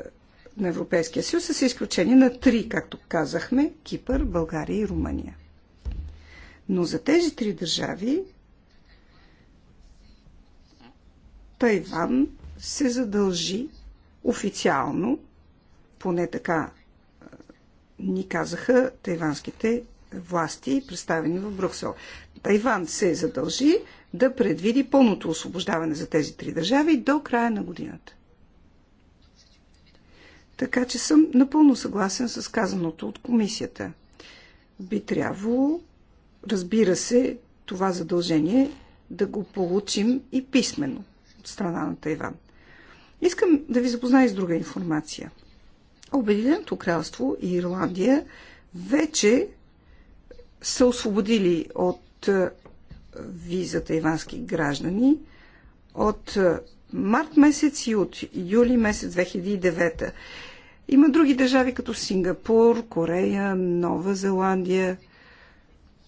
на Европейския съюз, с изключение на три, както казахме Кипър, България и Румъния. Но за тези три държави Тайван се задължи официално, поне така ни казаха тайванските власти, представени в Брюксел. Тайван се задължи да предвиди пълното освобождаване за тези три държави до края на годината. Така че съм напълно съгласен с казаното от комисията. Би трябвало Разбира се, това задължение да го получим и писменно от страна на Тайван. Искам да ви запозная с друга информация. Обединеното кралство и Ирландия вече са освободили от е, виза тайвански граждани от е, март месец и от юли месец 2009. Има други държави като Сингапур, Корея, Нова Зеландия,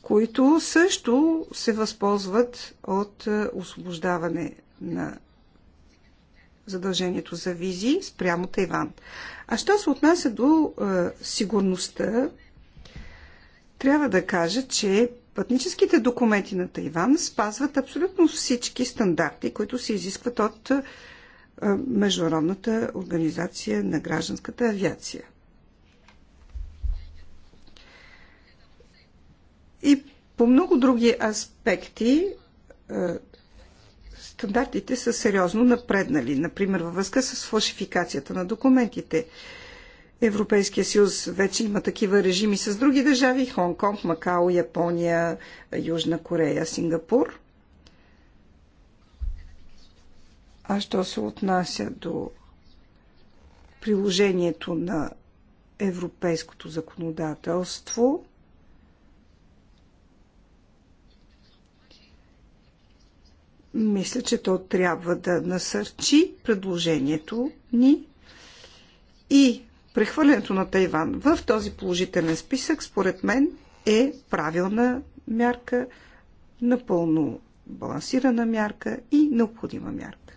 които също се възползват от е, освобождаване на задължението за визи спрямо Тайван. А що се отнася до е, сигурността, трябва да кажа, че пътническите документи на Тайван спазват абсолютно всички стандарти, които се изискват от е, Международната организация на гражданската авиация – И по много други аспекти е, стандартите са сериозно напреднали. Например, във връзка с фалшификацията на документите. Европейския съюз вече има такива режими с други държави Хонг-Конг, Макао, Япония, Южна Корея, Сингапур. А що се отнася до приложението на европейското законодателство, Мисля, че то трябва да насърчи предложението ни и прехвърлянето на Тайван в този положителен списък, според мен, е правилна мярка, напълно балансирана мярка и необходима мярка.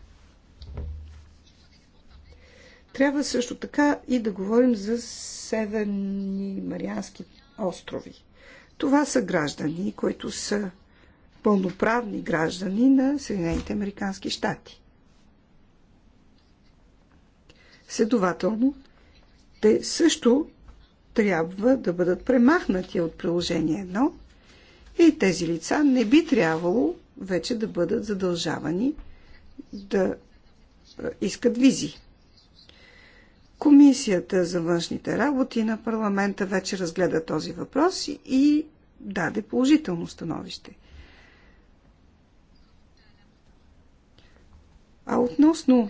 Трябва също така и да говорим за Северни Мариански острови. Това са граждани, които са пълноправни граждани на Съединените Американски щати. Следователно, те също трябва да бъдат премахнати от приложение 1 и тези лица не би трябвало вече да бъдат задължавани да е, искат визи. Комисията за външните работи на парламента вече разгледа този въпрос и даде положително становище – А относно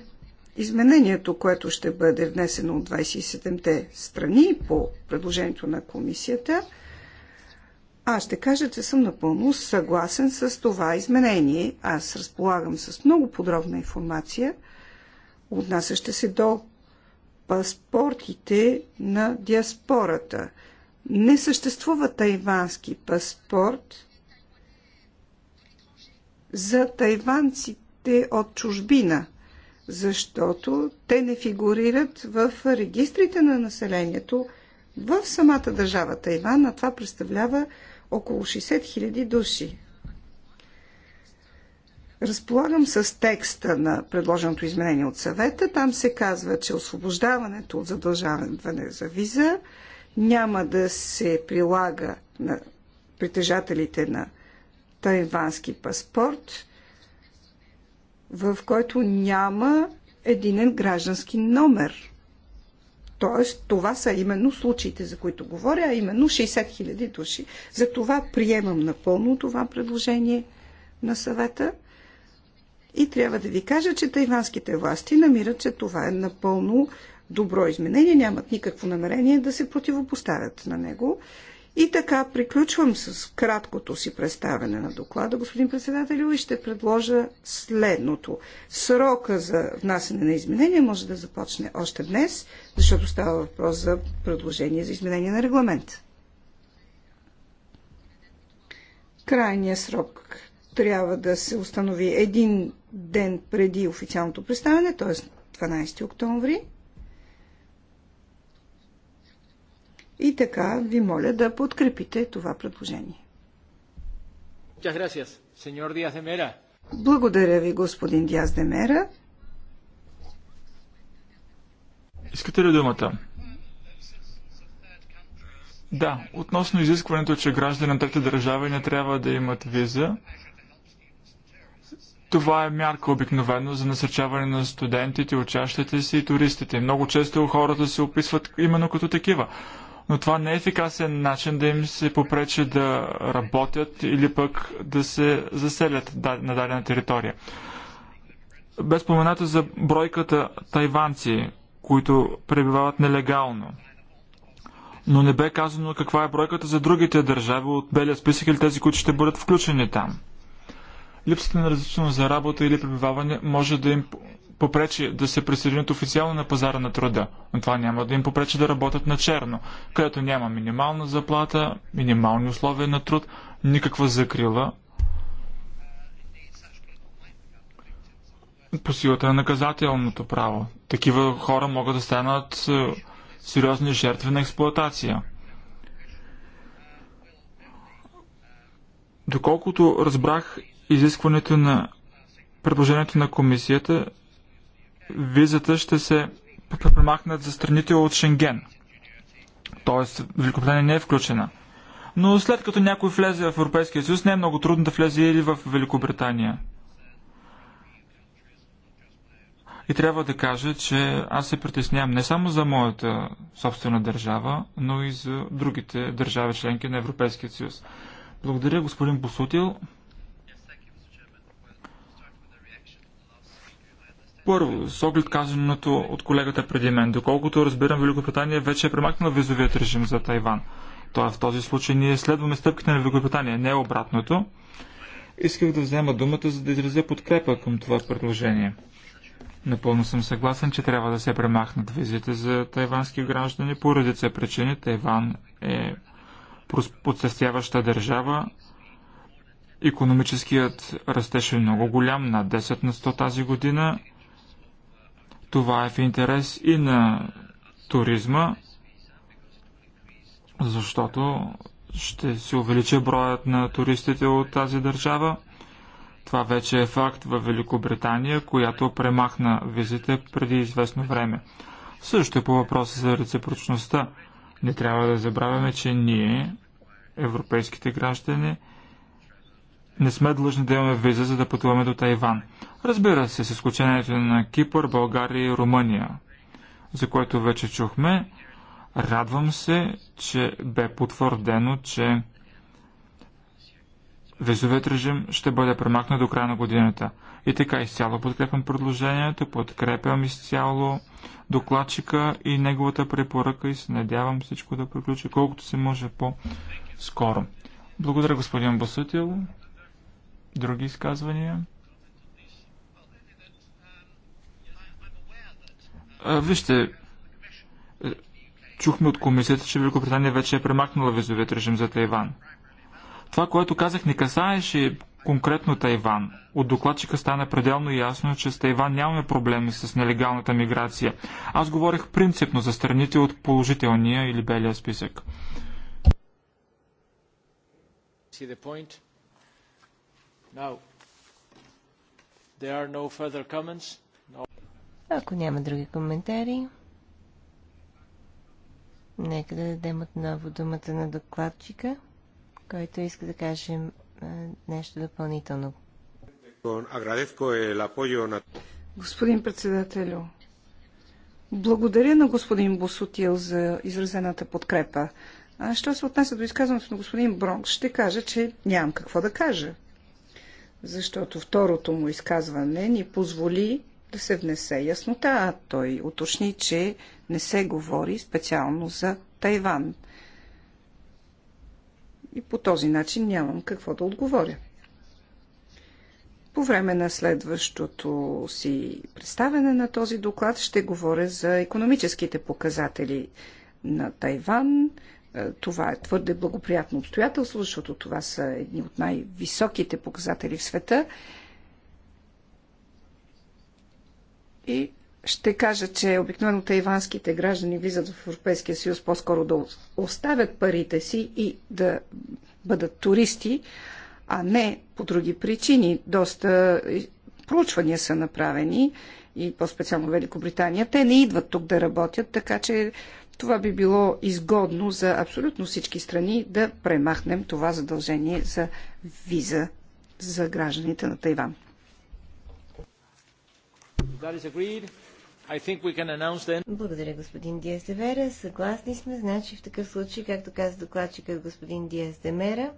изменението, което ще бъде внесено от 27-те страни по предложението на комисията, аз ще кажа, че съм напълно съгласен с това изменение. Аз разполагам с много подробна информация, отнасяща се до паспортите на диаспората. Не съществува тайвански паспорт за тайванци фирмите от чужбина, защото те не фигурират в регистрите на населението в самата държава Тайван, а това представлява около 60 000 души. Разполагам с текста на предложеното изменение от съвета. Там се казва, че освобождаването от задължаване за виза няма да се прилага на притежателите на тайвански паспорт, в който няма единен граждански номер. Тоест, това са именно случаите, за които говоря, а именно 60 000 души. Затова приемам напълно това предложение на съвета и трябва да ви кажа, че тайванските власти намират, че това е напълно добро изменение, нямат никакво намерение да се противопоставят на него. И така приключвам с краткото си представяне на доклада, господин председател, и ще предложа следното. Срока за внасене на изменения може да започне още днес, защото става въпрос за предложение за изменение на регламент. Крайният срок трябва да се установи един ден преди официалното представяне, т.е. 12 октомври. И така ви моля да подкрепите това предложение. Благодаря ви, господин Диаз Демера. Искате ли думата? Да, относно изискването, че граждани на трета държава не трябва да имат виза, това е мярка обикновено за насърчаване на студентите, учащите си и туристите. Много често хората се описват именно като такива но това не е ефикасен начин да им се попречи да работят или пък да се заселят на дадена територия. Без спомената за бройката тайванци, които пребивават нелегално. Но не бе казано каква е бройката за другите държави от белия списък или тези, които ще бъдат включени там. Липсата на разрешително за работа или пребиваване може да им попречи да се присъединят официално на пазара на труда, но това няма да им попречи да работят на черно, където няма минимална заплата, минимални условия на труд, никаква закрила по силата на наказателното право. Такива хора могат да станат е, сериозни жертви на експлоатация. Доколкото разбрах изискването на предложението на комисията визата ще се премахнат за страните от Шенген. Тоест, Великобритания не е включена. Но след като някой влезе в Европейския съюз, не е много трудно да влезе или в Великобритания. И трябва да кажа, че аз се притеснявам не само за моята собствена държава, но и за другите държави членки на Европейския съюз. Благодаря, господин Босутил. Първо, с оглед казаното от колегата преди мен, доколкото разбирам, Великобритания вече е премахнала визовият режим за Тайван. Тоест в този случай ние следваме стъпките на Великобритания, не обратното. Исках да взема думата, за да изразя подкрепа към това предложение. Напълно съм съгласен, че трябва да се премахнат визите за тайвански граждани по редица причини. Тайван е подсъстяваща държава. Економическият растеж е много голям, на 10 на 100 тази година. Това е в интерес и на туризма, защото ще се увеличи броят на туристите от тази държава. Това вече е факт във Великобритания, която премахна визите преди известно време. Също е по въпроса за реципрочността. Не трябва да забравяме, че ние, европейските граждани, не сме длъжни да имаме виза, за да пътуваме до Тайван. Разбира се, с изключението на Кипър, България и Румъния, за което вече чухме. Радвам се, че бе потвърдено, че визовият режим ще бъде премахнат до края на годината. И така изцяло подкрепям предложението, подкрепям изцяло докладчика и неговата препоръка и се надявам всичко да приключи колкото се може по-скоро. Благодаря, господин Басутил. Други изказвания? Вижте, е, чухме от комисията, че Великобритания вече е премахнала визовият режим за Тайван. Това, което казах, не касаеше конкретно Тайван. От докладчика стана пределно ясно, че с Тайван нямаме проблеми с нелегалната миграция. Аз говорих принципно за страните от положителния или белия списък. See the point? Ако няма други коментари, нека да дадем отново думата на докладчика, който иска да каже е, нещо допълнително. Е господин председателю, благодаря на господин Босотил за изразената подкрепа. А що се отнася до изказването на господин Бронкс, ще кажа, че нямам какво да кажа защото второто му изказване ни позволи да се внесе яснота, а той уточни, че не се говори специално за Тайван. И по този начин нямам какво да отговоря. По време на следващото си представяне на този доклад ще говоря за економическите показатели на Тайван, е, това е твърде благоприятно обстоятелство, защото това са едни от най-високите показатели в света. И ще кажа, че обикновено тайванските граждани влизат в Европейския съюз по-скоро да оставят парите си и да бъдат туристи, а не по други причини. Доста проучвания са направени и по-специално Великобритания. Те не идват тук да работят, така че това би било изгодно за абсолютно всички страни да премахнем това задължение за виза за гражданите на Тайван. Благодаря, господин Диас Демера. Съгласни сме, значи в такъв случай, както каза докладчикът господин Диас Демера,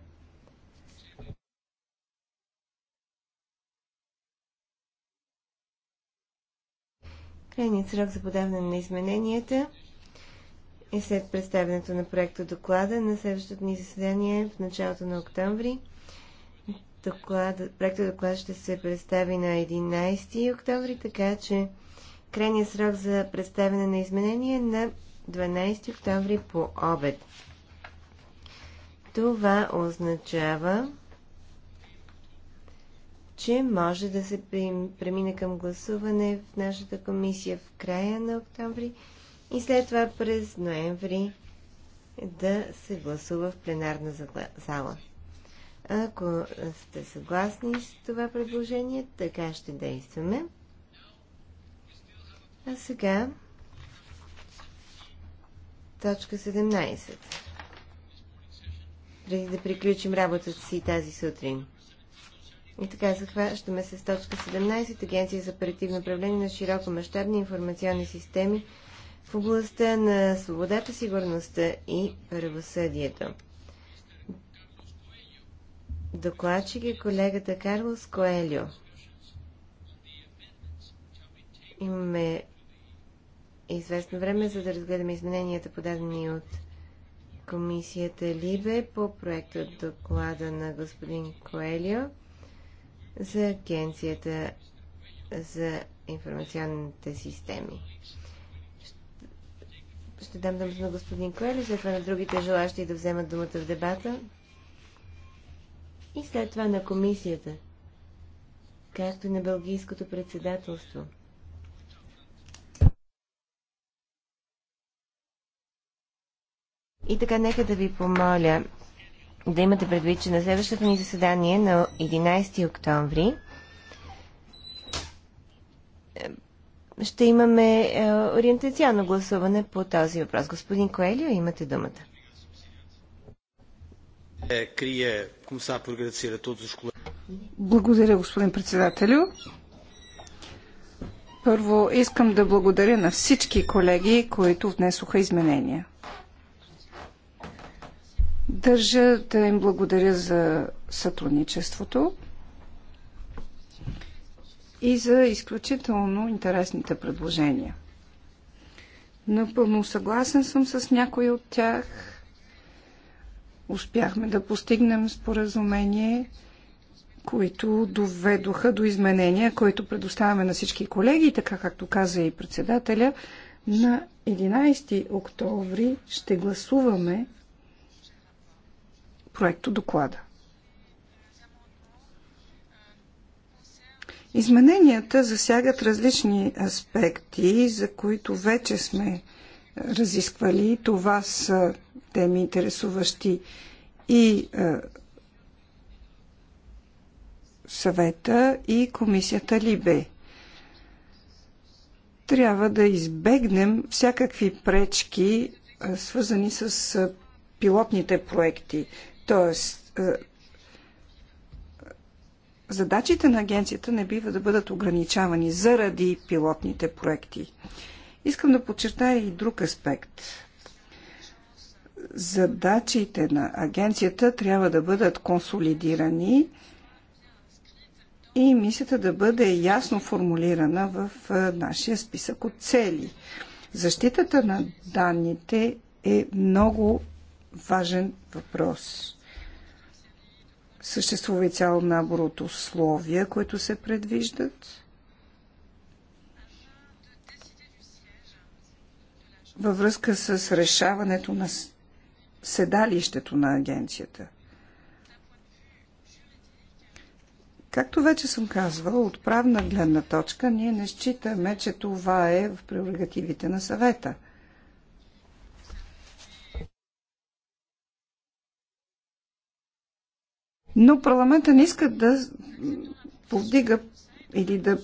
Крайният срок за подаване на измененията и след представянето на проекта доклада на следващото ни заседание в началото на октомври. Проектът доклад ще се представи на 11 октомври, така че крайният срок за представяне на изменение е на 12 октомври по обед. Това означава, че може да се премине към гласуване в нашата комисия в края на октомври и след това през ноември да се гласува в пленарна зала. Ако сте съгласни с това предложение, така ще действаме. А сега точка 17. Преди да приключим работата си тази сутрин. И така захващаме се с точка 17. Агенция за оперативно управление на широко мащабни информационни системи в областта на свободата, сигурността и правосъдието. Докладчик е колегата Карлос Коелио. Имаме известно време, за да разгледаме измененията, подадени от комисията Либе по проекта от доклада на господин Коелио за Агенцията за информационните системи. Ще дам думата на господин Коели, след това на другите желащи да вземат думата в дебата. И след това на комисията, както и на Белгийското председателство. И така, нека да ви помоля да имате предвид, че на следващото ни заседание на 11 октомври ще имаме е, ориентационно гласуване по този въпрос. Господин Коелио, имате думата. Е, благодаря, господин председателю. Първо искам да благодаря на всички колеги, които внесоха изменения. Държа да им благодаря за сътрудничеството и за изключително интересните предложения. Напълно съгласен съм с някои от тях. Успяхме да постигнем споразумение, които доведоха до изменения, които предоставяме на всички колеги, така както каза и председателя. На 11 октомври ще гласуваме проекто доклада. Измененията засягат различни аспекти, за които вече сме разисквали. Това са теми интересуващи и е, съвета и комисията Либе. Трябва да избегнем всякакви пречки, е, свързани с е, пилотните проекти. Тоест, е, задачите на агенцията не бива да бъдат ограничавани заради пилотните проекти. Искам да подчертая и друг аспект. Задачите на агенцията трябва да бъдат консолидирани и мисията да бъде ясно формулирана в нашия списък от цели. Защитата на данните е много важен въпрос. Съществува и цял набор от условия, които се предвиждат. Във връзка с решаването на седалището на агенцията. Както вече съм казвала, от правна гледна точка ние не считаме, че това е в прерогативите на съвета. Но парламента не иска да повдига или да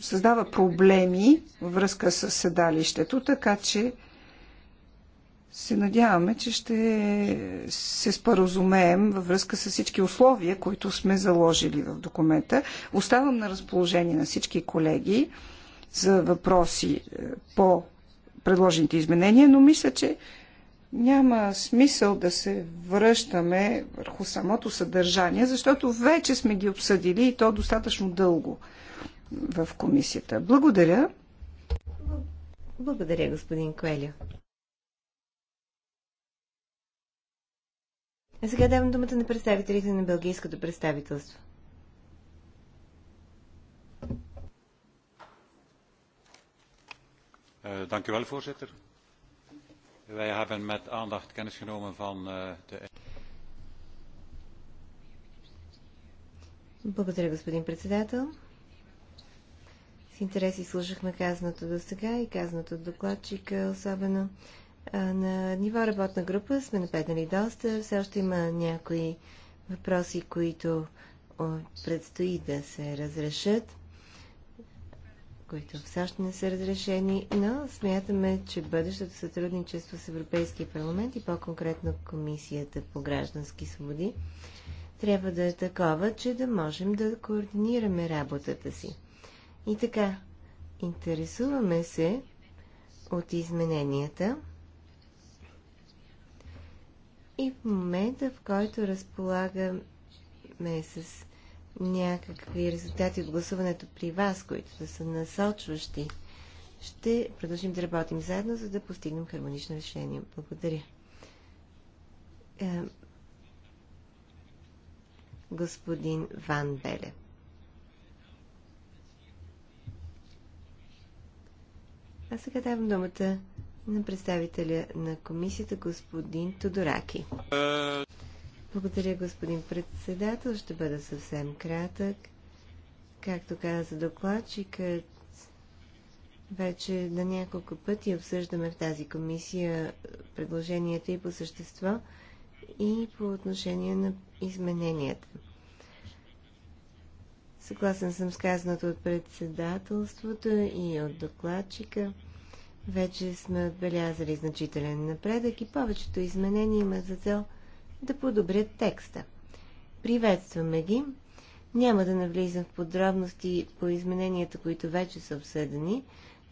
създава проблеми във връзка с седалището, така че се надяваме, че ще се споразумеем във връзка с всички условия, които сме заложили в документа. Оставам на разположение на всички колеги за въпроси е, по предложените изменения, но мисля, че няма смисъл да се връщаме върху самото съдържание, защото вече сме ги обсъдили и то достатъчно дълго в комисията. Благодаря. Благодаря, господин Коеля. А сега давам думата на представителите на Белгийското представителство. Е, dank u wel, voorzitter. Wij hebben met aandacht kennis genomen van eh, de... Благодаря, господин председател. С интерес изслушахме казаното до сега и казаното от докладчика, особено на ниво работна група сме напеднали доста. Все още има някои въпроси, които предстои да се разрешат които все още не са разрешени, но смятаме, че бъдещото сътрудничество с Европейския парламент и по-конкретно Комисията по граждански свободи трябва да е такова, че да можем да координираме работата си. И така, интересуваме се от измененията и в момента, в който разполагаме с някакви резултати от гласуването при вас, които да са насочващи, ще продължим да работим заедно, за да постигнем хармонично решение. Благодаря. Е, господин Ван Беле. А сега давам думата на представителя на комисията, господин Тодораки. Е, благодаря, господин председател. Ще бъда съвсем кратък. Както каза докладчикът, вече на няколко пъти обсъждаме в тази комисия предложенията и по същество, и по отношение на измененията. Съгласен съм с казаното от председателството и от докладчика. Вече сме отбелязали значителен напредък и повечето изменения имат за цел – да подобрят текста. Приветстваме ги. Няма да навлизам в подробности по измененията, които вече са обсъдени,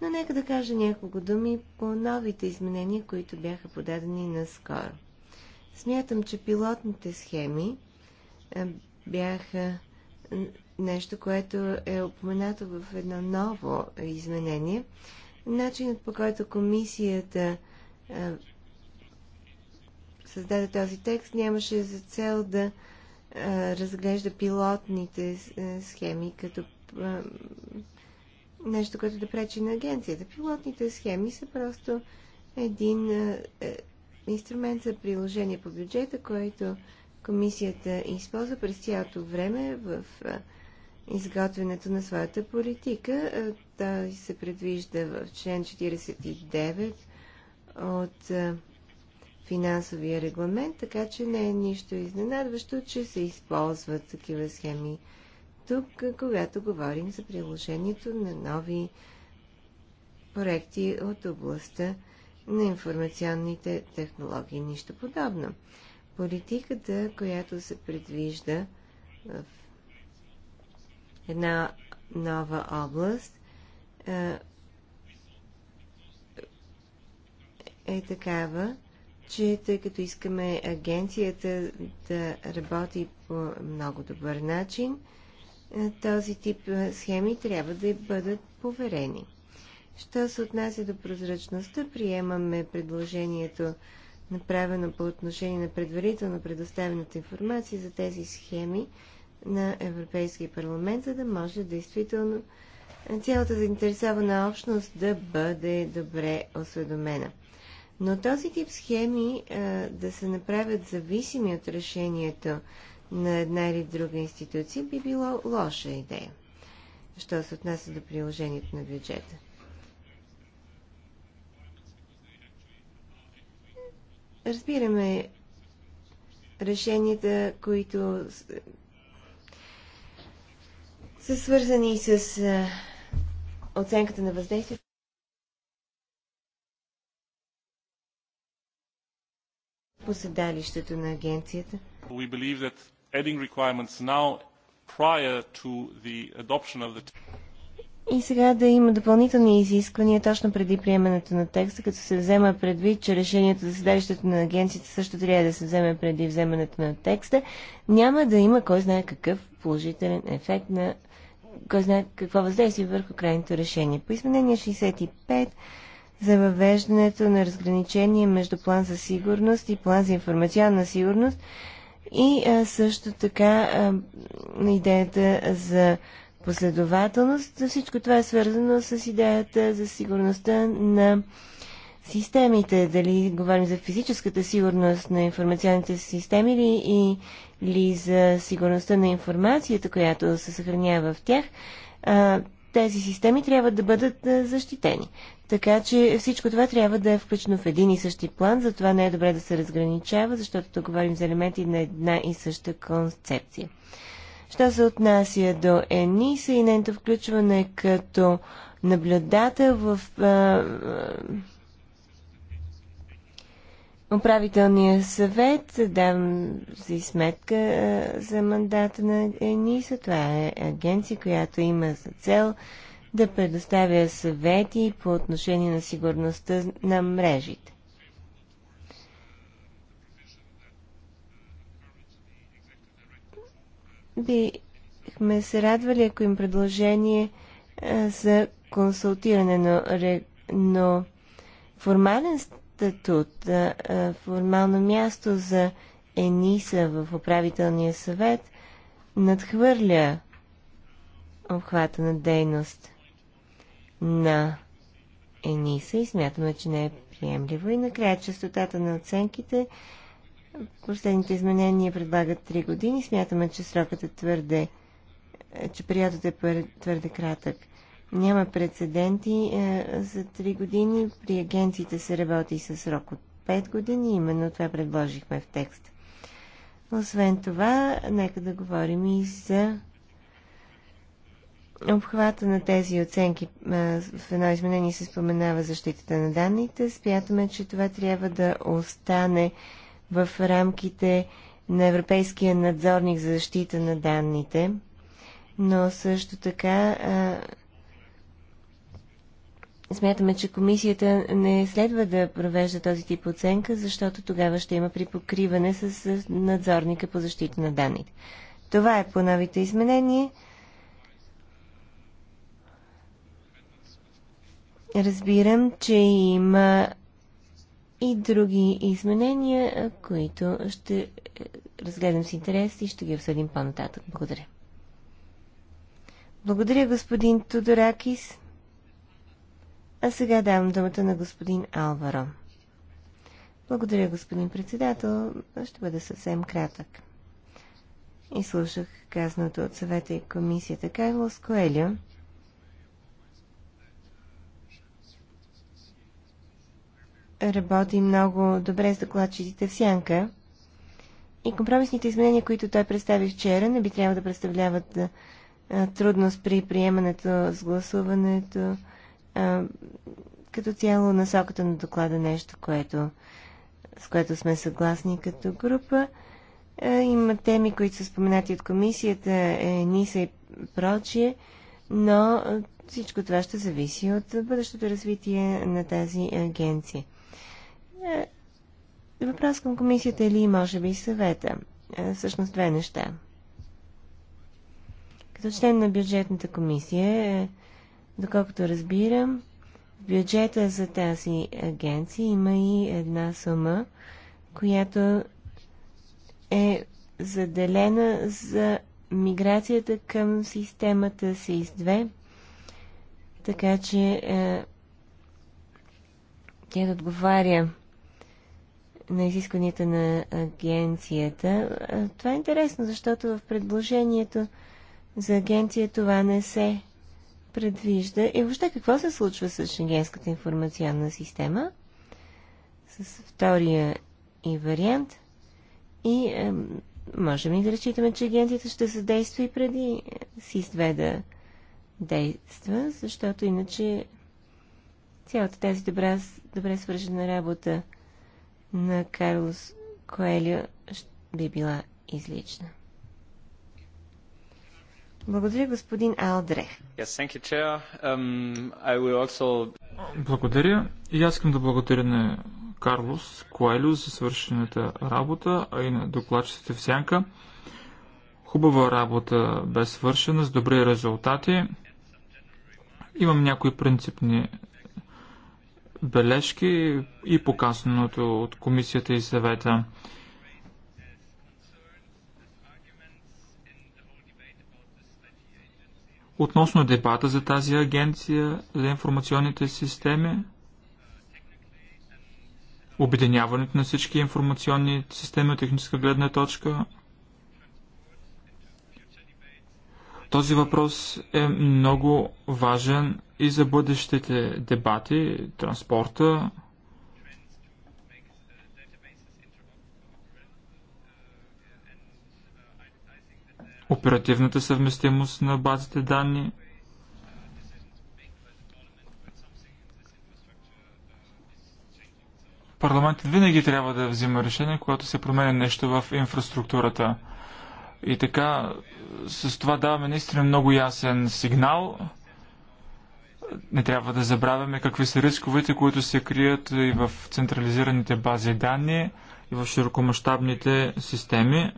но нека да кажа няколко думи по новите изменения, които бяха подадени наскоро. Смятам, че пилотните схеми бяха нещо, което е упоменато в едно ново изменение. Начинът по който комисията създаде този текст, нямаше за цел да а, разглежда пилотните схеми като а, нещо, което да пречи на агенцията. Пилотните схеми са просто един а, е, инструмент за приложение по бюджета, който комисията използва през цялото време в изготвянето на своята политика. Той се предвижда в член 49 от финансовия регламент, така че не е нищо изненадващо, че се използват такива схеми тук, когато говорим за приложението на нови проекти от областта на информационните технологии. Нищо подобно. Политиката, която се предвижда в една нова област, е, е такава, че тъй като искаме агенцията да работи по много добър начин, е, този тип е, схеми трябва да бъдат поверени. Що се отнася до прозрачността, приемаме предложението, направено по отношение на предварително предоставената информация за тези схеми на Европейския парламент, за да може действително е, цялата заинтересована общност да бъде добре осведомена. Но този тип схеми а, да се направят зависими от решението на една или друга институция би било лоша идея, що се отнася до приложението на бюджета. Разбираме решенията, които са свързани с оценката на въздействието. по седалището на агенцията? We believe that adding requirements now prior to the adoption of the и сега да има допълнителни изисквания точно преди приемането на текста, като се взема предвид, че решението за седалището на агенцията също трябва да се вземе преди вземането на текста, няма да има кой знае какъв положителен ефект на кой знае какво въздействие върху крайното решение. По изменение 65 за въвеждането на разграничение между план за сигурност и план за информационна сигурност и а, също така а, идеята за последователност. Всичко това е свързано с идеята за сигурността на системите. Дали говорим за физическата сигурност на информационните системи или, или за сигурността на информацията, която се съхранява в тях. А, тези системи трябва да бъдат защитени. Така че всичко това трябва да е включено в един и същи план, затова не е добре да се разграничава, защото тук говорим за елементи на една и съща концепция. Що се отнася до ЕНИСА и нейното включване като наблюдател в а, управителния съвет, дам си сметка а, е, за мандата на ЕНИСА. Това е агенция, която има за цел да предоставя съвети по отношение на сигурността на мрежите. Бихме се радвали, ако им предложение а, е, за консултиране, но, но формален статут, формално място за ЕНИСА в управителния съвет надхвърля обхвата на дейност на ЕНИСА и смятаме, че не е приемливо. И накрая частотата на оценките. Последните изменения предлагат 3 години. Смятаме, че срокът е твърде, че периодът е твърде кратък. Няма прецеденти. Е, за 3 години при агенциите се работи с срок от 5 години. Именно това предложихме в текст. Освен това, нека да говорим и за обхвата на тези оценки. Е, в едно изменение се споменава защитата на данните. Спятаме, че това трябва да остане в рамките на Европейския надзорник за защита на данните, но също така е, Смятаме, че комисията не следва да провежда този тип оценка, защото тогава ще има припокриване с надзорника по защита на данните. Това е по новите изменения. Разбирам, че има и други изменения, които ще е, разгледам с интерес и ще ги обсъдим по-нататък. Благодаря. Благодаря, господин Тодоракис. А сега давам думата на господин Алваро. Благодаря, господин председател. Ще бъда съвсем кратък. И слушах казаното от съвета и комисията Кайло Коелио. Работи много добре с докладчиците в Сянка. И компромисните изменения, които той представи вчера, не би трябвало да представляват трудност при приемането с гласуването а, като цяло насоката на доклада е нещо, което, с което сме съгласни като група. А, има теми, които са споменати от комисията, Е НИСА и прочие, но всичко това ще зависи от бъдещото развитие на тази агенция. Въпрос към комисията е ли, може би съвета. Всъщност две неща. Като член на бюджетната комисия е, Доколкото разбирам, в бюджета за тази агенция има и една сума, която е заделена за миграцията към системата сис 2 така че е, тя да отговаря на изискванията на агенцията. Е, това е интересно, защото в предложението за агенция това не се предвижда и въобще какво се случва с Шенгенската информационна система, с втория и вариант и е, можем ли да разчитаме, че агенцията ще се действа и преди е, СИС-2 да действа, защото иначе цялата тази добра, добре свържена работа на Карлос Коелио би била излична. Благодаря, господин Алдре. Yes, um, also... Благодаря. И аз искам да благодаря на Карлос Коелю за свършената работа, а и на докладчиците в Сянка. Хубава работа бе свършена с добри резултати. Имам някои принципни бележки и показаното от комисията и съвета. Относно дебата за тази агенция за информационните системи, обединяването на всички информационни системи от техническа гледна точка, Този въпрос е много важен и за бъдещите дебати, транспорта, оперативната съвместимост на базите данни. Парламентът винаги трябва да взима решение, когато се променя нещо в инфраструктурата. И така, с това даваме наистина много ясен сигнал. Не трябва да забравяме какви са рисковете, които се крият и в централизираните бази данни, и в широкомащабните системи.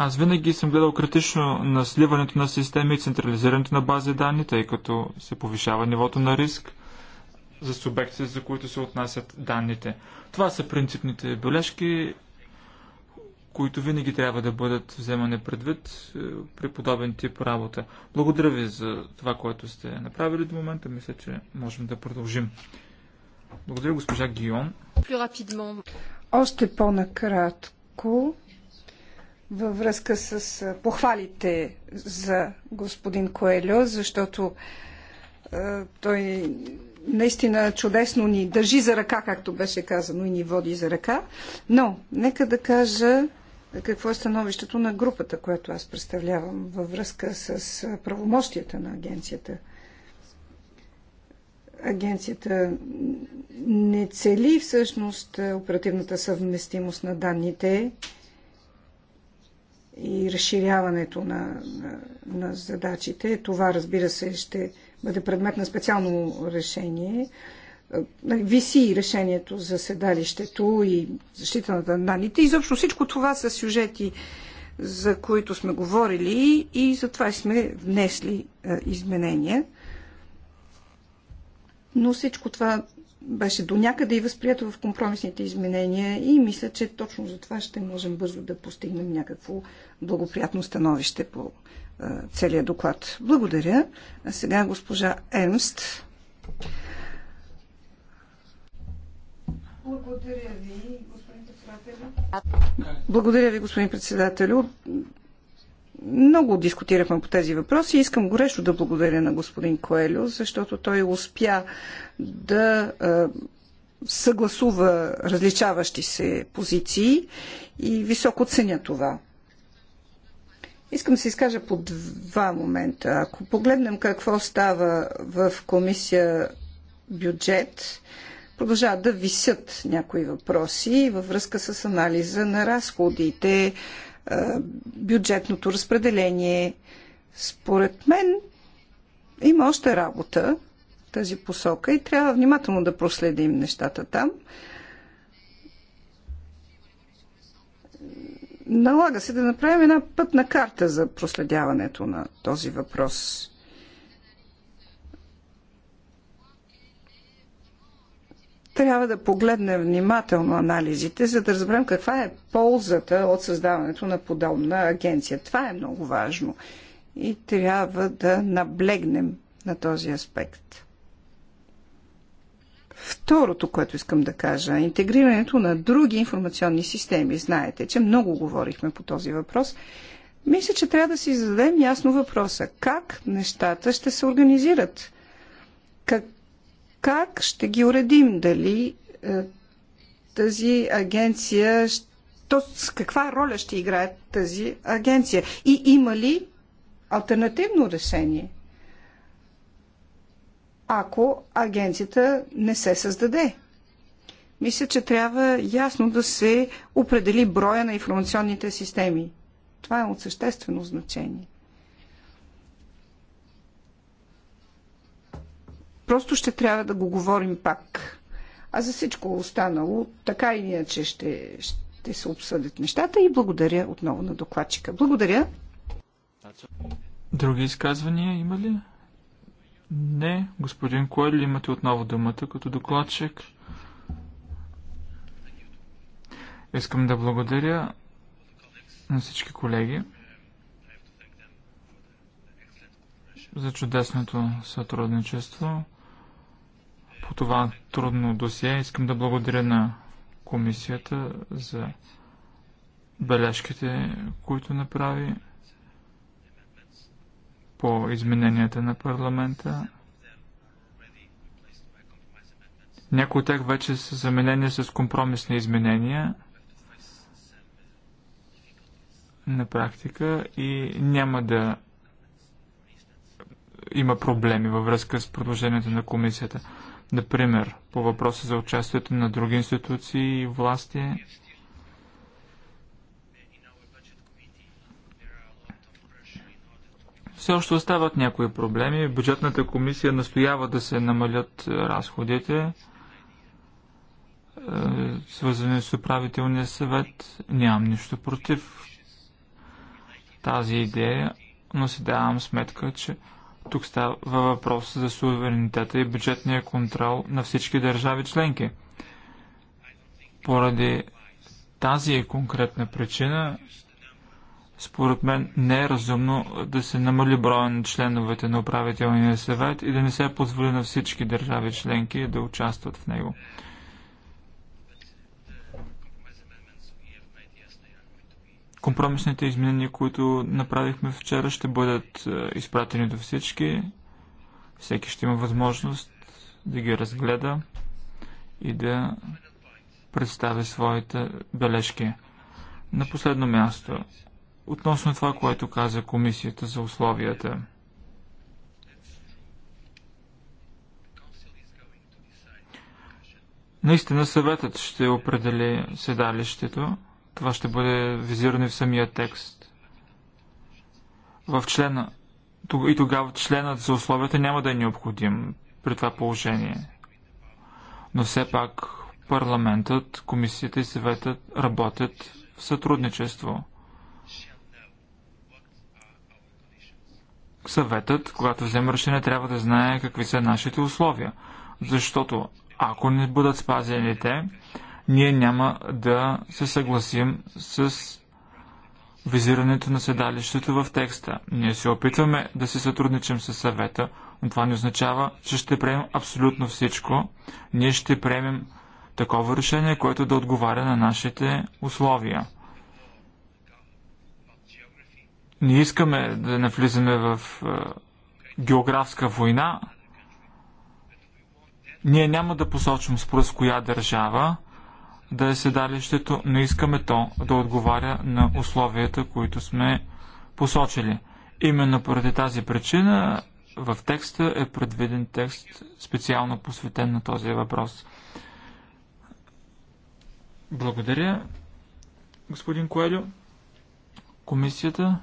Аз винаги съм гледал критично на сливането на системи и централизирането на бази данни, тъй като се повишава нивото на риск за субекти, за които се отнасят данните. Това са принципните бележки, които винаги трябва да бъдат вземани предвид е, при подобен тип работа. Благодаря ви за това, което сте направили до момента. Мисля, че можем да продължим. Благодаря, госпожа Гион. Още по-накратко във връзка с похвалите за господин Коелю, защото той наистина чудесно ни държи за ръка, както беше казано, и ни води за ръка. Но, нека да кажа какво е становището на групата, която аз представлявам във връзка с правомощията на агенцията. Агенцията не цели всъщност оперативната съвместимост на данните, и разширяването на, на, на задачите. Това, разбира се, ще бъде предмет на специално решение. Е, нали, виси решението за седалището и защита на данните. Изобщо всичко това са сюжети, за които сме говорили и затова сме внесли е, изменения. Но всичко това беше до някъде и възприето в компромисните изменения и мисля, че точно за това ще можем бързо да постигнем някакво благоприятно становище по целият доклад. Благодаря. А сега госпожа Емст. Благодаря ви, господин председател. Благодаря ви, господин председател. Много дискутирахме по тези въпроси. Искам горещо да благодаря на господин Коелю, защото той успя да съгласува различаващи се позиции и високо ценя това. Искам да се изкажа по два момента. Ако погледнем какво става в комисия бюджет, продължават да висят някои въпроси във връзка с анализа на разходите, бюджетното разпределение. Според мен има още работа в тази посока и трябва внимателно да проследим нещата там. Налага се да направим една пътна карта за проследяването на този въпрос. Трябва да погледнем внимателно анализите, за да разберем каква е ползата от създаването на подобна агенция. Това е много важно и трябва да наблегнем на този аспект. Второто, което искам да кажа, е интегрирането на други информационни системи. Знаете, че много говорихме по този въпрос. Мисля, че трябва да си зададем ясно въпроса. Как нещата ще се организират? Как как ще ги уредим? Дали е, тази агенция, то с каква роля ще играе тази агенция? И има ли альтернативно решение? ако агенцията не се създаде. Мисля, че трябва ясно да се определи броя на информационните системи. Това е от съществено значение. Просто ще трябва да го говорим пак. А за всичко останало, така и иначе ще, ще се обсъдят нещата и благодаря отново на докладчика. Благодаря. Други изказвания има ли? Не. Господин Коел, имате отново думата като докладчик. Искам да благодаря на всички колеги за чудесното сътрудничество по това трудно досие. Искам да благодаря на комисията за бележките, които направи по измененията на парламента. Някои от тях вече са заменени с компромисни изменения на практика и няма да има проблеми във връзка с продължението на комисията. Например, по въпроса за участието на други институции и власти. Все още остават някои проблеми. Бюджетната комисия настоява да се намалят е, разходите, е, свързани с управителния съвет. Нямам нищо против тази идея, но си давам сметка, че тук става въпрос за суверенитета и бюджетния контрол на всички държави членки. Поради тази конкретна причина, според мен не е разумно да се намали броя на членовете на управителния съвет и да не се позволи на всички държави членки да участват в него. Компромисните изменения, които направихме вчера, ще бъдат е, изпратени до всички. Всеки ще има възможност да ги разгледа и да представя своите бележки. На последно място, относно това, което каза Комисията за условията. Наистина съветът ще определи седалището. Това ще бъде визирано в самия текст. В члена, и тогава членът за условията няма да е необходим при това положение. Но все пак парламентът, комисията и съветът работят в сътрудничество. Съветът, когато вземе решение, трябва да знае какви са нашите условия, защото ако не бъдат спазени те, ние няма да се съгласим с визирането на седалището в текста. Ние се опитваме да се сътрудничим с съвета, но това не означава, че ще приемем абсолютно всичко. Ние ще приемем такова решение, което да отговаря на нашите условия. Не искаме да навлизаме в е, географска война. Ние няма да посочим според коя държава, да е седалището, но искаме то да отговаря на условията, които сме посочили. Именно поради тази причина в текста е предвиден текст специално посветен на този въпрос. Благодаря, господин Коелю. Комисията.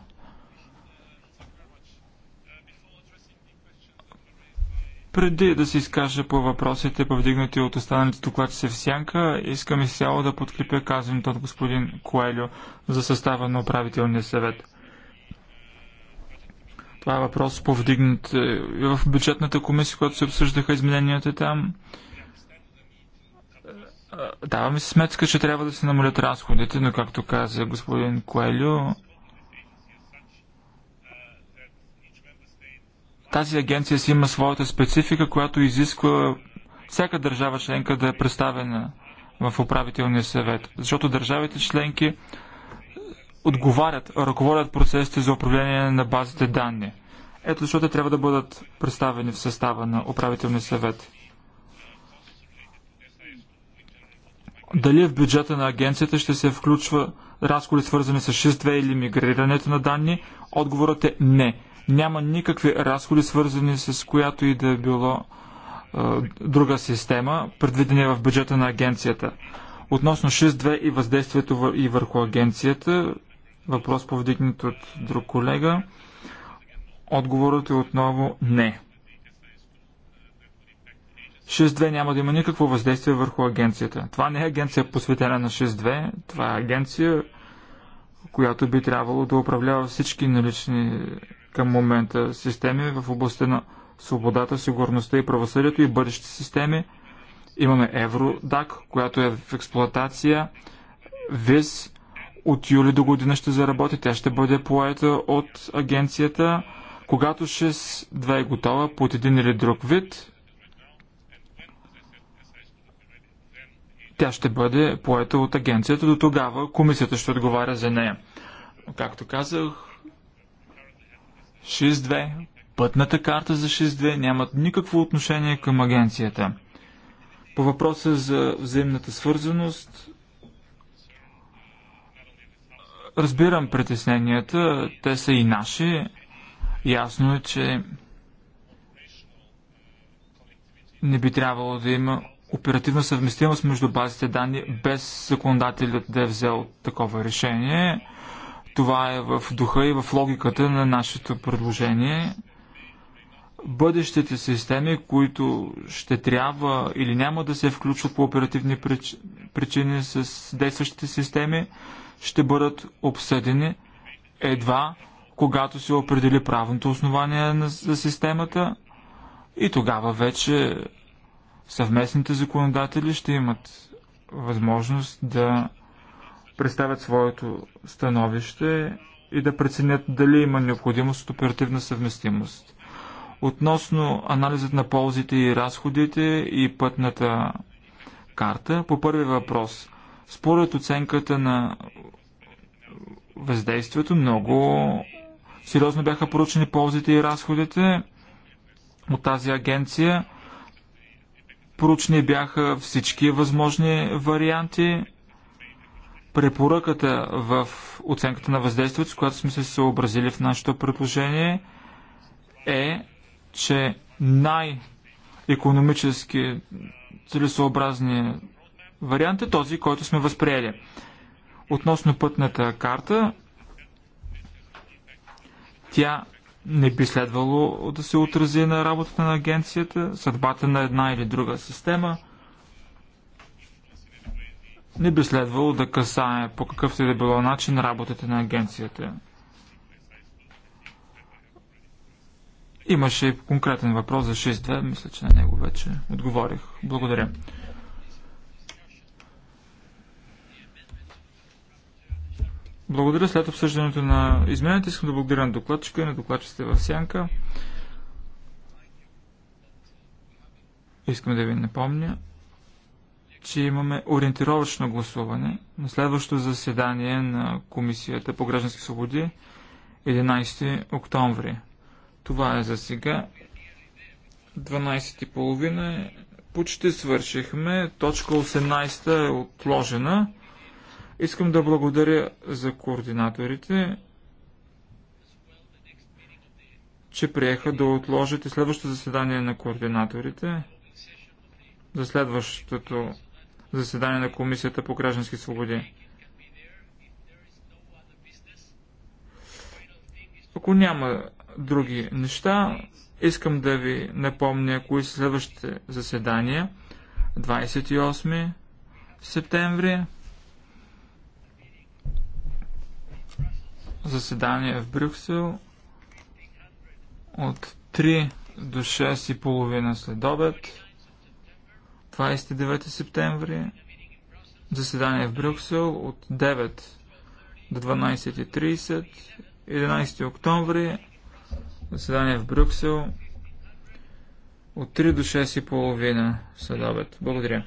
Преди да се изкажа по въпросите, повдигнати от останалите докладчици в сянка, искам изцяло да подкрепя казването от господин Коелю за състава на управителния съвет. Това е въпрос повдигнат е, и в бюджетната комисия, която се обсъждаха измененията там. Е, е, даваме си сметка, че трябва да се намалят разходите, но както каза господин Коелю, Тази агенция си има своята специфика, която изисква всяка държава членка да е представена в управителния съвет. Защото държавите членки отговарят, ръководят процесите за управление на базите данни. Ето защото трябва да бъдат представени в състава на управителния съвет. Дали в бюджета на агенцията ще се включва разходи свързани с 6-2 или мигрирането на данни? Отговорът е не. Няма никакви разходи, свързани с която и да е било е, друга система, предвидени в бюджета на агенцията. Относно 6.2 и въздействието и върху агенцията, въпрос повдигнат от друг колега, отговорът е отново не. 6.2 няма да има никакво въздействие върху агенцията. Това не е агенция посветена на 6.2, това е агенция, която би трябвало да управлява всички налични към момента системи в областта на свободата, сигурността и правосъдието и бъдещи системи. Имаме Евродак, която е в експлоатация. ВИС от юли до година ще заработи. Тя ще бъде поета от агенцията. Когато 6-2 е готова под един или друг вид, тя ще бъде поета от агенцията. До тогава комисията ще отговаря за нея. Както казах, 6.2, пътната карта за 6.2 нямат никакво отношение към агенцията. По въпроса за взаимната свързаност, разбирам притесненията, те са и наши. Ясно е, че не би трябвало да има оперативна съвместимост между базите данни без законодателят да е взел такова решение. Това е в духа и в логиката на нашето предложение. Бъдещите системи, които ще трябва или няма да се включват по оперативни причини с действащите системи, ще бъдат обсъдени едва когато се определи правното основание за системата и тогава вече съвместните законодатели ще имат възможност да представят своето становище и да преценят дали има необходимост от оперативна съвместимост. Относно анализът на ползите и разходите и пътната карта, по първи въпрос, според оценката на въздействието, много сериозно бяха поручени ползите и разходите от тази агенция. Поручени бяха всички възможни варианти препоръката в оценката на въздействието, с която сме се съобразили в нашето предложение, е, че най-економически целесообразният вариант е този, който сме възприели. Относно пътната карта, тя не би следвало да се отрази на работата на агенцията, съдбата на една или друга система не би следвало да касае по какъвто и да било начин работата на агенцията. Имаше конкретен въпрос за 6-2, мисля, че на него вече отговорих. Благодаря. Благодаря след обсъждането на измененията. Искам да благодаря на докладчика и на докладчиците в Сянка. Искам да ви напомня, че имаме ориентировачно гласуване на следващото заседание на Комисията по граждански свободи 11 октомври. Това е за сега. 12.30 почти свършихме. Точка 18 е отложена. Искам да благодаря за координаторите, че приеха да отложите следващото заседание на координаторите за следващото заседание на Комисията по граждански свободи. Ако няма други неща, искам да ви напомня кои са следващите заседания. 28 септември заседание в Брюксел от 3 до 6 и половина след обед. 29 септември, заседание в Брюксел от 9 до 12.30, 11 октомври, заседание в Брюксел от 3 до 6.30 обед. Благодаря.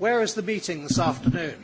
Where is the meeting this afternoon?